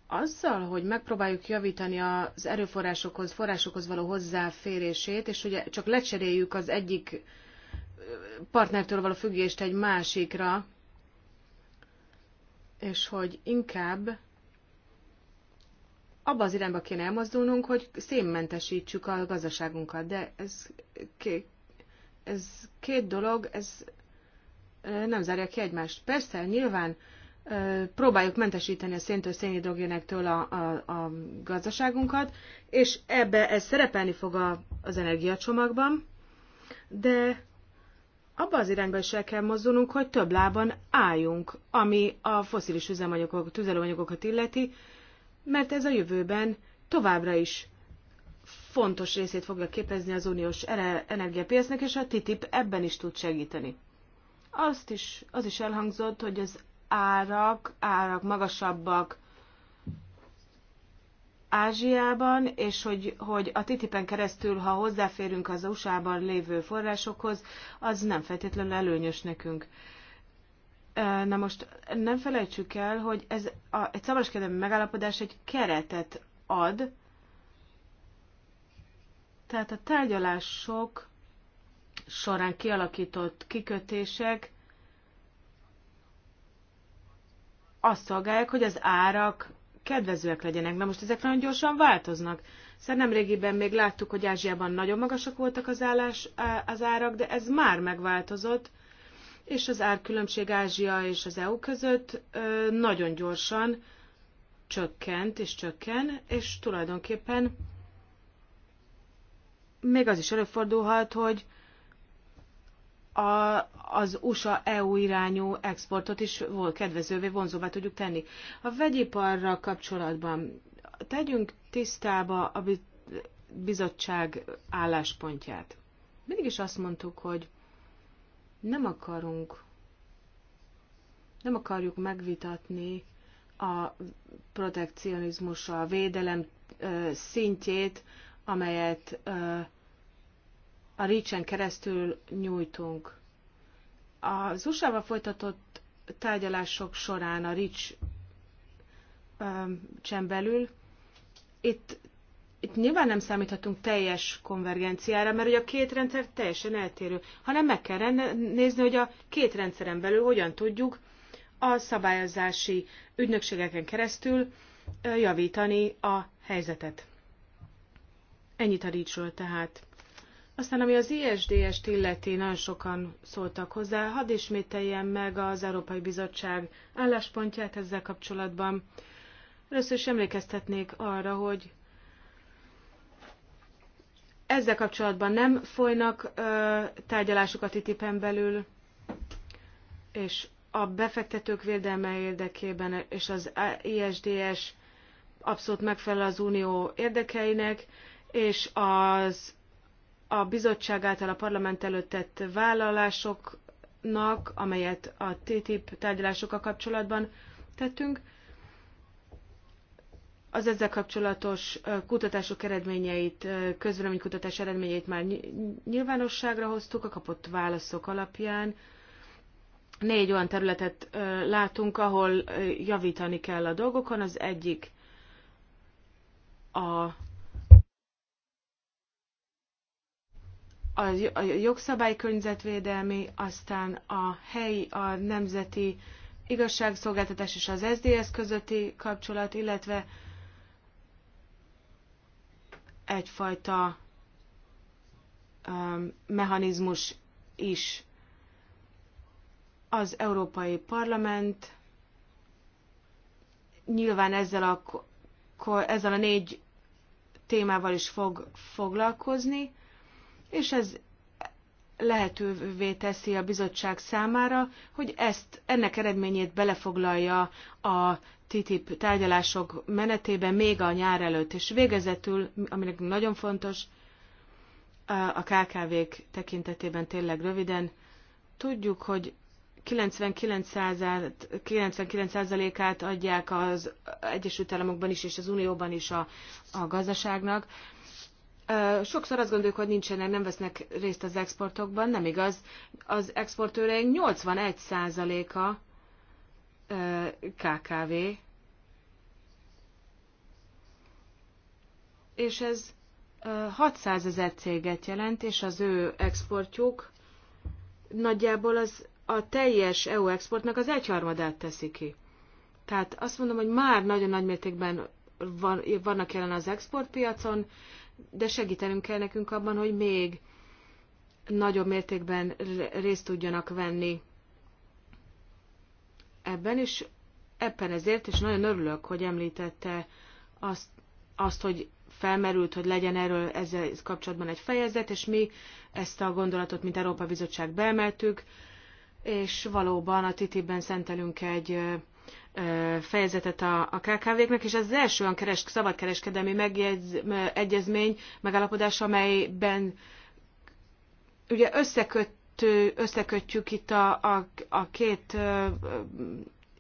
azzal, hogy megpróbáljuk javítani az erőforrásokhoz, forrásokhoz való hozzáférését, és ugye csak lecseréljük az egyik partnertől való függést egy másikra, és hogy inkább abba az irányba kéne elmozdulnunk, hogy szénmentesítsük a gazdaságunkat, de ez, két, ez két dolog, ez nem zárja ki egymást. Persze, nyilván próbáljuk mentesíteni a széntől, szénhidrogénektől a, a, a gazdaságunkat, és ebbe ez szerepelni fog a, az energiacsomagban, de abba az irányba is el kell mozdulnunk, hogy több lábon álljunk, ami a foszilis üzemanyagok, tüzelőanyagokat illeti, mert ez a jövőben továbbra is fontos részét fogja képezni az uniós energiapiacnak, és a TTIP ebben is tud segíteni. Azt is, az is elhangzott, hogy az árak, árak magasabbak Ázsiában, és hogy, hogy a TTIP-en keresztül, ha hozzáférünk az USA-ban lévő forrásokhoz, az nem feltétlenül előnyös nekünk. Na most nem felejtsük el, hogy ez a, egy szabadkedelmi megállapodás egy keretet ad, tehát a tárgyalások során kialakított kikötések azt szolgálják, hogy az árak kedvezőek legyenek. Na most ezek nagyon gyorsan változnak. Szóval régiben még láttuk, hogy Ázsiában nagyon magasak voltak az, állás, az árak, de ez már megváltozott és az árkülönbség Ázsia és az EU között nagyon gyorsan csökkent és csökken, és tulajdonképpen még az is előfordulhat, hogy a, az USA-EU e irányú exportot is volt kedvezővé, vonzóvá tudjuk tenni. A vegyiparra kapcsolatban tegyünk tisztába a bizottság álláspontját. Mindig is azt mondtuk, hogy nem akarunk, nem akarjuk megvitatni a protekcionizmus, a védelem szintjét, amelyet a Ricsen keresztül nyújtunk. Az USA-val folytatott tárgyalások során a Rics csen belül itt itt nyilván nem számíthatunk teljes konvergenciára, mert hogy a két rendszer teljesen eltérő, hanem meg kell nézni, hogy a két rendszeren belül hogyan tudjuk a szabályozási ügynökségeken keresztül javítani a helyzetet. Ennyit a Ricsről tehát. Aztán, ami az ISDS-t illeti, nagyon sokan szóltak hozzá, hadd ismételjen meg az Európai Bizottság álláspontját ezzel kapcsolatban. Először is emlékeztetnék arra, hogy ezzel kapcsolatban nem folynak ö, tárgyalások a TTIP-en belül, és a befektetők védelme érdekében és az ISDS abszolút megfelel az unió érdekeinek, és az a bizottság által a parlament előtt tett vállalásoknak, amelyet a TTIP tárgyalásokkal kapcsolatban tettünk, az ezzel kapcsolatos kutatások eredményeit, közvéleménykutatás eredményeit már nyilvánosságra hoztuk a kapott válaszok alapján. Négy olyan területet látunk, ahol javítani kell a dolgokon. Az egyik a a környezetvédelmi, aztán a helyi, a nemzeti igazságszolgáltatás és az SZDSZ közötti kapcsolat, illetve egyfajta mechanizmus is. Az Európai Parlament nyilván ezzel a, ezzel a négy témával is fog foglalkozni, és ez lehetővé teszi a bizottság számára, hogy ezt, ennek eredményét belefoglalja a TTIP tárgyalások menetében még a nyár előtt. És végezetül, ami nekünk nagyon fontos, a KKV-k tekintetében tényleg röviden, tudjuk, hogy 99%-át 99 adják az Egyesült Államokban is és az Unióban is a, a gazdaságnak. Sokszor azt gondoljuk, hogy nincsenek, nem vesznek részt az exportokban, nem igaz. Az exportőreink 81%-a KKV, és ez 600 ezer céget jelent, és az ő exportjuk nagyjából az a teljes EU exportnak az egyharmadát teszi ki. Tehát azt mondom, hogy már nagyon nagy mértékben van, vannak jelen az exportpiacon, de segítenünk kell nekünk abban, hogy még nagyobb mértékben részt tudjanak venni ebben, és ebben ezért, és nagyon örülök, hogy említette azt, azt hogy felmerült, hogy legyen erről ezzel kapcsolatban egy fejezet, és mi ezt a gondolatot, mint Európa Bizottság beemeltük, és valóban a TTIP-ben szentelünk egy fejezetet a, a KKV-knek, és ez az első olyan keres, szabadkereskedelmi megjegyz, egyezmény, megállapodás, amelyben ugye összeköt összekötjük itt a, a, a két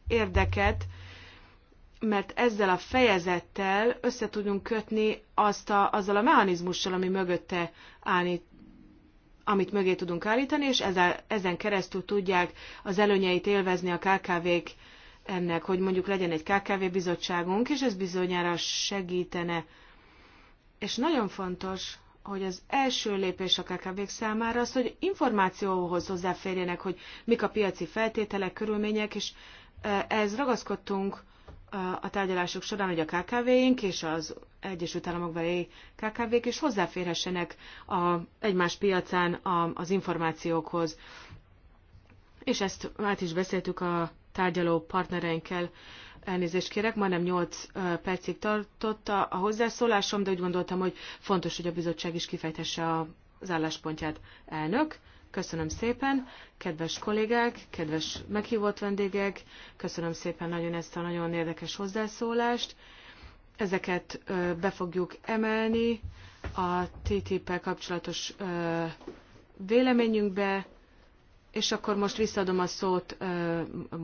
érdeket, mert ezzel a fejezettel össze tudunk kötni azt a, azzal a mechanizmussal, ami mögötte állni, amit mögé tudunk állítani, és ezzel, ezen keresztül tudják az előnyeit élvezni a KKV-k ennek, hogy mondjuk legyen egy KKV bizottságunk, és ez bizonyára segítene. És nagyon fontos, hogy az első lépés a kkv számára az, hogy információhoz hozzáférjenek, hogy mik a piaci feltételek, körülmények, és e, ehhez ragaszkodtunk e, a tárgyalások során, hogy a KKV-ink és az Egyesült belé KKV-k is hozzáférhessenek a, egymás piacán a, az információkhoz. És ezt át is beszéltük a tárgyaló partnereinkkel elnézést kérek, majdnem 8 percig tartott a, a hozzászólásom, de úgy gondoltam, hogy fontos, hogy a bizottság is kifejtesse az álláspontját. Elnök, köszönöm szépen, kedves kollégák, kedves meghívott vendégek, köszönöm szépen nagyon ezt a nagyon érdekes hozzászólást. Ezeket be fogjuk emelni a TTIP-el kapcsolatos véleményünkbe, és akkor most visszaadom a szót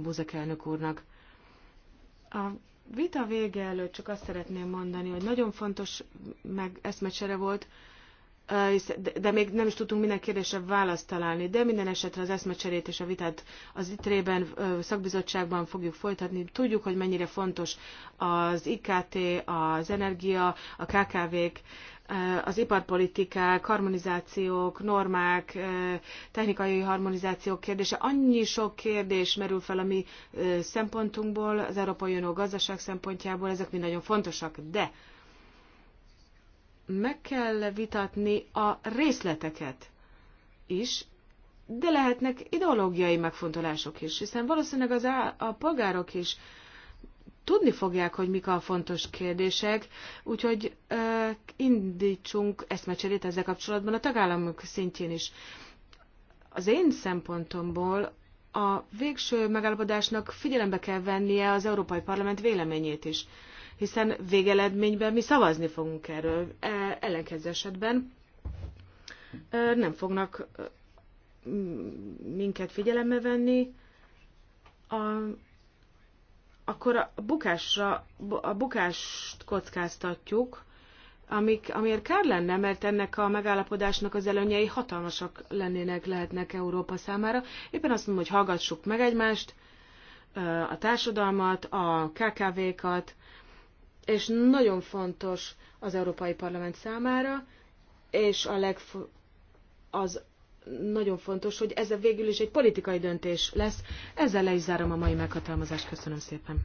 Buzek elnök úrnak. A vita vége előtt csak azt szeretném mondani, hogy nagyon fontos, meg eszmecsere volt, de még nem is tudtunk minden kérdésre választ találni, de minden esetre az eszmecserét és a vitát az ITRE-ben, szakbizottságban fogjuk folytatni. Tudjuk, hogy mennyire fontos az IKT, az energia, a KKV-k az iparpolitikák, harmonizációk, normák, technikai harmonizációk kérdése. Annyi sok kérdés merül fel a mi szempontunkból, az Európai Unió gazdaság szempontjából, ezek mind nagyon fontosak, de meg kell vitatni a részleteket is, de lehetnek ideológiai megfontolások is, hiszen valószínűleg az a polgárok is tudni fogják, hogy mik a fontos kérdések, úgyhogy ö, indítsunk eszmecserét ezzel kapcsolatban a tagállamok szintjén is. Az én szempontomból a végső megállapodásnak figyelembe kell vennie az Európai Parlament véleményét is, hiszen végeledményben mi szavazni fogunk erről. E, ellenkező esetben ö, nem fognak ö, minket figyelembe venni, a, akkor a bukásra, a bukást kockáztatjuk, amik, amiért kár lenne, mert ennek a megállapodásnak az előnyei hatalmasak lennének, lehetnek Európa számára. Éppen azt mondom, hogy hallgassuk meg egymást, a társadalmat, a KKV-kat, és nagyon fontos az Európai Parlament számára, és a legf- az nagyon fontos, hogy ez végül is egy politikai döntés lesz. Ezzel le is zárom a mai meghatalmazást. Köszönöm szépen.